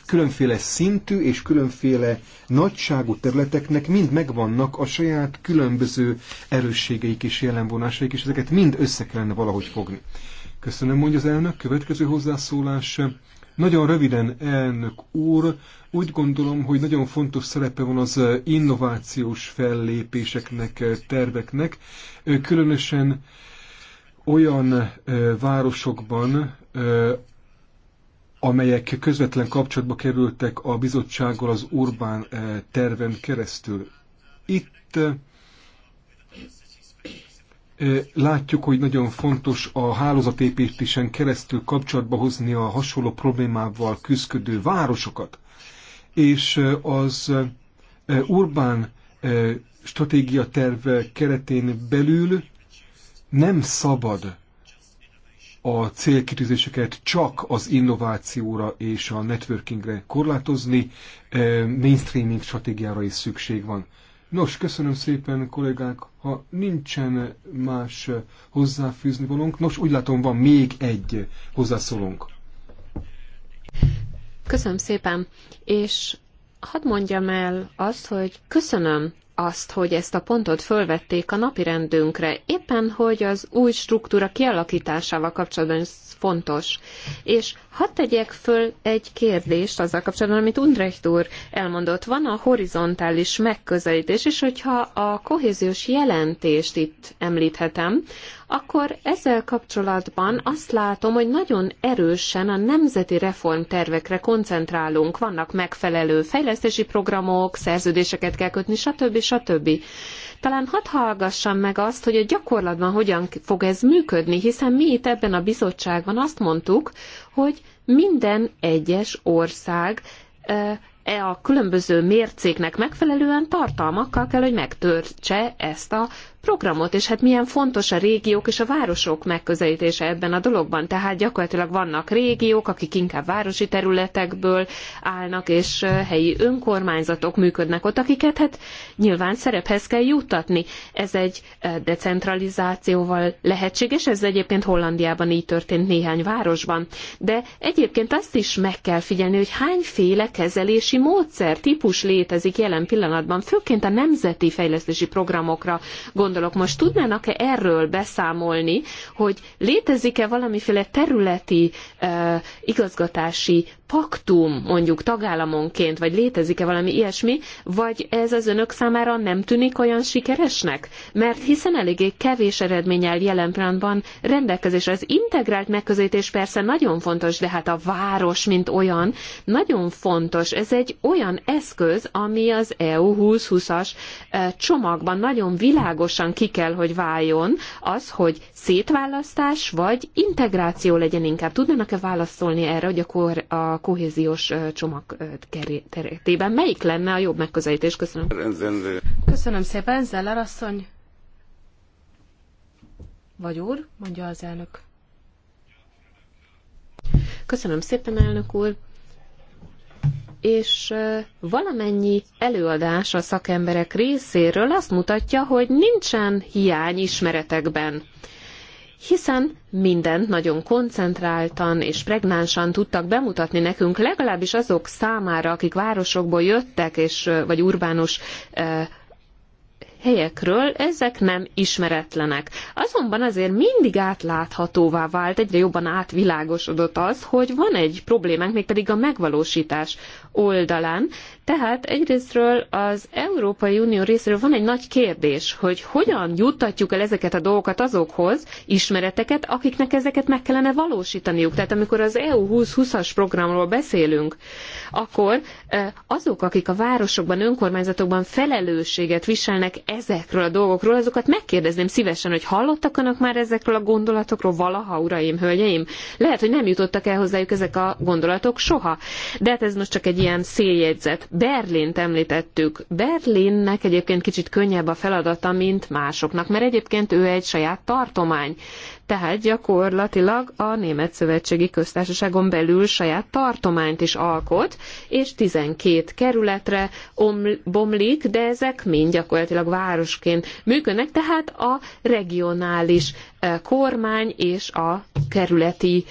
különféle szintű és különféle nagyságú területeknek mind megvannak a saját különböző erősségeik és jelenvonásaik, és ezeket mind össze kellene valahogy hogy fogni. Köszönöm, mondja az elnök. Következő hozzászólás. Nagyon röviden, elnök úr, úgy gondolom, hogy nagyon fontos szerepe van az innovációs fellépéseknek, terveknek, különösen olyan városokban, amelyek közvetlen kapcsolatba kerültek a bizottsággal az Urbán terven keresztül. Itt Látjuk, hogy nagyon fontos a hálózatépítésen keresztül kapcsolatba hozni a hasonló problémával küzdködő városokat, és az urbán stratégia terv keretén belül nem szabad a célkitűzéseket csak az innovációra és a networkingre korlátozni, mainstreaming stratégiára is szükség van. Nos, köszönöm szépen, kollégák, ha nincsen más hozzáfűzni valónk. Nos, úgy látom, van még egy hozzászólónk. Köszönöm szépen, és hadd mondjam el azt, hogy köszönöm azt, hogy ezt a pontot fölvették a napirendünkre, éppen hogy az új struktúra kialakításával kapcsolatban ez fontos. És Hadd tegyek föl egy kérdést azzal kapcsolatban, amit Undrecht úr elmondott. Van a horizontális megközelítés, és hogyha a kohéziós jelentést itt említhetem, akkor ezzel kapcsolatban azt látom, hogy nagyon erősen a nemzeti reformtervekre koncentrálunk. Vannak megfelelő fejlesztési programok, szerződéseket kell kötni, stb. stb. Talán hadd hallgassam meg azt, hogy a gyakorlatban hogyan fog ez működni, hiszen mi itt ebben a bizottságban azt mondtuk, hogy minden egyes ország e a különböző mércéknek megfelelően tartalmakkal kell, hogy megtörtse ezt a programot, és hát milyen fontos a régiók és a városok megközelítése ebben a dologban. Tehát gyakorlatilag vannak régiók, akik inkább városi területekből állnak, és helyi önkormányzatok működnek ott, akiket hát nyilván szerephez kell juttatni. Ez egy decentralizációval lehetséges, ez egyébként Hollandiában így történt néhány városban. De egyébként azt is meg kell figyelni, hogy hányféle kezelési módszer, típus létezik jelen pillanatban, főként a nemzeti fejlesztési programokra gondolunk gondolok most, tudnának-e erről beszámolni, hogy létezik-e valamiféle területi igazgatási paktum mondjuk tagállamonként, vagy létezik-e valami ilyesmi, vagy ez az önök számára nem tűnik olyan sikeresnek? Mert hiszen eléggé kevés eredménnyel jelen pillanatban rendelkezés. Az integrált megközelítés persze nagyon fontos, de hát a város, mint olyan, nagyon fontos. Ez egy olyan eszköz, ami az EU 2020-as eh, csomagban nagyon világosan ki kell, hogy váljon az, hogy szétválasztás vagy integráció legyen inkább. Tudnának-e válaszolni erre, hogy a, kor, a kohéziós csomag keretében. Melyik lenne a jobb megközelítés? Köszönöm. Köszönöm szépen, Zeller asszony. Vagy úr, mondja az elnök. Köszönöm szépen, elnök úr és valamennyi előadás a szakemberek részéről azt mutatja, hogy nincsen hiány ismeretekben hiszen mindent nagyon koncentráltan és pregnánsan tudtak bemutatni nekünk, legalábbis azok számára, akik városokból jöttek, és, vagy urbánus helyekről, ezek nem ismeretlenek. Azonban azért mindig átláthatóvá vált, egyre jobban átvilágosodott az, hogy van egy problémánk, mégpedig a megvalósítás oldalán. Tehát egyrésztről az Európai Unió részéről van egy nagy kérdés, hogy hogyan juttatjuk el ezeket a dolgokat azokhoz, ismereteket, akiknek ezeket meg kellene valósítaniuk. Tehát amikor az EU 2020-as programról beszélünk, akkor eh, azok, akik a városokban, önkormányzatokban felelősséget viselnek ezekről a dolgokról, azokat megkérdezném szívesen, hogy hallottak önök már ezekről a gondolatokról valaha, uraim, hölgyeim? Lehet, hogy nem jutottak el hozzájuk ezek a gondolatok soha. De hát ez most csak egy ilyen széljegyzet. Berlint említettük. Berlinnek egyébként kicsit könnyebb a feladata, mint másoknak, mert egyébként ő egy saját tartomány tehát gyakorlatilag a Német Szövetségi Köztársaságon belül saját tartományt is alkot, és 12 kerületre bomlik, de ezek mind gyakorlatilag városként működnek, tehát a regionális kormány és a kerületi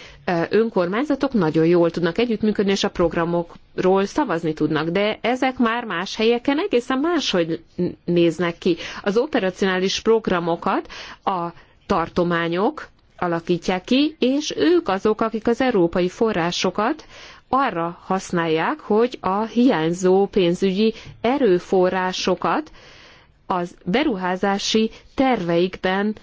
önkormányzatok nagyon jól tudnak együttműködni, és a programokról szavazni tudnak, de ezek már más helyeken egészen máshogy néznek ki. Az operacionális programokat a tartományok alakítják ki, és ők azok, akik az európai forrásokat arra használják, hogy a hiányzó pénzügyi erőforrásokat az beruházási terveikben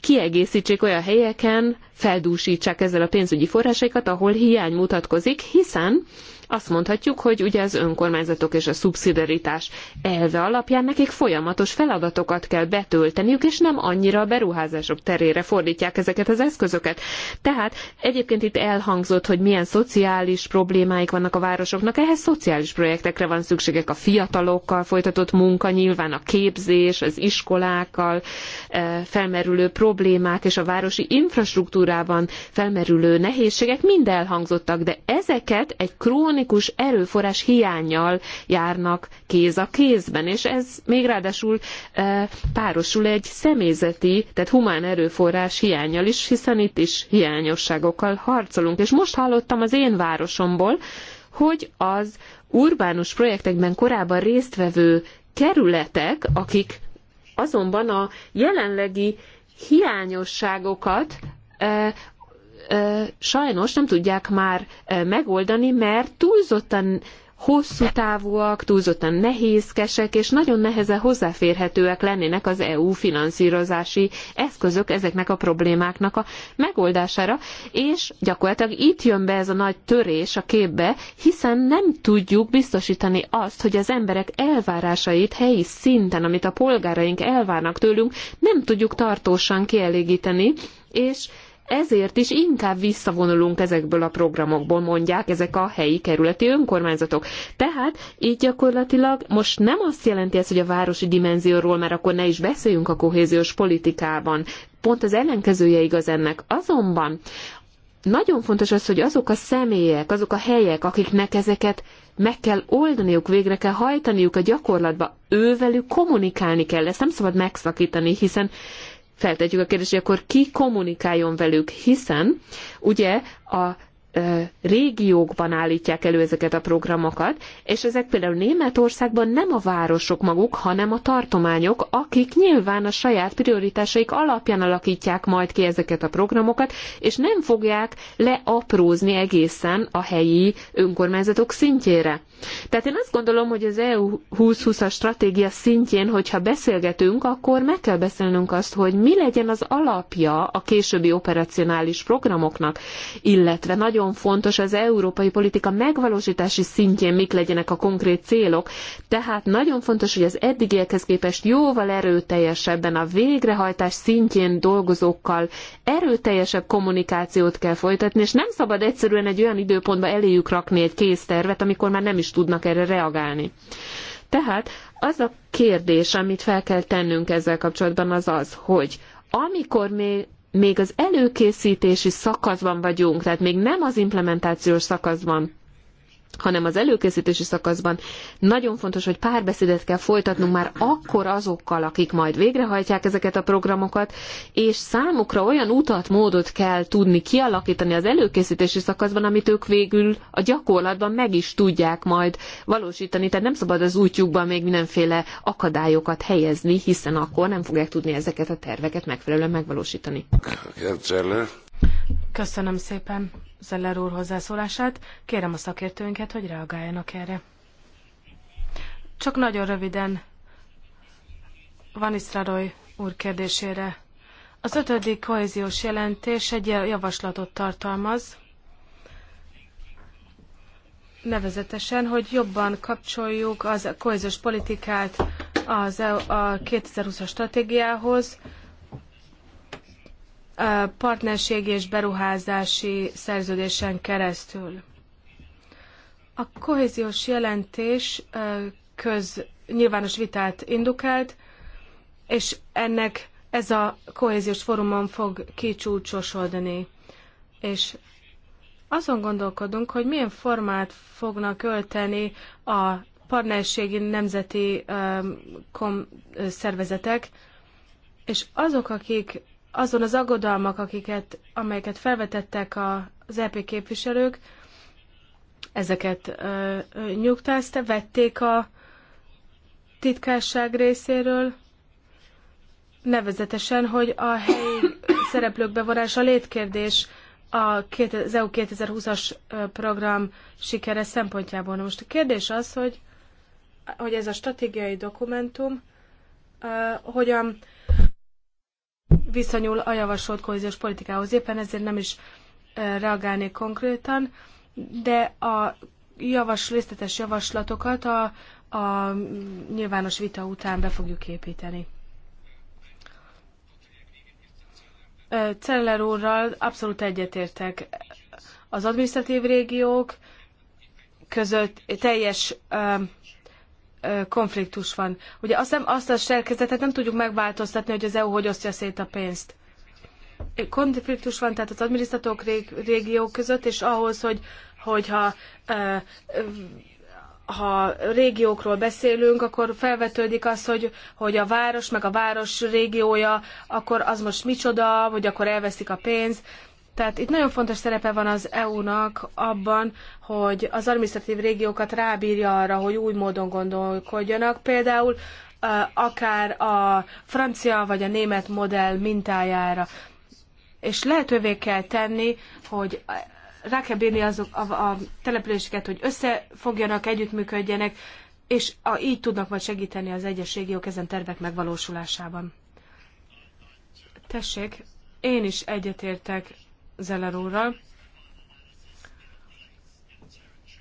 kiegészítsék olyan helyeken, feldúsítsák ezzel a pénzügyi forrásaikat, ahol hiány mutatkozik, hiszen azt mondhatjuk, hogy ugye az önkormányzatok és a szubszidaritás elve alapján nekik folyamatos feladatokat kell betölteniük, és nem annyira a beruházások terére fordítják ezeket az eszközöket. Tehát egyébként itt elhangzott, hogy milyen szociális problémáik vannak a városoknak, ehhez szociális projektekre van szükségek, a fiatalokkal folytatott munka, nyilván a képzés, az iskolákkal eh, felmerülő problémák és a városi infrastruktúrában felmerülő nehézségek mind elhangzottak, de ezeket egy krónikus kronikus erőforrás hiányjal járnak kéz a kézben, és ez még ráadásul e, párosul egy személyzeti, tehát humán erőforrás hiányjal is, hiszen itt is hiányosságokkal harcolunk. És most hallottam az én városomból, hogy az urbánus projektekben korábban résztvevő kerületek, akik azonban a jelenlegi hiányosságokat e, sajnos nem tudják már megoldani, mert túlzottan hosszú távúak, túlzottan nehézkesek, és nagyon nehezen hozzáférhetőek lennének az EU finanszírozási eszközök ezeknek a problémáknak a megoldására, és gyakorlatilag itt jön be ez a nagy törés a képbe, hiszen nem tudjuk biztosítani azt, hogy az emberek elvárásait helyi szinten, amit a polgáraink elvárnak tőlünk, nem tudjuk tartósan kielégíteni, és ezért is inkább visszavonulunk ezekből a programokból, mondják ezek a helyi kerületi önkormányzatok. Tehát így gyakorlatilag most nem azt jelenti ez, hogy a városi dimenzióról már akkor ne is beszéljünk a kohéziós politikában. Pont az ellenkezője igaz ennek. Azonban nagyon fontos az, hogy azok a személyek, azok a helyek, akiknek ezeket meg kell oldaniuk, végre kell hajtaniuk a gyakorlatba, ővelük kommunikálni kell, ezt nem szabad megszakítani, hiszen feltetjük a kérdést, hogy akkor ki kommunikáljon velük, hiszen ugye a régiókban állítják elő ezeket a programokat, és ezek például Németországban nem a városok maguk, hanem a tartományok, akik nyilván a saját prioritásaik alapján alakítják majd ki ezeket a programokat, és nem fogják leaprózni egészen a helyi önkormányzatok szintjére. Tehát én azt gondolom, hogy az EU 2020-as stratégia szintjén, hogyha beszélgetünk, akkor meg kell beszélnünk azt, hogy mi legyen az alapja a későbbi operacionális programoknak, illetve nagyon nagyon fontos az európai politika megvalósítási szintjén mik legyenek a konkrét célok. Tehát nagyon fontos, hogy az eddigiekhez képest jóval erőteljesebben a végrehajtás szintjén dolgozókkal erőteljesebb kommunikációt kell folytatni, és nem szabad egyszerűen egy olyan időpontba eléjük rakni egy késztervet, amikor már nem is tudnak erre reagálni. Tehát az a kérdés, amit fel kell tennünk ezzel kapcsolatban, az az, hogy amikor még még az előkészítési szakaszban vagyunk, tehát még nem az implementációs szakaszban hanem az előkészítési szakaszban nagyon fontos, hogy párbeszédet kell folytatnunk már akkor azokkal, akik majd végrehajtják ezeket a programokat, és számukra olyan utat, módot kell tudni kialakítani az előkészítési szakaszban, amit ők végül a gyakorlatban meg is tudják majd valósítani. Tehát nem szabad az útjukban még mindenféle akadályokat helyezni, hiszen akkor nem fogják tudni ezeket a terveket megfelelően megvalósítani. Köszönöm szépen. Zeller úr hozzászólását. Kérem a szakértőinket, hogy reagáljanak erre. Csak nagyon röviden Van Iszraroy úr kérdésére. Az ötödik kohéziós jelentés egy javaslatot tartalmaz, nevezetesen, hogy jobban kapcsoljuk az kohéziós politikát az, e a 2020-as stratégiához, partnerségi és beruházási szerződésen keresztül. A kohéziós jelentés köz nyilvános vitát indukált, és ennek ez a kohéziós fórumon fog kicsúcsosodni. És azon gondolkodunk, hogy milyen formát fognak ölteni a partnerségi nemzeti kom, szervezetek, és azok, akik azon az aggodalmak, akiket, amelyeket felvetettek a, az EP képviselők, ezeket ö, nyugtázta, vették a titkásság részéről, nevezetesen, hogy a helyi szereplők bevonása létkérdés a két, az EU 2020-as program sikere szempontjából. Na most a kérdés az, hogy, hogy ez a stratégiai dokumentum uh, hogyan viszonyul a javasolt kohéziós politikához. Éppen ezért nem is reagálnék konkrétan, de a javas, részletes javaslatokat a, a nyilvános vita után be fogjuk építeni. Celler úrral abszolút egyetértek. Az adminisztratív régiók között teljes konfliktus van. Ugye azt, nem, azt a szerkezetet nem tudjuk megváltoztatni, hogy az EU hogy osztja szét a pénzt. Konfliktus van tehát az adminisztratók régiók között, és ahhoz, hogy, hogyha ha régiókról beszélünk, akkor felvetődik az, hogy, hogy a város, meg a város régiója, akkor az most micsoda, hogy akkor elveszik a pénzt. Tehát itt nagyon fontos szerepe van az EU-nak abban, hogy az administratív régiókat rábírja arra, hogy új módon gondolkodjanak. Például akár a francia vagy a német modell mintájára. És lehetővé kell tenni, hogy rá kell bírni azok a, a településeket, hogy összefogjanak, együttműködjenek, és a, így tudnak majd segíteni az egyes régiók ezen tervek megvalósulásában. Tessék, én is egyetértek Zeller úrral.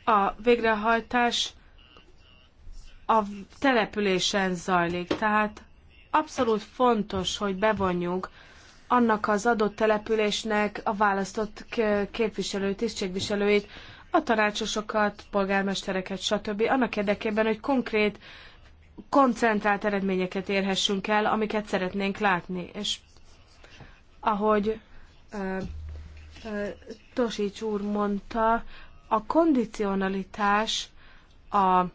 A végrehajtás a településen zajlik, tehát abszolút fontos, hogy bevonjuk annak az adott településnek a választott képviselőt, tisztségviselőit, a tanácsosokat, polgármestereket, stb. annak érdekében, hogy konkrét, koncentrált eredményeket érhessünk el, amiket szeretnénk látni. És ahogy Tosics úr mondta, a kondicionalitás a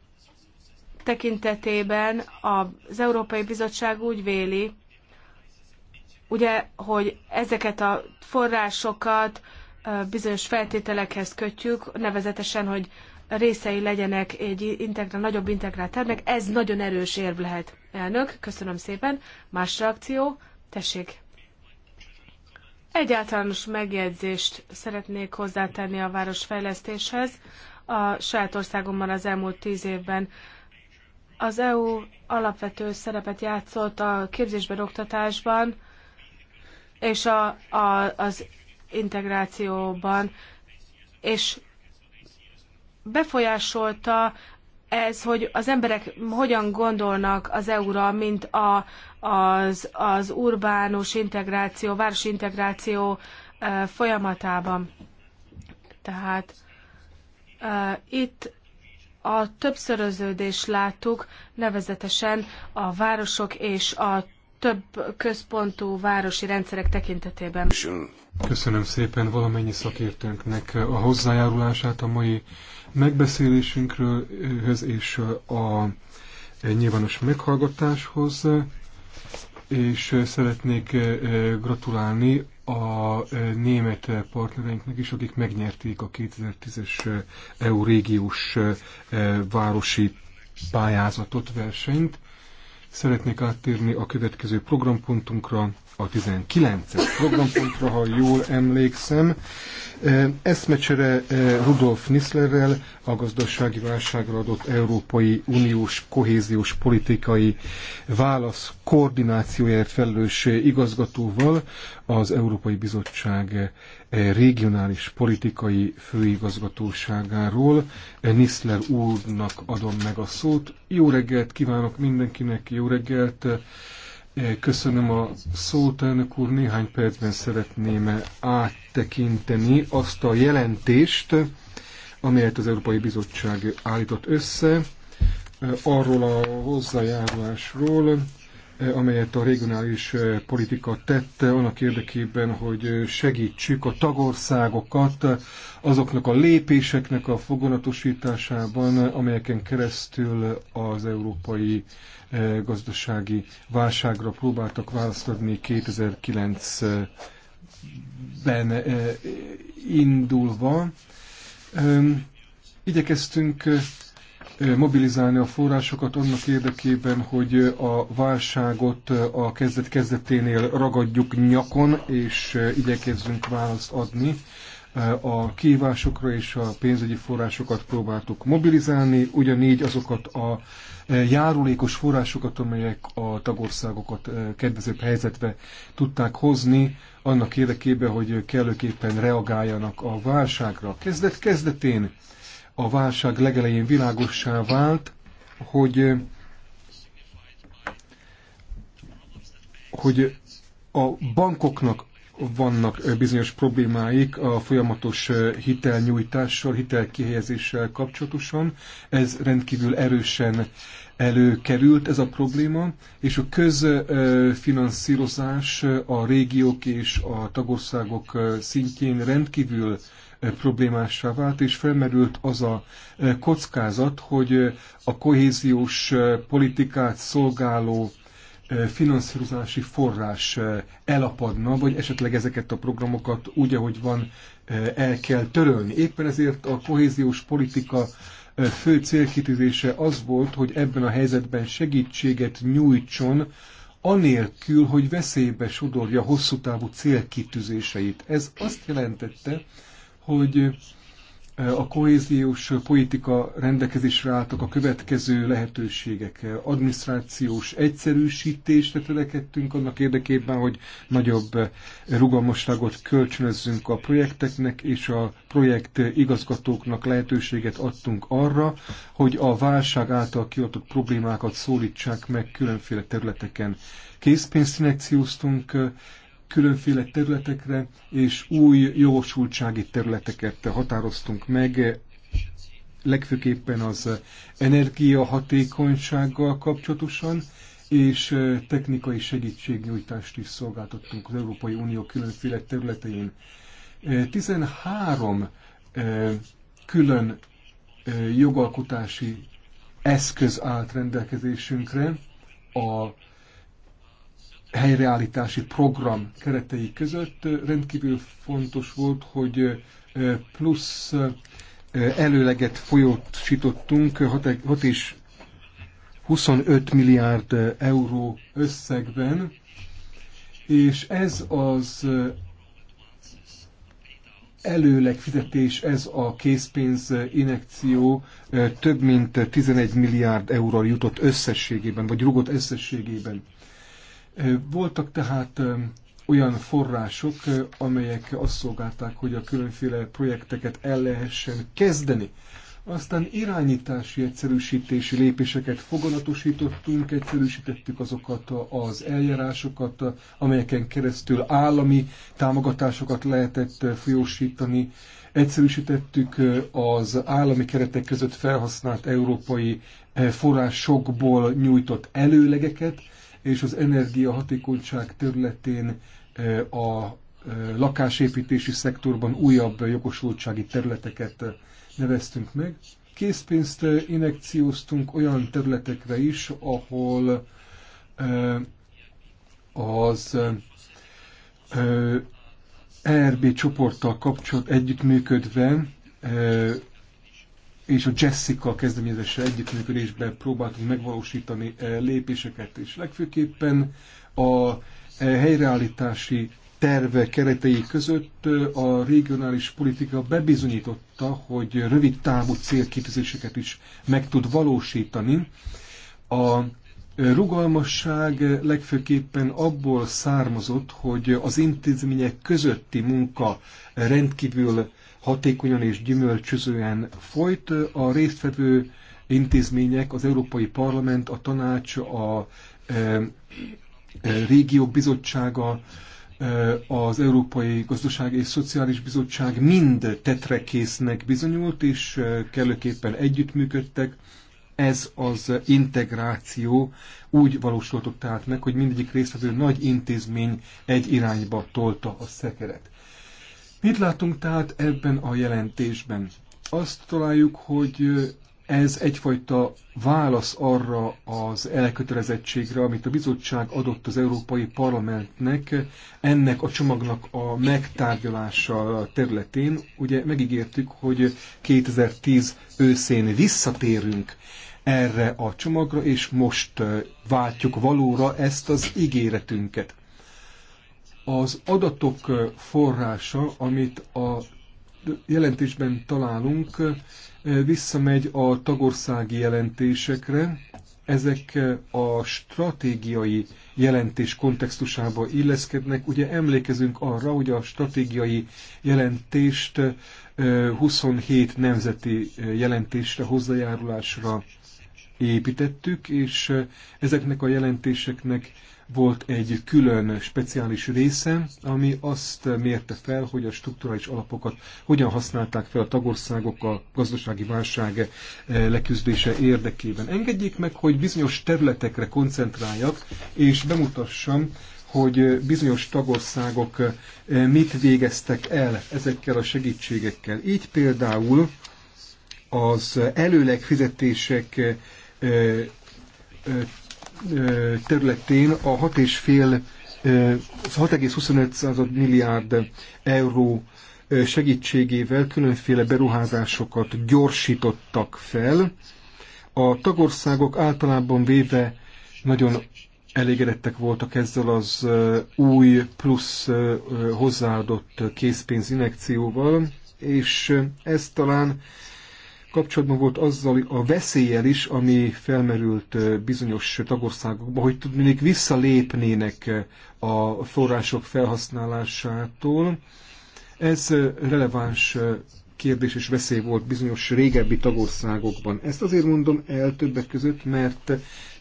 tekintetében az Európai Bizottság úgy véli, ugye, hogy ezeket a forrásokat bizonyos feltételekhez kötjük, nevezetesen, hogy részei legyenek egy integrál, nagyobb integrált tervnek, ez nagyon erős érv lehet. Elnök, köszönöm szépen. Más reakció? Tessék. Egy általános megjegyzést szeretnék hozzátenni a városfejlesztéshez. A saját országomban az elmúlt tíz évben az EU alapvető szerepet játszott a képzésben, oktatásban és a, a, az integrációban, és befolyásolta ez, hogy az emberek hogyan gondolnak az EU-ra, mint a, az, az urbánus integráció, városi integráció folyamatában. Tehát itt a többszöröződést láttuk, nevezetesen a városok és a több központú városi rendszerek tekintetében. Köszönöm szépen valamennyi szakértőnknek a hozzájárulását a mai megbeszélésünkről és a nyilvános meghallgatáshoz és szeretnék gratulálni a német partnereinknek is, akik megnyerték a 2010-es EU régiós városi pályázatot, versenyt. Szeretnék áttérni a következő programpontunkra, a 19-es programpontra, ha jól emlékszem. E, eszmecsere e, Rudolf Nislerrel a gazdasági válságra adott Európai Uniós kohéziós politikai válasz koordinációért felelős igazgatóval az Európai Bizottság e, regionális politikai főigazgatóságáról. Nisler úrnak adom meg a szót. Jó reggelt kívánok mindenkinek, jó reggelt! Köszönöm a szót, elnök úr. Néhány percben szeretném áttekinteni azt a jelentést, amelyet az Európai Bizottság állított össze, arról a hozzájárulásról, amelyet a regionális eh, politika tett eh, annak érdekében, hogy eh, segítsük a tagországokat azoknak a lépéseknek a foganatosításában, amelyeken keresztül az európai gazdasági válságra próbáltak választ adni 2009-ben indulva. Igyekeztünk mobilizálni a forrásokat annak érdekében, hogy a válságot a kezdet kezdeténél ragadjuk nyakon, és igyekezzünk választ adni. A kívásokra és a pénzügyi forrásokat próbáltuk mobilizálni, ugyanígy azokat a járulékos forrásokat, amelyek a tagországokat kedvezőbb helyzetbe tudták hozni, annak érdekében, hogy kellőképpen reagáljanak a válságra. Kezdet kezdetén a válság legelején világossá vált, hogy, hogy a bankoknak vannak bizonyos problémáik a folyamatos hitelnyújtással, hitelkihelyezéssel kapcsolatosan. Ez rendkívül erősen előkerült ez a probléma, és a közfinanszírozás a régiók és a tagországok szintjén rendkívül problémássá vált, és felmerült az a e, kockázat, hogy e, a kohéziós e, politikát szolgáló finanszírozási forrás elapadna, vagy esetleg ezeket a programokat úgy, ahogy van, el kell törölni. Éppen ezért a kohéziós politika fő célkitűzése az volt, hogy ebben a helyzetben segítséget nyújtson, anélkül, hogy veszélybe sodorja hosszú távú célkitűzéseit. Ez azt jelentette, hogy eh, a kohéziós politika rendelkezésre álltak a következő lehetőségek. Adminisztrációs egyszerűsítésre törekedtünk annak érdekében, hogy nagyobb eh, rugalmasságot kölcsönözzünk a projekteknek, és a projekt igazgatóknak lehetőséget adtunk arra, hogy a válság által kiadott problémákat szólítsák meg különféle területeken. Készpénzt különféle területekre és új jogosultsági területeket határoztunk meg, legfőképpen az energiahatékonysággal kapcsolatosan, és technikai segítségnyújtást is szolgáltattunk az Európai Unió különféle területein. 13 külön jogalkotási eszköz állt rendelkezésünkre a helyreállítási program keretei között rendkívül fontos volt, hogy eh, plusz eh, előleget folyósítottunk 6 és 25 milliárd eh, euró összegben, és ez az előleg fizetés, ez a készpénz inekció több mint 11 milliárd euróra jutott összességében, vagy rugott összességében. Voltak tehát olyan források, amelyek azt szolgálták, hogy a különféle projekteket el lehessen kezdeni. Aztán irányítási egyszerűsítési lépéseket foganatosítottunk, egyszerűsítettük azokat az eljárásokat, amelyeken keresztül állami támogatásokat lehetett folyósítani, egyszerűsítettük az állami keretek között felhasznált európai forrásokból nyújtott előlegeket, és az energiahatékonyság területén e, a e, lakásépítési szektorban újabb jogosultsági területeket neveztünk meg. Készpénzt e, inekcióztunk olyan területekre is, ahol az ERB csoporttal kapcsolat együttműködve és a Jessica kezdeményezésre együttműködésben próbáltunk megvalósítani eh, lépéseket, és legfőképpen a eh, helyreállítási terve keretei között eh, a regionális politika bebizonyította, hogy rövid távú célkitűzéseket is meg tud valósítani. A rugalmasság legfőképpen abból származott, hogy az intézmények közötti munka rendkívül hatékonyan és gyümölcsözően folyt. A résztvevő intézmények, az Európai Parlament, a Tanács, a e, e, Régiók Bizottsága, e, az Európai Gazdaság és Szociális Bizottság mind tetrekésznek bizonyult, és kellőképpen együttműködtek. Ez az integráció úgy valósultott tehát meg, hogy mindegyik résztvevő nagy intézmény egy irányba tolta a szekeret. Mit látunk tehát ebben a jelentésben? Azt találjuk, hogy ez egyfajta válasz arra az elkötelezettségre, amit a bizottság adott az Európai Parlamentnek ennek a csomagnak a megtárgyalása területén. Ugye megígértük, hogy 2010 őszén visszatérünk erre a csomagra, és most váltjuk valóra ezt az ígéretünket. Az adatok forrása, amit a jelentésben találunk, visszamegy a tagországi jelentésekre, ezek a stratégiai jelentés kontextusába illeszkednek. Ugye emlékezünk arra, hogy a stratégiai jelentést 27 nemzeti jelentésre, hozzájárulásra építettük, és ezeknek a jelentéseknek volt egy külön speciális része, ami azt mérte fel, hogy a strukturális alapokat hogyan használták fel a tagországok a gazdasági válság eh, leküzdése érdekében. Engedjék meg, hogy bizonyos területekre koncentráljak, és bemutassam, hogy bizonyos tagországok eh, mit végeztek el ezekkel a segítségekkel. Így például az előleg fizetések eh, területén a 6,25 milliárd euró segítségével különféle beruházásokat gyorsítottak fel. A tagországok általában véve nagyon elégedettek voltak ezzel az új plusz hozzáadott készpénzinekcióval, és ez talán kapcsolatban volt azzal a veszéllyel is, ami felmerült eh, bizonyos tagországokban, hogy tudnék visszalépnének eh, a források felhasználásától. Ez eh, releváns kérdés és veszély volt bizonyos régebbi tagországokban. Ezt azért mondom el többek között, mert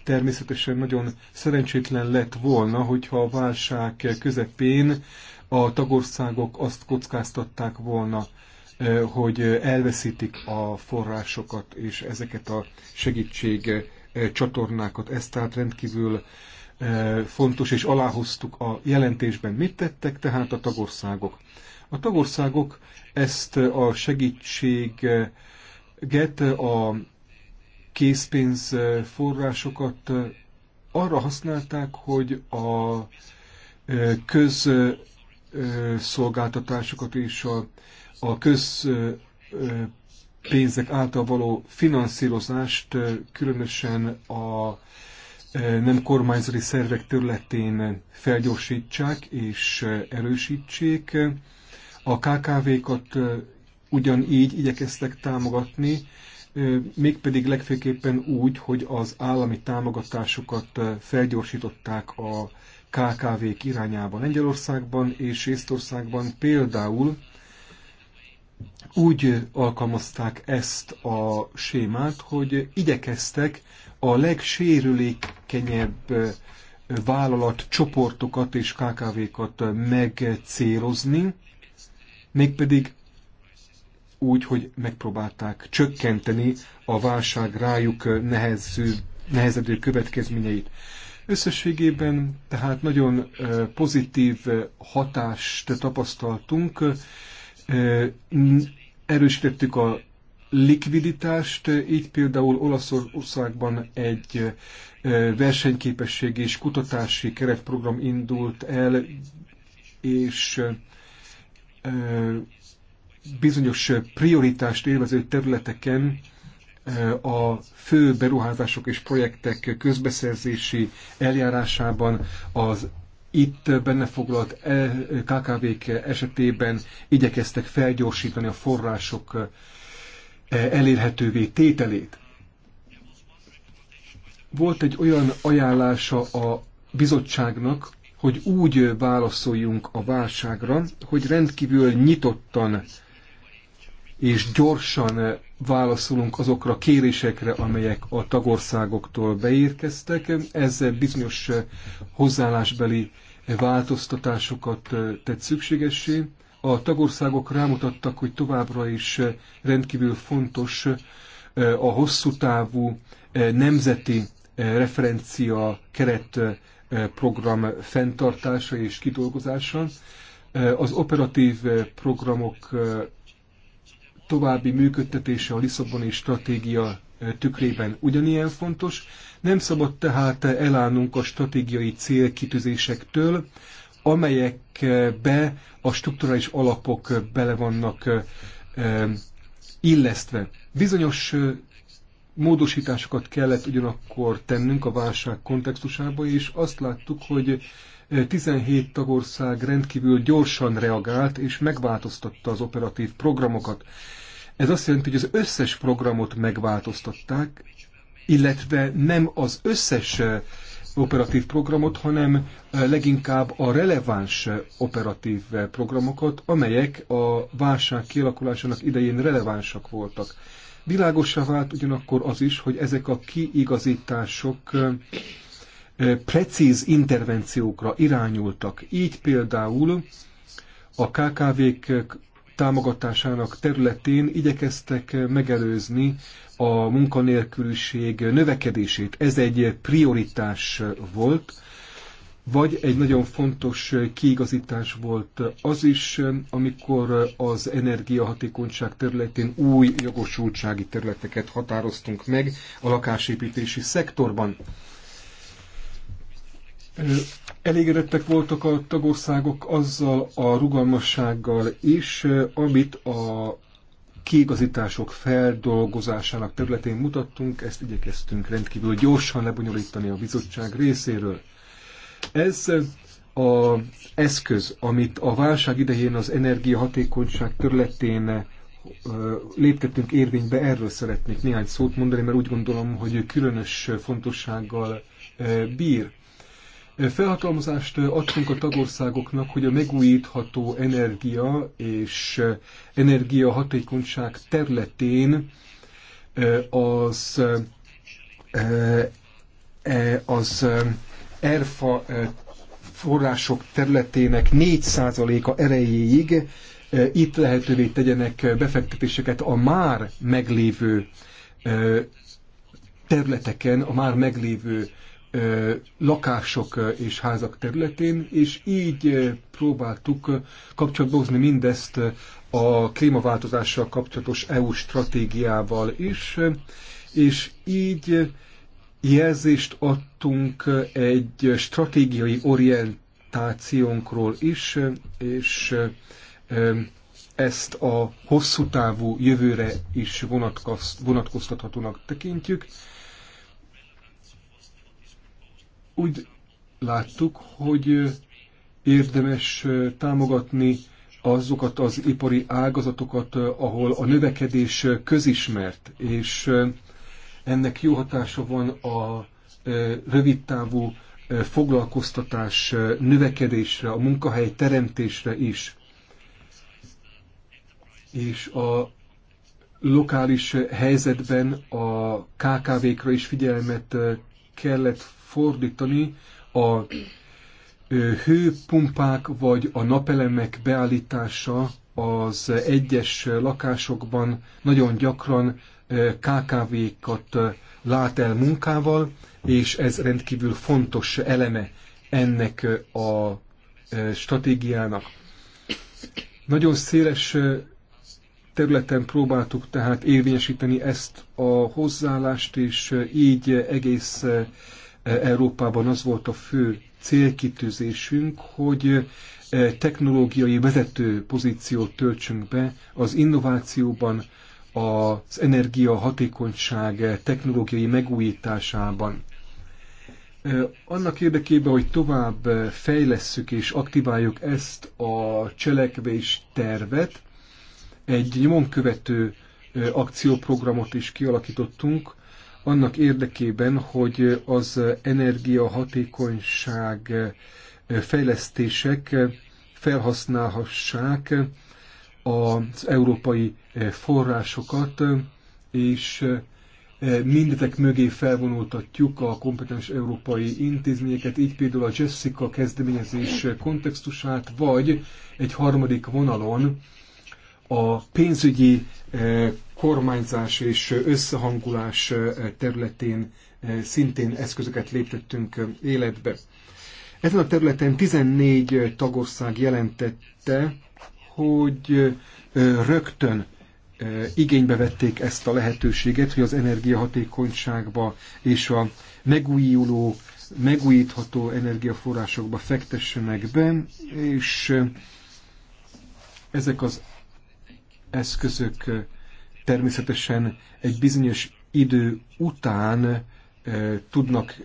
természetesen nagyon szerencsétlen lett volna, hogyha a válság közepén a tagországok azt kockáztatták volna, hogy elveszítik a forrásokat és ezeket a segítség eh, csatornákat. Ez tehát rendkívül eh, fontos, és aláhoztuk a jelentésben. Mit tettek tehát a tagországok? A tagországok ezt a segítséget, a készpénz eh, forrásokat arra használták, hogy a közszolgáltatásokat és a a közpénzek által való finanszírozást, különösen a nem kormányzati szervek területén felgyorsítsák és erősítsék. A KKV-kat ugyanígy igyekeztek támogatni, mégpedig legfőképpen úgy, hogy az állami támogatásokat felgyorsították a KKV-k irányába Lengyelországban és Észtországban például úgy alkalmazták ezt a sémát, hogy igyekeztek a legsérülékenyebb vállalat csoportokat és KKV-kat megcélozni, mégpedig úgy, hogy megpróbálták csökkenteni a válság rájuk nehező, nehezedő következményeit. Összességében tehát nagyon pozitív hatást tapasztaltunk, erősítettük a likviditást, így például Olaszországban egy versenyképesség és kutatási keretprogram indult el, és bizonyos prioritást élvező területeken a fő beruházások és projektek közbeszerzési eljárásában az itt benne foglalt e, KKV-k esetében igyekeztek felgyorsítani a források e, elérhetővé tételét. Volt egy olyan ajánlása a bizottságnak, hogy úgy válaszoljunk a válságra, hogy rendkívül nyitottan és gyorsan válaszolunk azokra a kérésekre, amelyek a tagországoktól beérkeztek. Ez bizonyos hozzáállásbeli változtatásokat tett szükségessé. A tagországok rámutattak, hogy továbbra is rendkívül fontos eh, a hosszú távú eh, nemzeti eh, referencia keret program fenntartása és kidolgozása. Az operatív programok további működtetése a Lisszaboni stratégia tükrében ugyanilyen fontos. Nem szabad tehát elállnunk a stratégiai célkitűzésektől, amelyekbe a strukturális alapok bele vannak illesztve. Bizonyos módosításokat kellett ugyanakkor tennünk a válság kontextusába, és azt láttuk, hogy 17 tagország rendkívül gyorsan reagált és megváltoztatta az operatív programokat. Ez azt jelenti, hogy az összes programot megváltoztatták, illetve nem az összes eh, operatív programot, hanem eh, leginkább a releváns eh, operatív programokat, amelyek a válság kialakulásának idején relevánsak voltak. Világosra vált ugyanakkor az is, hogy ezek a kiigazítások precíz intervenciókra irányultak. Így például a KKV-k támogatásának területén igyekeztek megelőzni a munkanélküliség növekedését. Ez egy prioritás volt, vagy egy nagyon fontos kiigazítás volt az is, amikor az energiahatékonyság területén új jogosultsági területeket határoztunk meg a lakásépítési szektorban. Elégedettek voltak a tagországok azzal a rugalmassággal is, eh, amit a kiigazítások feldolgozásának területén mutattunk, ezt igyekeztünk rendkívül gyorsan lebonyolítani a bizottság részéről. Ez eh, az eszköz, amit a válság idején az energiahatékonyság területén eh, léptettünk érvénybe, erről szeretnék néhány szót mondani, mert úgy gondolom, hogy különös fontossággal bír. Felhatalmazást adtunk a tagországoknak, hogy a megújítható energia és energiahatékonyság területén az e, az ERFA források területének 4%-a erejéig itt lehetővé tegyenek befektetéseket a már meglévő területeken, a már meglévő lakások és házak területén, és így próbáltuk kapcsolatba hozni mindezt a klímaváltozással kapcsolatos EU stratégiával is, és így jelzést adtunk egy stratégiai orientációnkról is, és ezt a hosszú távú jövőre is vonatkoztathatónak tekintjük. Úgy láttuk, hogy érdemes támogatni azokat az ipari ágazatokat, ahol a növekedés közismert, és ennek jó hatása van a rövidtávú foglalkoztatás növekedésre, a munkahely teremtésre is. És a lokális helyzetben a KKV-kra is figyelmet kellett fordítani a hőpumpák vagy a napelemek beállítása az egyes lakásokban nagyon gyakran KKV-kat lát el munkával, és ez rendkívül fontos eleme ennek a stratégiának. Nagyon széles területen próbáltuk tehát érvényesíteni ezt a hozzáállást, és így egész eh, Európában az volt a fő célkitűzésünk, hogy eh, technológiai vezető pozíciót töltsünk be az innovációban, az hatékonyság eh, technológiai megújításában. Annak érdekében, hogy tovább fejlesszük és aktiváljuk ezt a cselekvés tervet, egy nyomonkövető akcióprogramot is kialakítottunk, annak érdekében, hogy az energiahatékonyság fejlesztések felhasználhassák az európai forrásokat, és mindezek mögé felvonultatjuk a kompetens európai intézményeket, így például a Jessica kezdeményezés kontextusát, vagy egy harmadik vonalon a pénzügyi eh, kormányzás és összehangulás eh, területén eh, szintén eszközöket léptettünk életbe. Ezen a területen 14 tagország jelentette, hogy rögtön igénybe vették ezt a lehetőséget, hogy az energiahatékonyságba és a megújuló, megújítható energiaforrásokba fektessenek be, és ezek az eszközök természetesen egy bizonyos idő után tudnak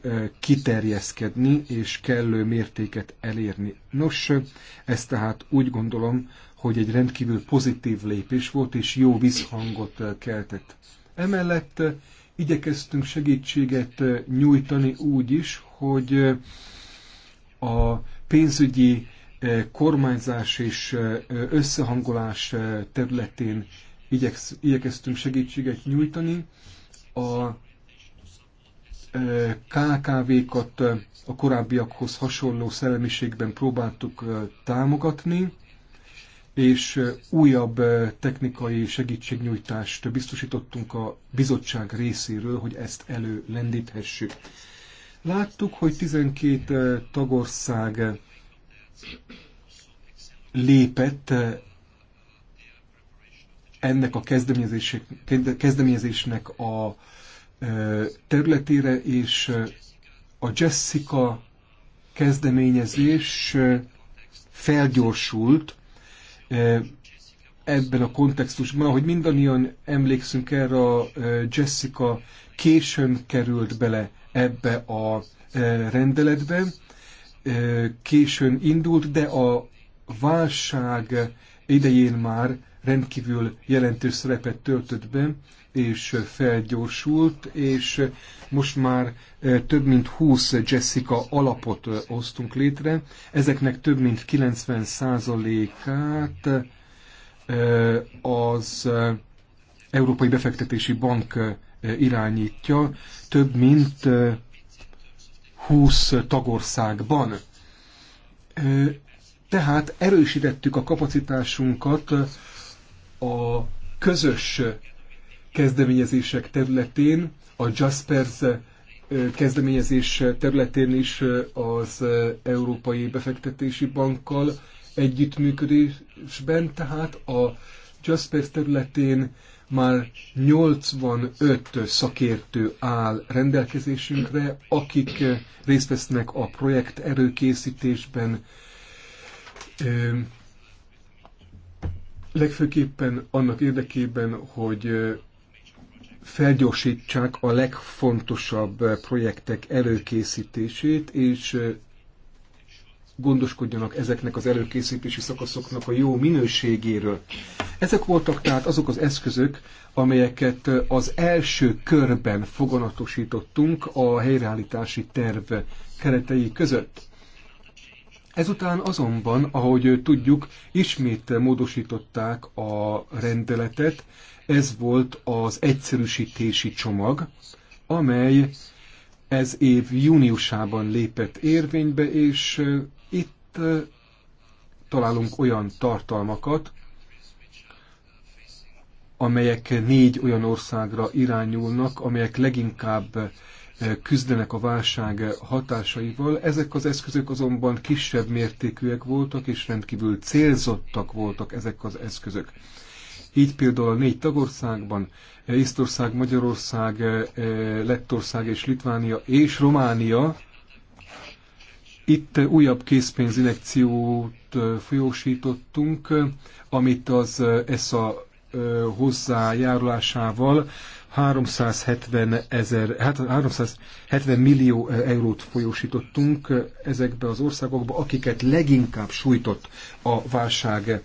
kiterjeszkedni és kellő mértéket elérni. Nos, ez tehát úgy gondolom, hogy egy rendkívül pozitív lépés volt, és jó visszhangot keltett. Emellett igyekeztünk segítséget nyújtani úgy is, hogy a pénzügyi kormányzás és összehangolás területén igyekeztünk segítséget nyújtani. A KKV-kat a korábbiakhoz hasonló szellemiségben próbáltuk támogatni, és újabb technikai segítségnyújtást biztosítottunk a bizottság részéről, hogy ezt előlendíthessük. Láttuk, hogy 12 tagország lépett eh, ennek a kezdeményezésnek a eh, területére, és eh, a Jessica kezdeményezés felgyorsult ebben a kontextusban, ahogy mindannyian emlékszünk erre, a Jessica későn került bele ebbe a rendeletbe, későn indult, de a válság idején már rendkívül jelentős szerepet töltött be, és felgyorsult, és most már több mint 20 Jessica alapot hoztunk létre. Ezeknek több mint 90%-át az Európai Befektetési Bank irányítja, több mint 20 tagországban. Tehát erősítettük a kapacitásunkat a közös kezdeményezések területén, a Jaspers kezdeményezés területén is az Európai Befektetési Bankkal együttműködésben, tehát a Jaspers területén már 85 szakértő áll rendelkezésünkre, akik eh, részt vesznek a projekt erőkészítésben, legfőképpen annak érdekében, hogy eh, felgyorsítsák a legfontosabb eh, projektek előkészítését, és gondoskodjanak ezeknek az előkészítési szakaszoknak a jó minőségéről. Ezek voltak tehát azok az eszközök, amelyeket az első körben foganatosítottunk a helyreállítási terv keretei között. Ezután azonban, ahogy tudjuk, ismét módosították a rendeletet. Ez volt az egyszerűsítési csomag, amely ez év júniusában lépett érvénybe, és Hát, találunk olyan tartalmakat, amelyek négy olyan országra irányulnak, amelyek leginkább küzdenek a válság hatásaival. Ezek az eszközök azonban kisebb mértékűek voltak, és rendkívül célzottak voltak ezek az eszközök. Így például a négy tagországban, Észtország, Magyarország, Lettország és Litvánia és Románia itt újabb készpénzinjekciót folyósítottunk, amit az ESA hozzájárulásával 370, ezer, hát 370 millió eurót folyósítottunk ezekbe az országokba, akiket leginkább sújtott a válság.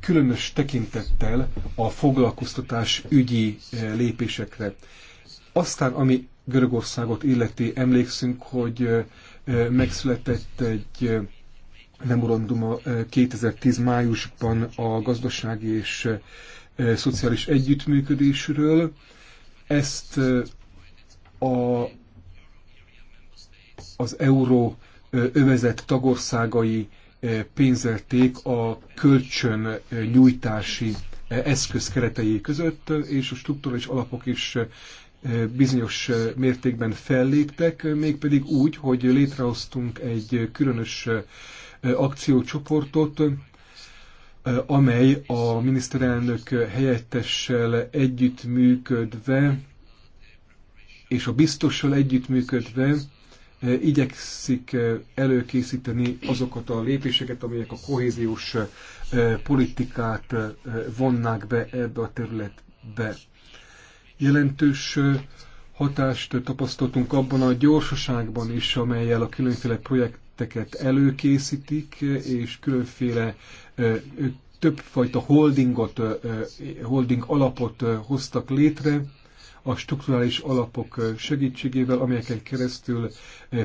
Különös tekintettel a foglalkoztatás ügyi lépésekre. Aztán, ami Görögországot illeti, emlékszünk, hogy megszületett egy memorandum 2010 májusban a gazdasági és szociális együttműködésről. Ezt a, az euró övezet tagországai pénzelték a kölcsön nyújtási eszköz keretei között, és a struktúrális alapok is bizonyos mértékben felléptek, mégpedig úgy, hogy létrehoztunk egy különös akciócsoportot, amely a miniszterelnök helyettessel együttműködve és a biztossal együttműködve igyekszik előkészíteni azokat a lépéseket, amelyek a kohéziós politikát vonnák be ebbe a területbe. Jelentős hatást tapasztaltunk abban a gyorsaságban is, amelyel a különféle projekteket előkészítik, és különféle többfajta holdingot, holding alapot hoztak létre a strukturális alapok segítségével, amelyeken keresztül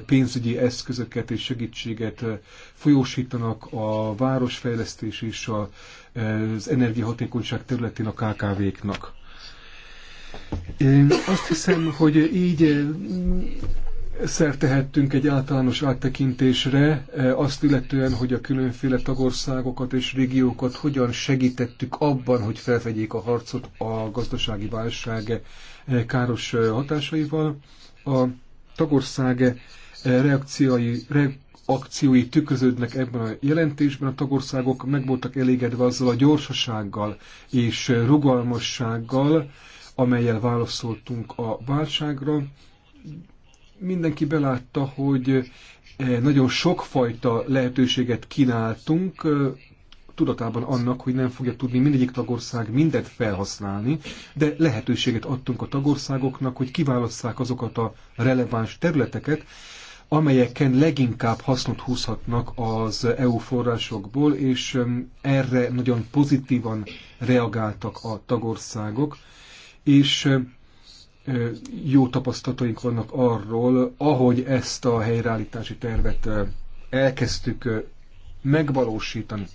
pénzügyi eszközöket és segítséget folyósítanak a városfejlesztés és az energiahatékonyság területén a KKV-knak. Azt hiszem, hogy így eh, szertehettünk egy általános áttekintésre eh, azt illetően, hogy a különféle tagországokat és régiókat hogyan segítettük abban, hogy felvegyék a harcot a gazdasági válság eh, káros hatásaival. A tagország reakciói, reakciói tükröződnek ebben a jelentésben. A tagországok meg voltak elégedve azzal a gyorsasággal és rugalmassággal, amelyel válaszoltunk a válságra. Mindenki belátta, hogy eh, nagyon sokfajta lehetőséget kínáltunk, eh, tudatában annak, hogy nem fogja tudni mindegyik tagország mindent felhasználni, de lehetőséget adtunk a tagországoknak, hogy kiválasszák azokat a releváns területeket, amelyeken leginkább hasznot húzhatnak az EU forrásokból, és erre nagyon pozitívan reagáltak a tagországok és jó tapasztalataink vannak arról, ahogy ezt a helyreállítási tervet elkezdtük megvalósítani.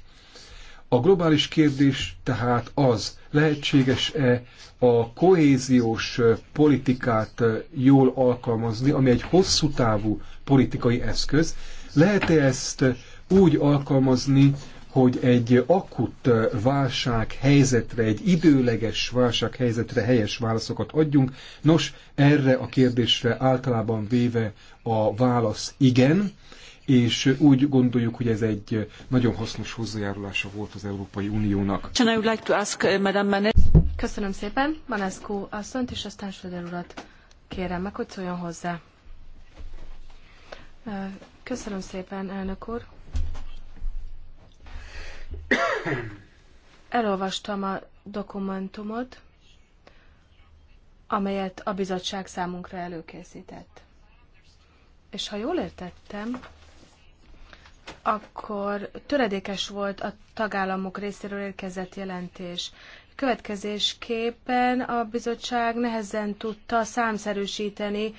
A globális kérdés tehát az, lehetséges-e a kohéziós politikát jól alkalmazni, ami egy hosszú távú politikai eszköz, lehet-e ezt úgy alkalmazni, hogy egy akut válság helyzetre, egy időleges válság helyzetre helyes válaszokat adjunk. Nos, erre a kérdésre általában véve a válasz igen, és úgy gondoljuk, hogy ez egy nagyon hasznos hozzájárulása volt az Európai Uniónak. Uh, köszönöm szépen, Manesco, asszonyt, és aztán Söder urat kérem meg, hogy szóljon hozzá. Uh, köszönöm szépen, elnök úr. Elolvastam a dokumentumot, amelyet a bizottság számunkra előkészített. És ha jól értettem, akkor töredékes volt a tagállamok részéről érkezett jelentés. Következésképpen a bizottság nehezen tudta számszerűsíteni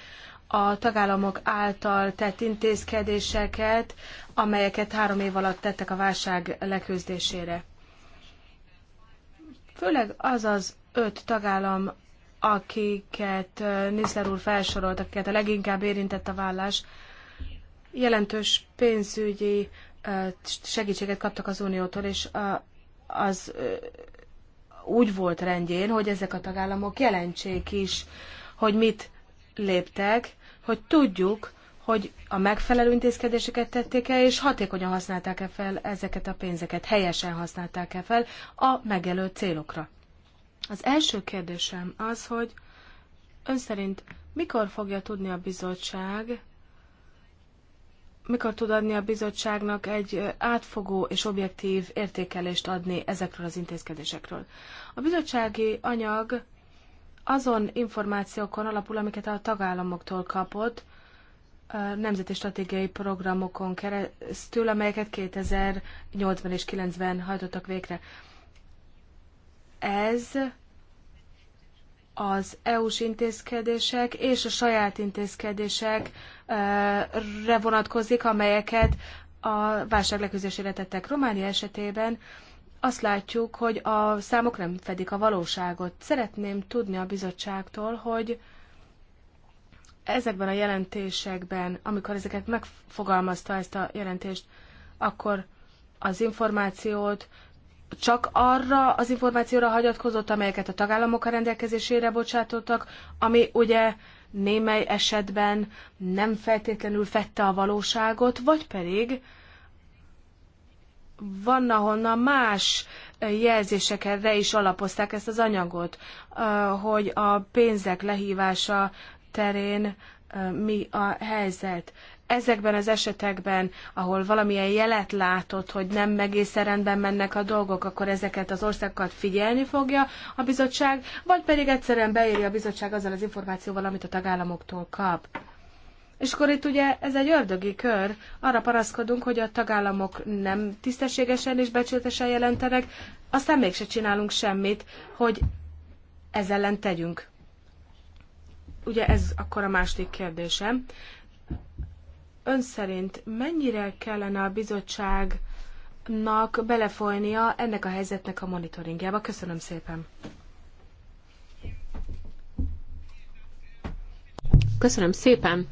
a tagállamok által tett intézkedéseket, amelyeket három év alatt tettek a válság leküzdésére. Főleg az az öt tagállam, akiket Nisler úr felsorolt, akiket a leginkább érintett a vállás, jelentős pénzügyi segítséget kaptak az Uniótól, és az úgy volt rendjén, hogy ezek a tagállamok jelentsék is, hogy mit léptek, hogy tudjuk, hogy a megfelelő intézkedéseket tették-e, és hatékonyan használták-e fel ezeket a pénzeket, helyesen használták-e fel a megjelölt célokra. Az első kérdésem az, hogy ön szerint mikor fogja tudni a bizottság, mikor tud adni a bizottságnak egy átfogó és objektív értékelést adni ezekről az intézkedésekről? A bizottsági anyag azon információkon alapul, amiket a tagállamoktól kapott, nemzeti stratégiai programokon keresztül, amelyeket 2080 és 90 hajtottak végre. Ez az EU-s intézkedések és a saját intézkedésekre vonatkozik, amelyeket a válság leküzdésére tettek Románia esetében azt látjuk, hogy a számok nem fedik a valóságot. Szeretném tudni a bizottságtól, hogy ezekben a jelentésekben, amikor ezeket megfogalmazta ezt a jelentést, akkor az információt csak arra az információra hagyatkozott, amelyeket a tagállamok a rendelkezésére bocsátottak, ami ugye némely esetben nem feltétlenül fette a valóságot, vagy pedig van, ahonnan más jelzésekre is alapozták ezt az anyagot, hogy a pénzek lehívása terén mi a helyzet. Ezekben az esetekben, ahol valamilyen jelet látott, hogy nem egészen rendben mennek a dolgok, akkor ezeket az országokat figyelni fogja a bizottság, vagy pedig egyszerűen beírja a bizottság azzal az információval, amit a tagállamoktól kap és akkor itt ugye ez egy ördögi kör, arra paraszkodunk, hogy a tagállamok nem tisztességesen és becsületesen jelentenek, aztán mégse csinálunk semmit, hogy ez ellen tegyünk. Ugye ez akkor a második kérdésem. Ön szerint mennyire kellene a bizottságnak belefolynia ennek a helyzetnek a monitoringjába? Köszönöm szépen. Köszönöm szépen.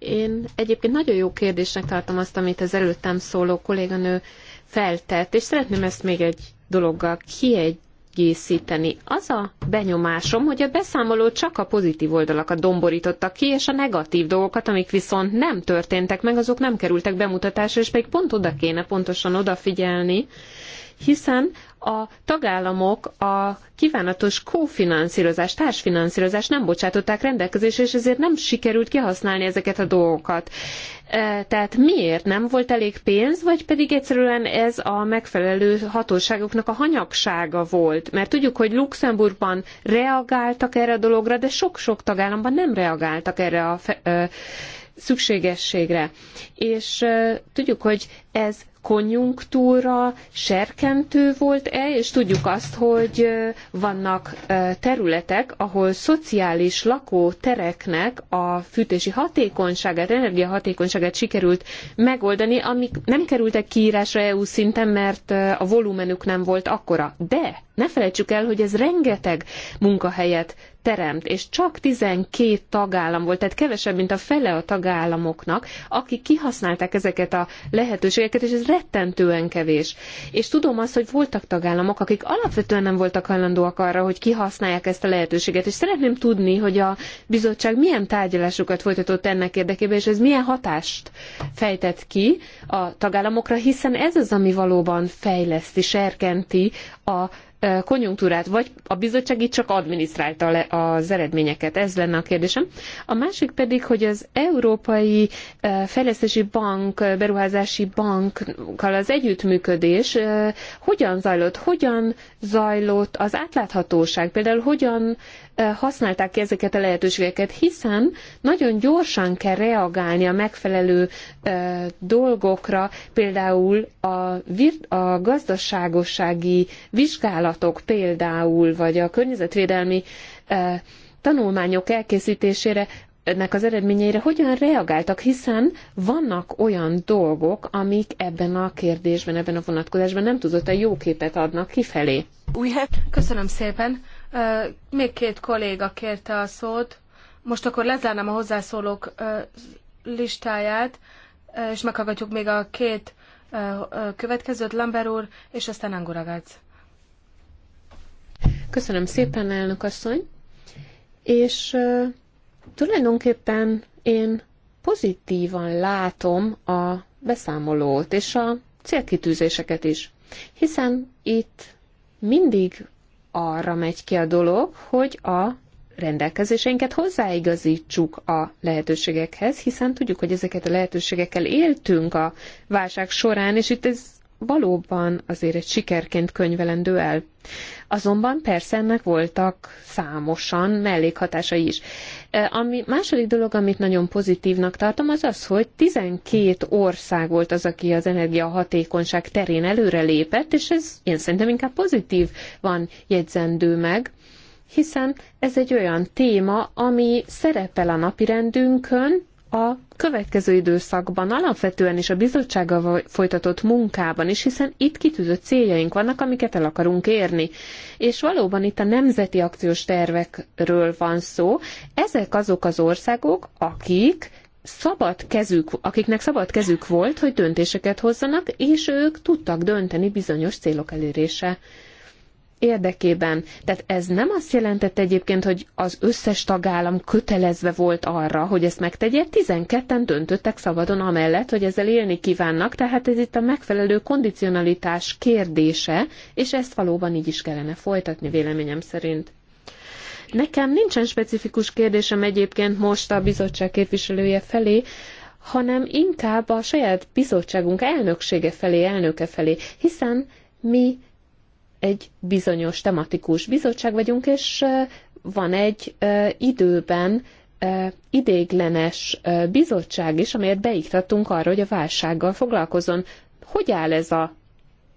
Én egyébként nagyon jó kérdésnek tartom azt, amit az előttem szóló kolléganő feltett, és szeretném ezt még egy dologgal kiegészíteni. Az a benyomásom, hogy a beszámoló csak a pozitív oldalakat domborította ki, és a negatív dolgokat, amik viszont nem történtek meg, azok nem kerültek bemutatásra, és pedig pont oda kéne pontosan odafigyelni, hiszen a tagállamok a kívánatos kófinanszírozás, társfinanszírozás nem bocsátották rendelkezésre, és ezért nem sikerült kihasználni ezeket a dolgokat. E, tehát miért nem volt elég pénz, vagy pedig egyszerűen ez a megfelelő hatóságoknak a hanyagsága volt? Mert tudjuk, hogy Luxemburgban reagáltak erre a dologra, de sok-sok tagállamban nem reagáltak erre a szükségességre. És tudjuk, hogy ez konjunktúra serkentő volt-e, és tudjuk azt, hogy vannak területek, ahol szociális lakótereknek a fűtési hatékonyságát, energiahatékonyságát sikerült megoldani, amik nem kerültek kiírásra EU szinten, mert a volumenük nem volt akkora. De ne felejtsük el, hogy ez rengeteg munkahelyet teremt, és csak 12 tagállam volt, tehát kevesebb, mint a fele a tagállamoknak, akik kihasználták ezeket a lehetőségeket, és ez rettentően kevés. És tudom azt, hogy voltak tagállamok, akik alapvetően nem voltak hajlandóak arra, hogy kihasználják ezt a lehetőséget, és szeretném tudni, hogy a bizottság milyen tárgyalásokat folytatott ennek érdekében, és ez milyen hatást fejtett ki a tagállamokra, hiszen ez az, ami valóban fejleszti, serkenti a konjunktúrát, vagy a bizottság itt csak adminisztrálta le az eredményeket? Ez lenne a kérdésem. A másik pedig, hogy az Európai Fejlesztési Bank, Beruházási Bankkal az együttműködés hogyan zajlott? Hogyan zajlott az átláthatóság? Például hogyan használták ki ezeket a lehetőségeket, hiszen nagyon gyorsan kell reagálni a megfelelő dolgokra, például a, a gazdaságossági vizsgálatok például, vagy a környezetvédelmi tanulmányok elkészítésére ennek az eredményeire hogyan reagáltak, hiszen vannak olyan dolgok, amik ebben a kérdésben, ebben a vonatkozásban nem tudott a jó képet adnak kifelé. Köszönöm szépen. Még két kolléga kérte a szót. Most akkor lezárnám a hozzászólók listáját, és meghallgatjuk még a két következőt, Lamber úr, és aztán Anguragác. Köszönöm szépen, elnök asszony. És tulajdonképpen én pozitívan látom a beszámolót és a célkitűzéseket is, hiszen itt mindig arra megy ki a dolog, hogy a rendelkezéseinket hozzáigazítsuk a lehetőségekhez, hiszen tudjuk, hogy ezeket a lehetőségekkel éltünk a válság során, és itt ez valóban azért egy sikerként könyvelendő el. Azonban persze ennek voltak számosan mellékhatásai is. Ami második dolog, amit nagyon pozitívnak tartom, az az, hogy 12 ország volt az, aki az energiahatékonyság terén előrelépett, és ez én szerintem inkább pozitív van jegyzendő meg hiszen ez egy olyan téma, ami szerepel a napirendünkön, a következő időszakban alapvetően is a bizottsággal folytatott munkában is, hiszen itt kitűzött céljaink vannak, amiket el akarunk érni. És valóban itt a nemzeti akciós tervekről van szó. Ezek azok az országok, akik szabad kezük, akiknek szabad kezük volt, hogy döntéseket hozzanak, és ők tudtak dönteni bizonyos célok elérése érdekében. Tehát ez nem azt jelentett, egyébként, hogy az összes tagállam kötelezve volt arra, hogy ezt megtegye. 12-en döntöttek szabadon amellett, hogy ezzel élni kívánnak, tehát ez itt a megfelelő kondicionalitás kérdése, és ezt valóban így is kellene folytatni véleményem szerint. Nekem nincsen specifikus kérdésem egyébként most a bizottság képviselője felé, hanem inkább a saját bizottságunk elnöksége felé, elnöke felé, hiszen mi egy bizonyos tematikus bizottság vagyunk, és van egy időben idéglenes bizottság is, amelyet beiktattunk arra, hogy a válsággal foglalkozon. Hogy áll ez a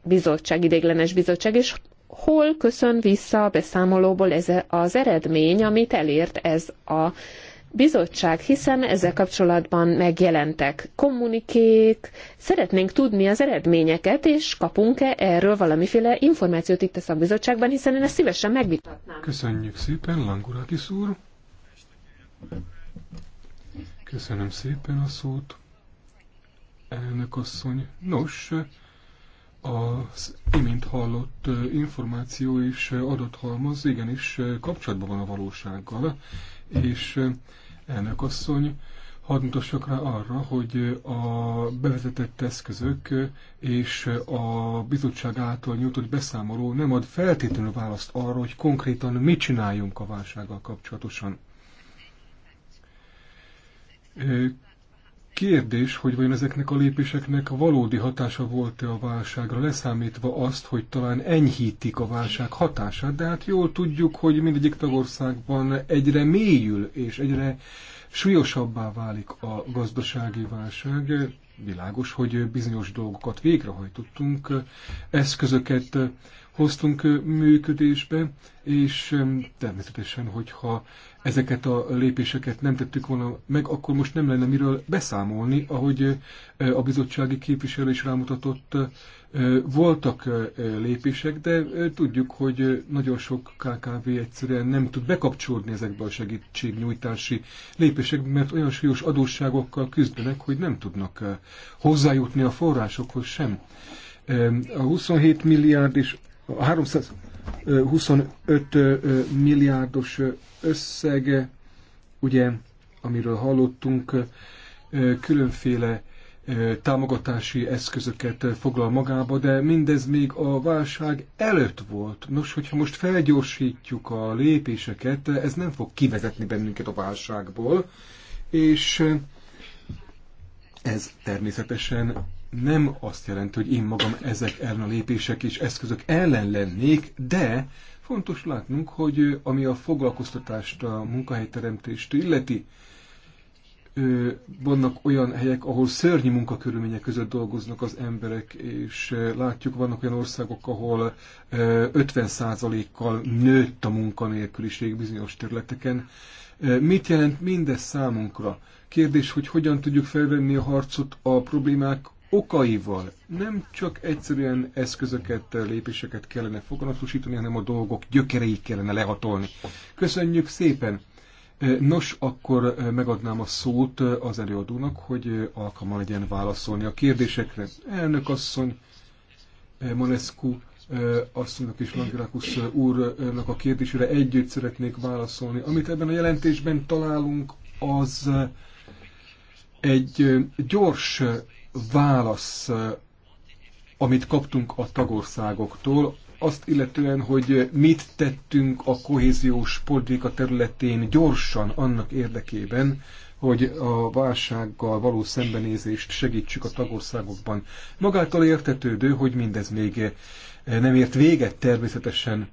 bizottság, idéglenes bizottság, és hol köszön vissza a beszámolóból ez az eredmény, amit elért ez a bizottság, hiszen ezzel kapcsolatban megjelentek kommunikék, szeretnénk tudni az eredményeket, és kapunk-e erről valamiféle információt itt a szakbizottságban, hiszen én ezt szívesen megvitatnám. Köszönjük szépen, Langurati úr! Köszönöm szépen a szót, elnök asszony. Nos, az imént hallott információ és adathalmaz igenis kapcsolatban van a valósággal, és elnökasszony, Hadd mutassak rá arra, hogy a bevezetett eszközök és a bizottság által nyújtott beszámoló nem ad feltétlenül választ arra, hogy konkrétan mit csináljunk a válsággal kapcsolatosan. Kérdés, hogy vajon ezeknek a lépéseknek valódi hatása volt-e a válságra, leszámítva azt, hogy talán enyhítik a válság hatását, de hát jól tudjuk, hogy mindegyik tagországban egyre mélyül és egyre súlyosabbá válik a gazdasági válság. Világos, hogy bizonyos dolgokat végrehajtottunk, eszközöket hoztunk működésbe, és természetesen, hogyha ezeket a lépéseket nem tettük volna meg, akkor most nem lenne miről beszámolni, ahogy a bizottsági képviselő is rámutatott, voltak lépések, de tudjuk, hogy nagyon sok KKV egyszerűen nem tud bekapcsolódni ezekbe a segítségnyújtási lépésekbe, mert olyan súlyos adósságokkal küzdenek, hogy nem tudnak hozzájutni a forrásokhoz sem. A 27 milliárd és a 325 milliárdos összeg, ugye, amiről hallottunk, különféle támogatási eszközöket foglal magába, de mindez még a válság előtt volt. Nos, hogyha most felgyorsítjuk a lépéseket, ez nem fog kivezetni bennünket a válságból, és ez természetesen nem azt jelenti, hogy én magam ezek ellen a lépések és eszközök ellen lennék, de fontos látnunk, hogy ami a foglalkoztatást, a munkahelyteremtést illeti, vannak olyan helyek, ahol szörnyű munkakörülmények között dolgoznak az emberek, és látjuk, vannak olyan országok, ahol 50%-kal nőtt a munkanélküliség bizonyos területeken. Mit jelent mindez számunkra? Kérdés, hogy hogyan tudjuk felvenni a harcot a problémák okaival nem csak egyszerűen eszközöket, lépéseket kellene foganatosítani, hanem a dolgok gyökereit kellene lehatolni. Köszönjük szépen! Nos, akkor megadnám a szót az előadónak, hogy alkalma legyen válaszolni a kérdésekre. Elnök asszony, Manescu eh, asszonynak és Langirakus úrnak a kérdésére együtt szeretnék válaszolni. Amit ebben a jelentésben találunk, az egy gyors válasz, eh, amit kaptunk a tagországoktól, azt illetően, hogy mit tettünk a kohéziós politika területén gyorsan annak érdekében, hogy a válsággal való szembenézést segítsük a tagországokban. Magától értetődő, hogy mindez még eh, nem ért véget természetesen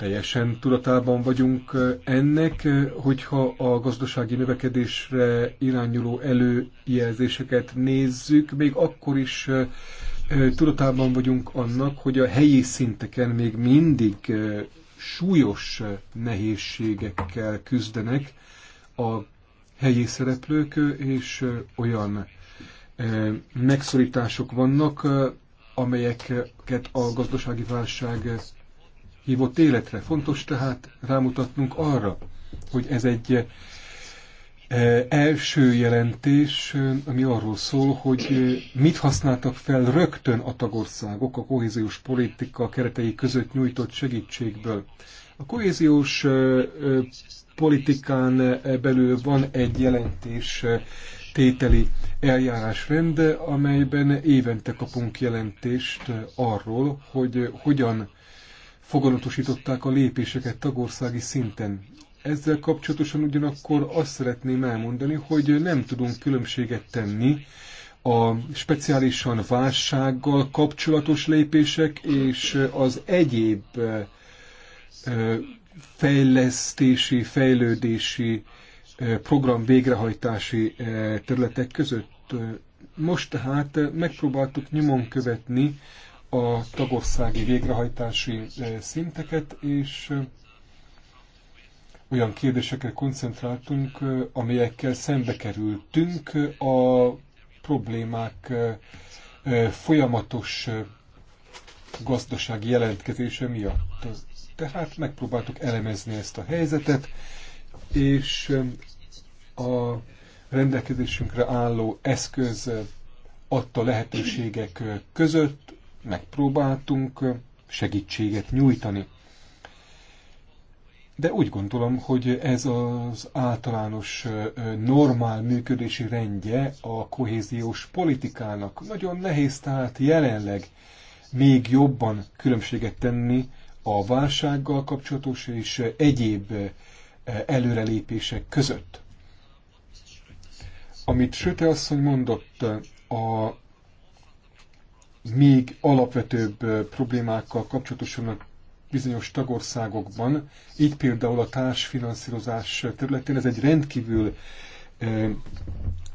teljesen tudatában vagyunk ennek, hogyha a gazdasági növekedésre irányuló előjelzéseket nézzük, még akkor is tudatában vagyunk annak, hogy a helyi szinteken még mindig súlyos nehézségekkel küzdenek a helyi szereplők, és olyan megszorítások vannak, amelyeket a gazdasági válság hívott életre. Fontos tehát rámutatnunk arra, hogy ez egy eh, első jelentés, eh, ami arról szól, hogy eh, mit használtak fel rögtön a tagországok a kohéziós politika keretei között nyújtott segítségből. A kohéziós politikán belül van egy jelentés tételi eljárásrend, amelyben évente kapunk jelentést arról, hogy hogyan foganatosították a lépéseket tagországi szinten. Ezzel kapcsolatosan ugyanakkor azt szeretném elmondani, hogy nem tudunk különbséget tenni a speciálisan válsággal kapcsolatos lépések és az egyéb fejlesztési, fejlődési, program végrehajtási területek között. Most tehát megpróbáltuk nyomon követni a tagországi végrehajtási eh, szinteket, és eh, olyan kérdésekre koncentráltunk, eh, amelyekkel szembe kerültünk a problémák folyamatos gazdasági jelentkezése miatt. Tehát megpróbáltuk elemezni ezt a helyzetet, és a rendelkezésünkre álló eszköz adta lehetőségek között megpróbáltunk segítséget nyújtani. De úgy gondolom, hogy ez az általános normál működési rendje a kohéziós politikának. Nagyon nehéz tehát jelenleg még jobban különbséget tenni a válsággal kapcsolatos és egyéb előrelépések között. Amit Söte asszony mondott a még alapvetőbb problémákkal kapcsolatosan a bizonyos tagországokban. Így például a társfinanszírozás területén ez egy rendkívül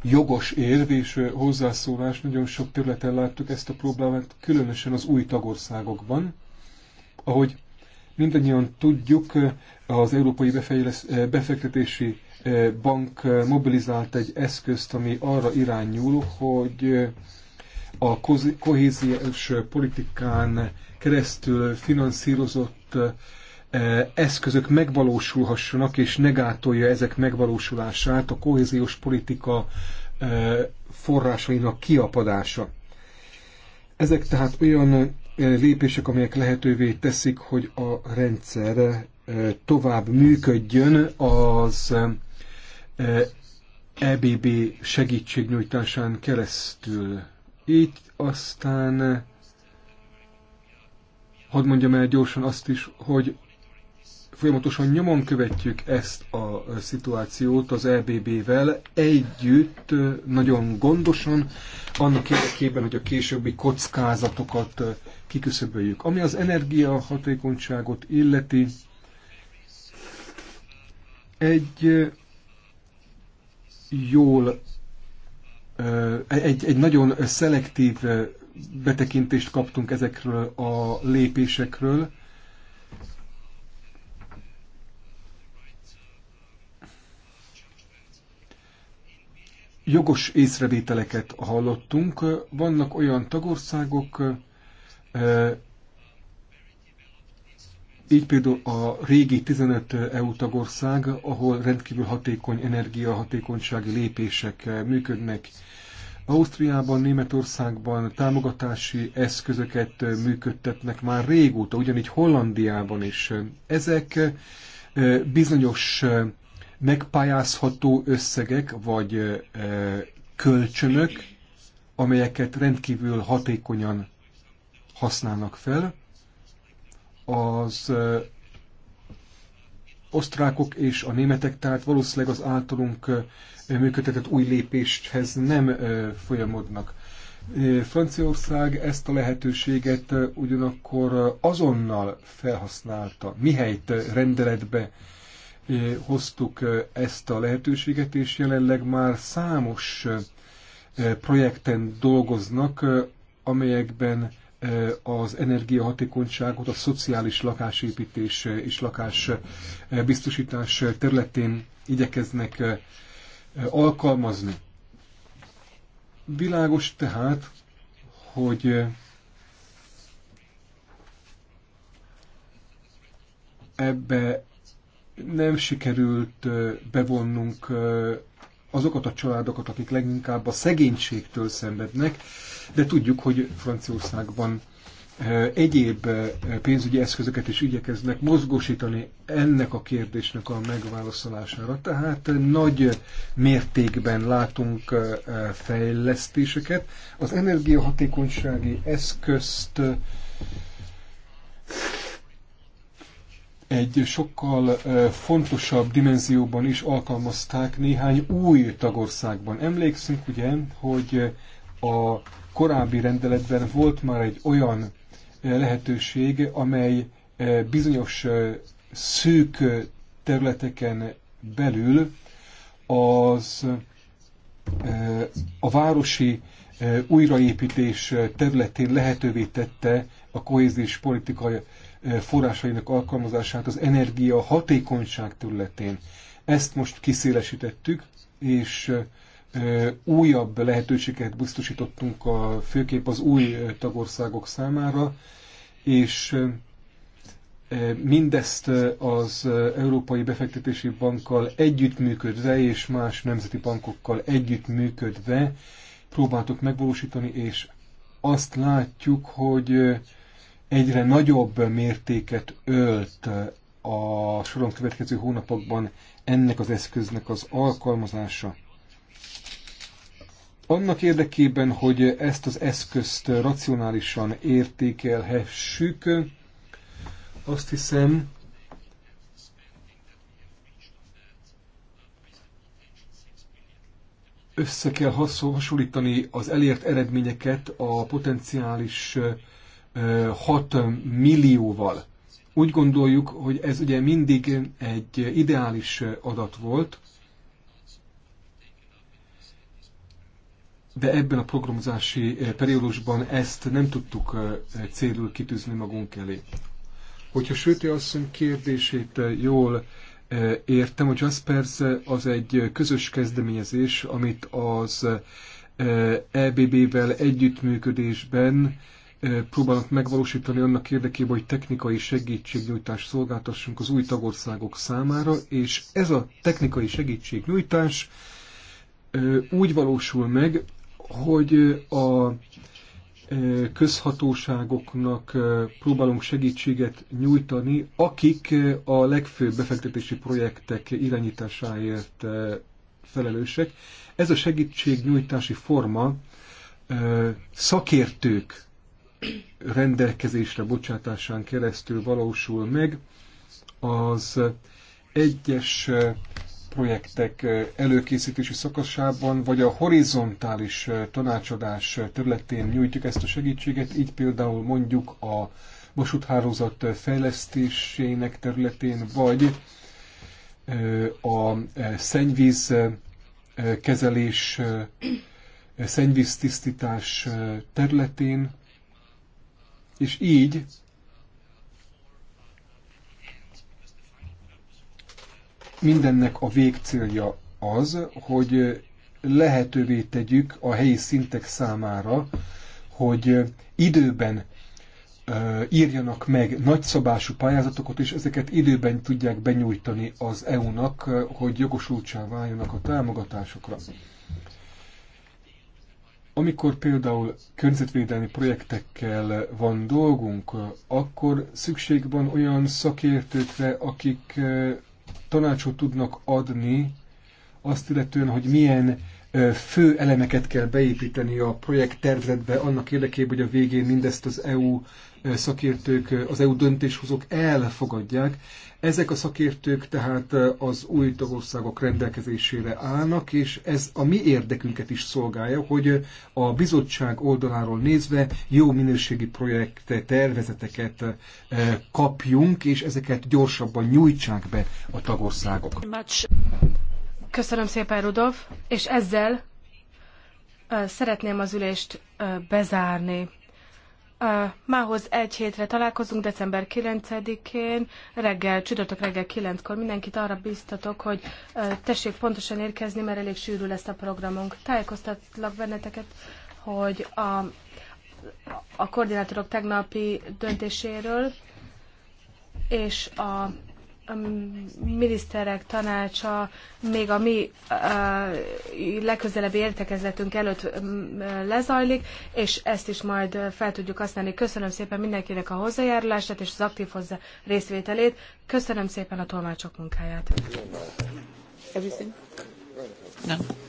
jogos érv és hozzászólás. Nagyon sok területen láttuk ezt a problémát, különösen az új tagországokban. Ahogy mindannyian tudjuk, az Európai Befektetési Bank mobilizált egy eszközt, ami arra irányul, hogy a kohéziós politikán keresztül finanszírozott eh, eszközök megvalósulhassanak, és negátolja ezek megvalósulását a kohéziós politika eh, forrásainak kiapadása. Ezek tehát olyan eh, lépések, amelyek lehetővé teszik, hogy a rendszer tovább működjön az EBB e segítségnyújtásán keresztül. Itt aztán hadd mondjam el gyorsan azt is, hogy folyamatosan nyomon követjük ezt a szituációt az EBB-vel együtt, nagyon gondosan, annak érdekében, hogy a későbbi kockázatokat kiküszöböljük. Ami az energiahatékonyságot illeti, egy jól egy, egy nagyon szelektív betekintést kaptunk ezekről a lépésekről. Jogos észrevételeket hallottunk. Vannak olyan tagországok, így például a régi 15 EU tagország, ahol rendkívül hatékony energiahatékonysági lépések működnek. Ausztriában, Németországban támogatási eszközöket működtetnek már régóta, ugyanígy Hollandiában is. Ezek bizonyos megpályázható összegek vagy kölcsönök, amelyeket rendkívül hatékonyan használnak fel az osztrákok és a németek, tehát valószínűleg az általunk működtetett új lépéshez nem folyamodnak. Franciaország ezt a lehetőséget ugyanakkor azonnal felhasználta, mihelyt rendeletbe hoztuk ezt a lehetőséget, és jelenleg már számos projekten dolgoznak, amelyekben az energiahatékonyságot a szociális lakásépítés és lakásbiztosítás területén igyekeznek alkalmazni. Világos tehát, hogy ebbe nem sikerült bevonnunk azokat a családokat, akik leginkább a szegénységtől szenvednek, de tudjuk, hogy Franciaországban eh, egyéb eh, pénzügyi eszközöket is igyekeznek mozgósítani ennek a kérdésnek a megválaszolására. Tehát nagy mértékben látunk eh, fejlesztéseket. Az energiahatékonysági eszközt egy sokkal fontosabb dimenzióban is alkalmazták néhány új tagországban. Emlékszünk ugye, hogy a korábbi rendeletben volt már egy olyan lehetőség, amely bizonyos szűk területeken belül az a városi újraépítés területén lehetővé tette a kohéziós politikai forrásainak alkalmazását az energia hatékonyság területén. Ezt most kiszélesítettük, és újabb lehetőséget biztosítottunk a, főképp az új tagországok számára, és mindezt az Európai Befektetési Bankkal együttműködve és más nemzeti bankokkal együttműködve próbáltuk megvalósítani, és azt látjuk, hogy egyre nagyobb mértéket ölt a soron következő hónapokban ennek az eszköznek az alkalmazása. Annak érdekében, hogy ezt az eszközt racionálisan értékelhessük, azt hiszem, össze kell hasonlítani az elért eredményeket a potenciális 6 millióval. Úgy gondoljuk, hogy ez ugye mindig egy ideális adat volt, de ebben a programozási periódusban ezt nem tudtuk eh, célul kitűzni magunk elé. Hogyha Sőti asszony kérdését eh, jól eh, értem, a Jaspers az egy közös kezdeményezés, amit az EBB-vel e együttműködésben próbálnak megvalósítani annak érdekében, hogy technikai segítségnyújtást szolgáltassunk az új tagországok számára, és ez a technikai segítségnyújtás úgy valósul meg, hogy a közhatóságoknak próbálunk segítséget nyújtani, akik a legfőbb befektetési projektek irányításáért felelősek. Ez a segítségnyújtási forma szakértők rendelkezésre bocsátásán keresztül valósul meg, az egyes projektek előkészítési szakaszában, vagy a horizontális tanácsadás területén nyújtjuk ezt a segítséget, így például mondjuk a vasúthálózat fejlesztésének területén, vagy a szennyvíz kezelés, szennyvíztisztítás területén, és így mindennek a végcélja az, hogy lehetővé tegyük a helyi szintek számára, hogy időben írjanak meg nagyszabású pályázatokat, és ezeket időben tudják benyújtani az EU-nak, hogy jogosultsá váljanak a támogatásokra. Amikor például környezetvédelmi projektekkel van dolgunk, akkor szükség van olyan szakértőkre, akik eh, tanácsot tudnak adni azt illetően, hogy milyen eh, fő elemeket kell beépíteni a projekt tervezetbe annak érdekében, hogy a végén mindezt az EU eh, szakértők, az EU döntéshozók elfogadják. Ezek a szakértők tehát az új tagországok rendelkezésére állnak, és ez a mi érdekünket is szolgálja, hogy a bizottság oldaláról nézve jó minőségi projekte, tervezeteket kapjunk, és ezeket gyorsabban nyújtsák be a tagországok. Köszönöm szépen, Rudolf, és ezzel szeretném az ülést bezárni mához egy hétre találkozunk, december 9-én, reggel, csütörtök reggel 9-kor. Mindenkit arra biztatok, hogy tessék pontosan érkezni, mert elég sűrű lesz a programunk. Tájékoztatlak benneteket, hogy a, a koordinátorok tegnapi döntéséről és a a miniszterek tanácsa még a mi uh, legközelebbi értekezletünk előtt um, lezajlik, és ezt is majd uh, fel tudjuk használni. Köszönöm szépen mindenkinek a hozzájárulását és az aktív hozzá részvételét. Köszönöm szépen a tolmácsok munkáját. Everything? No.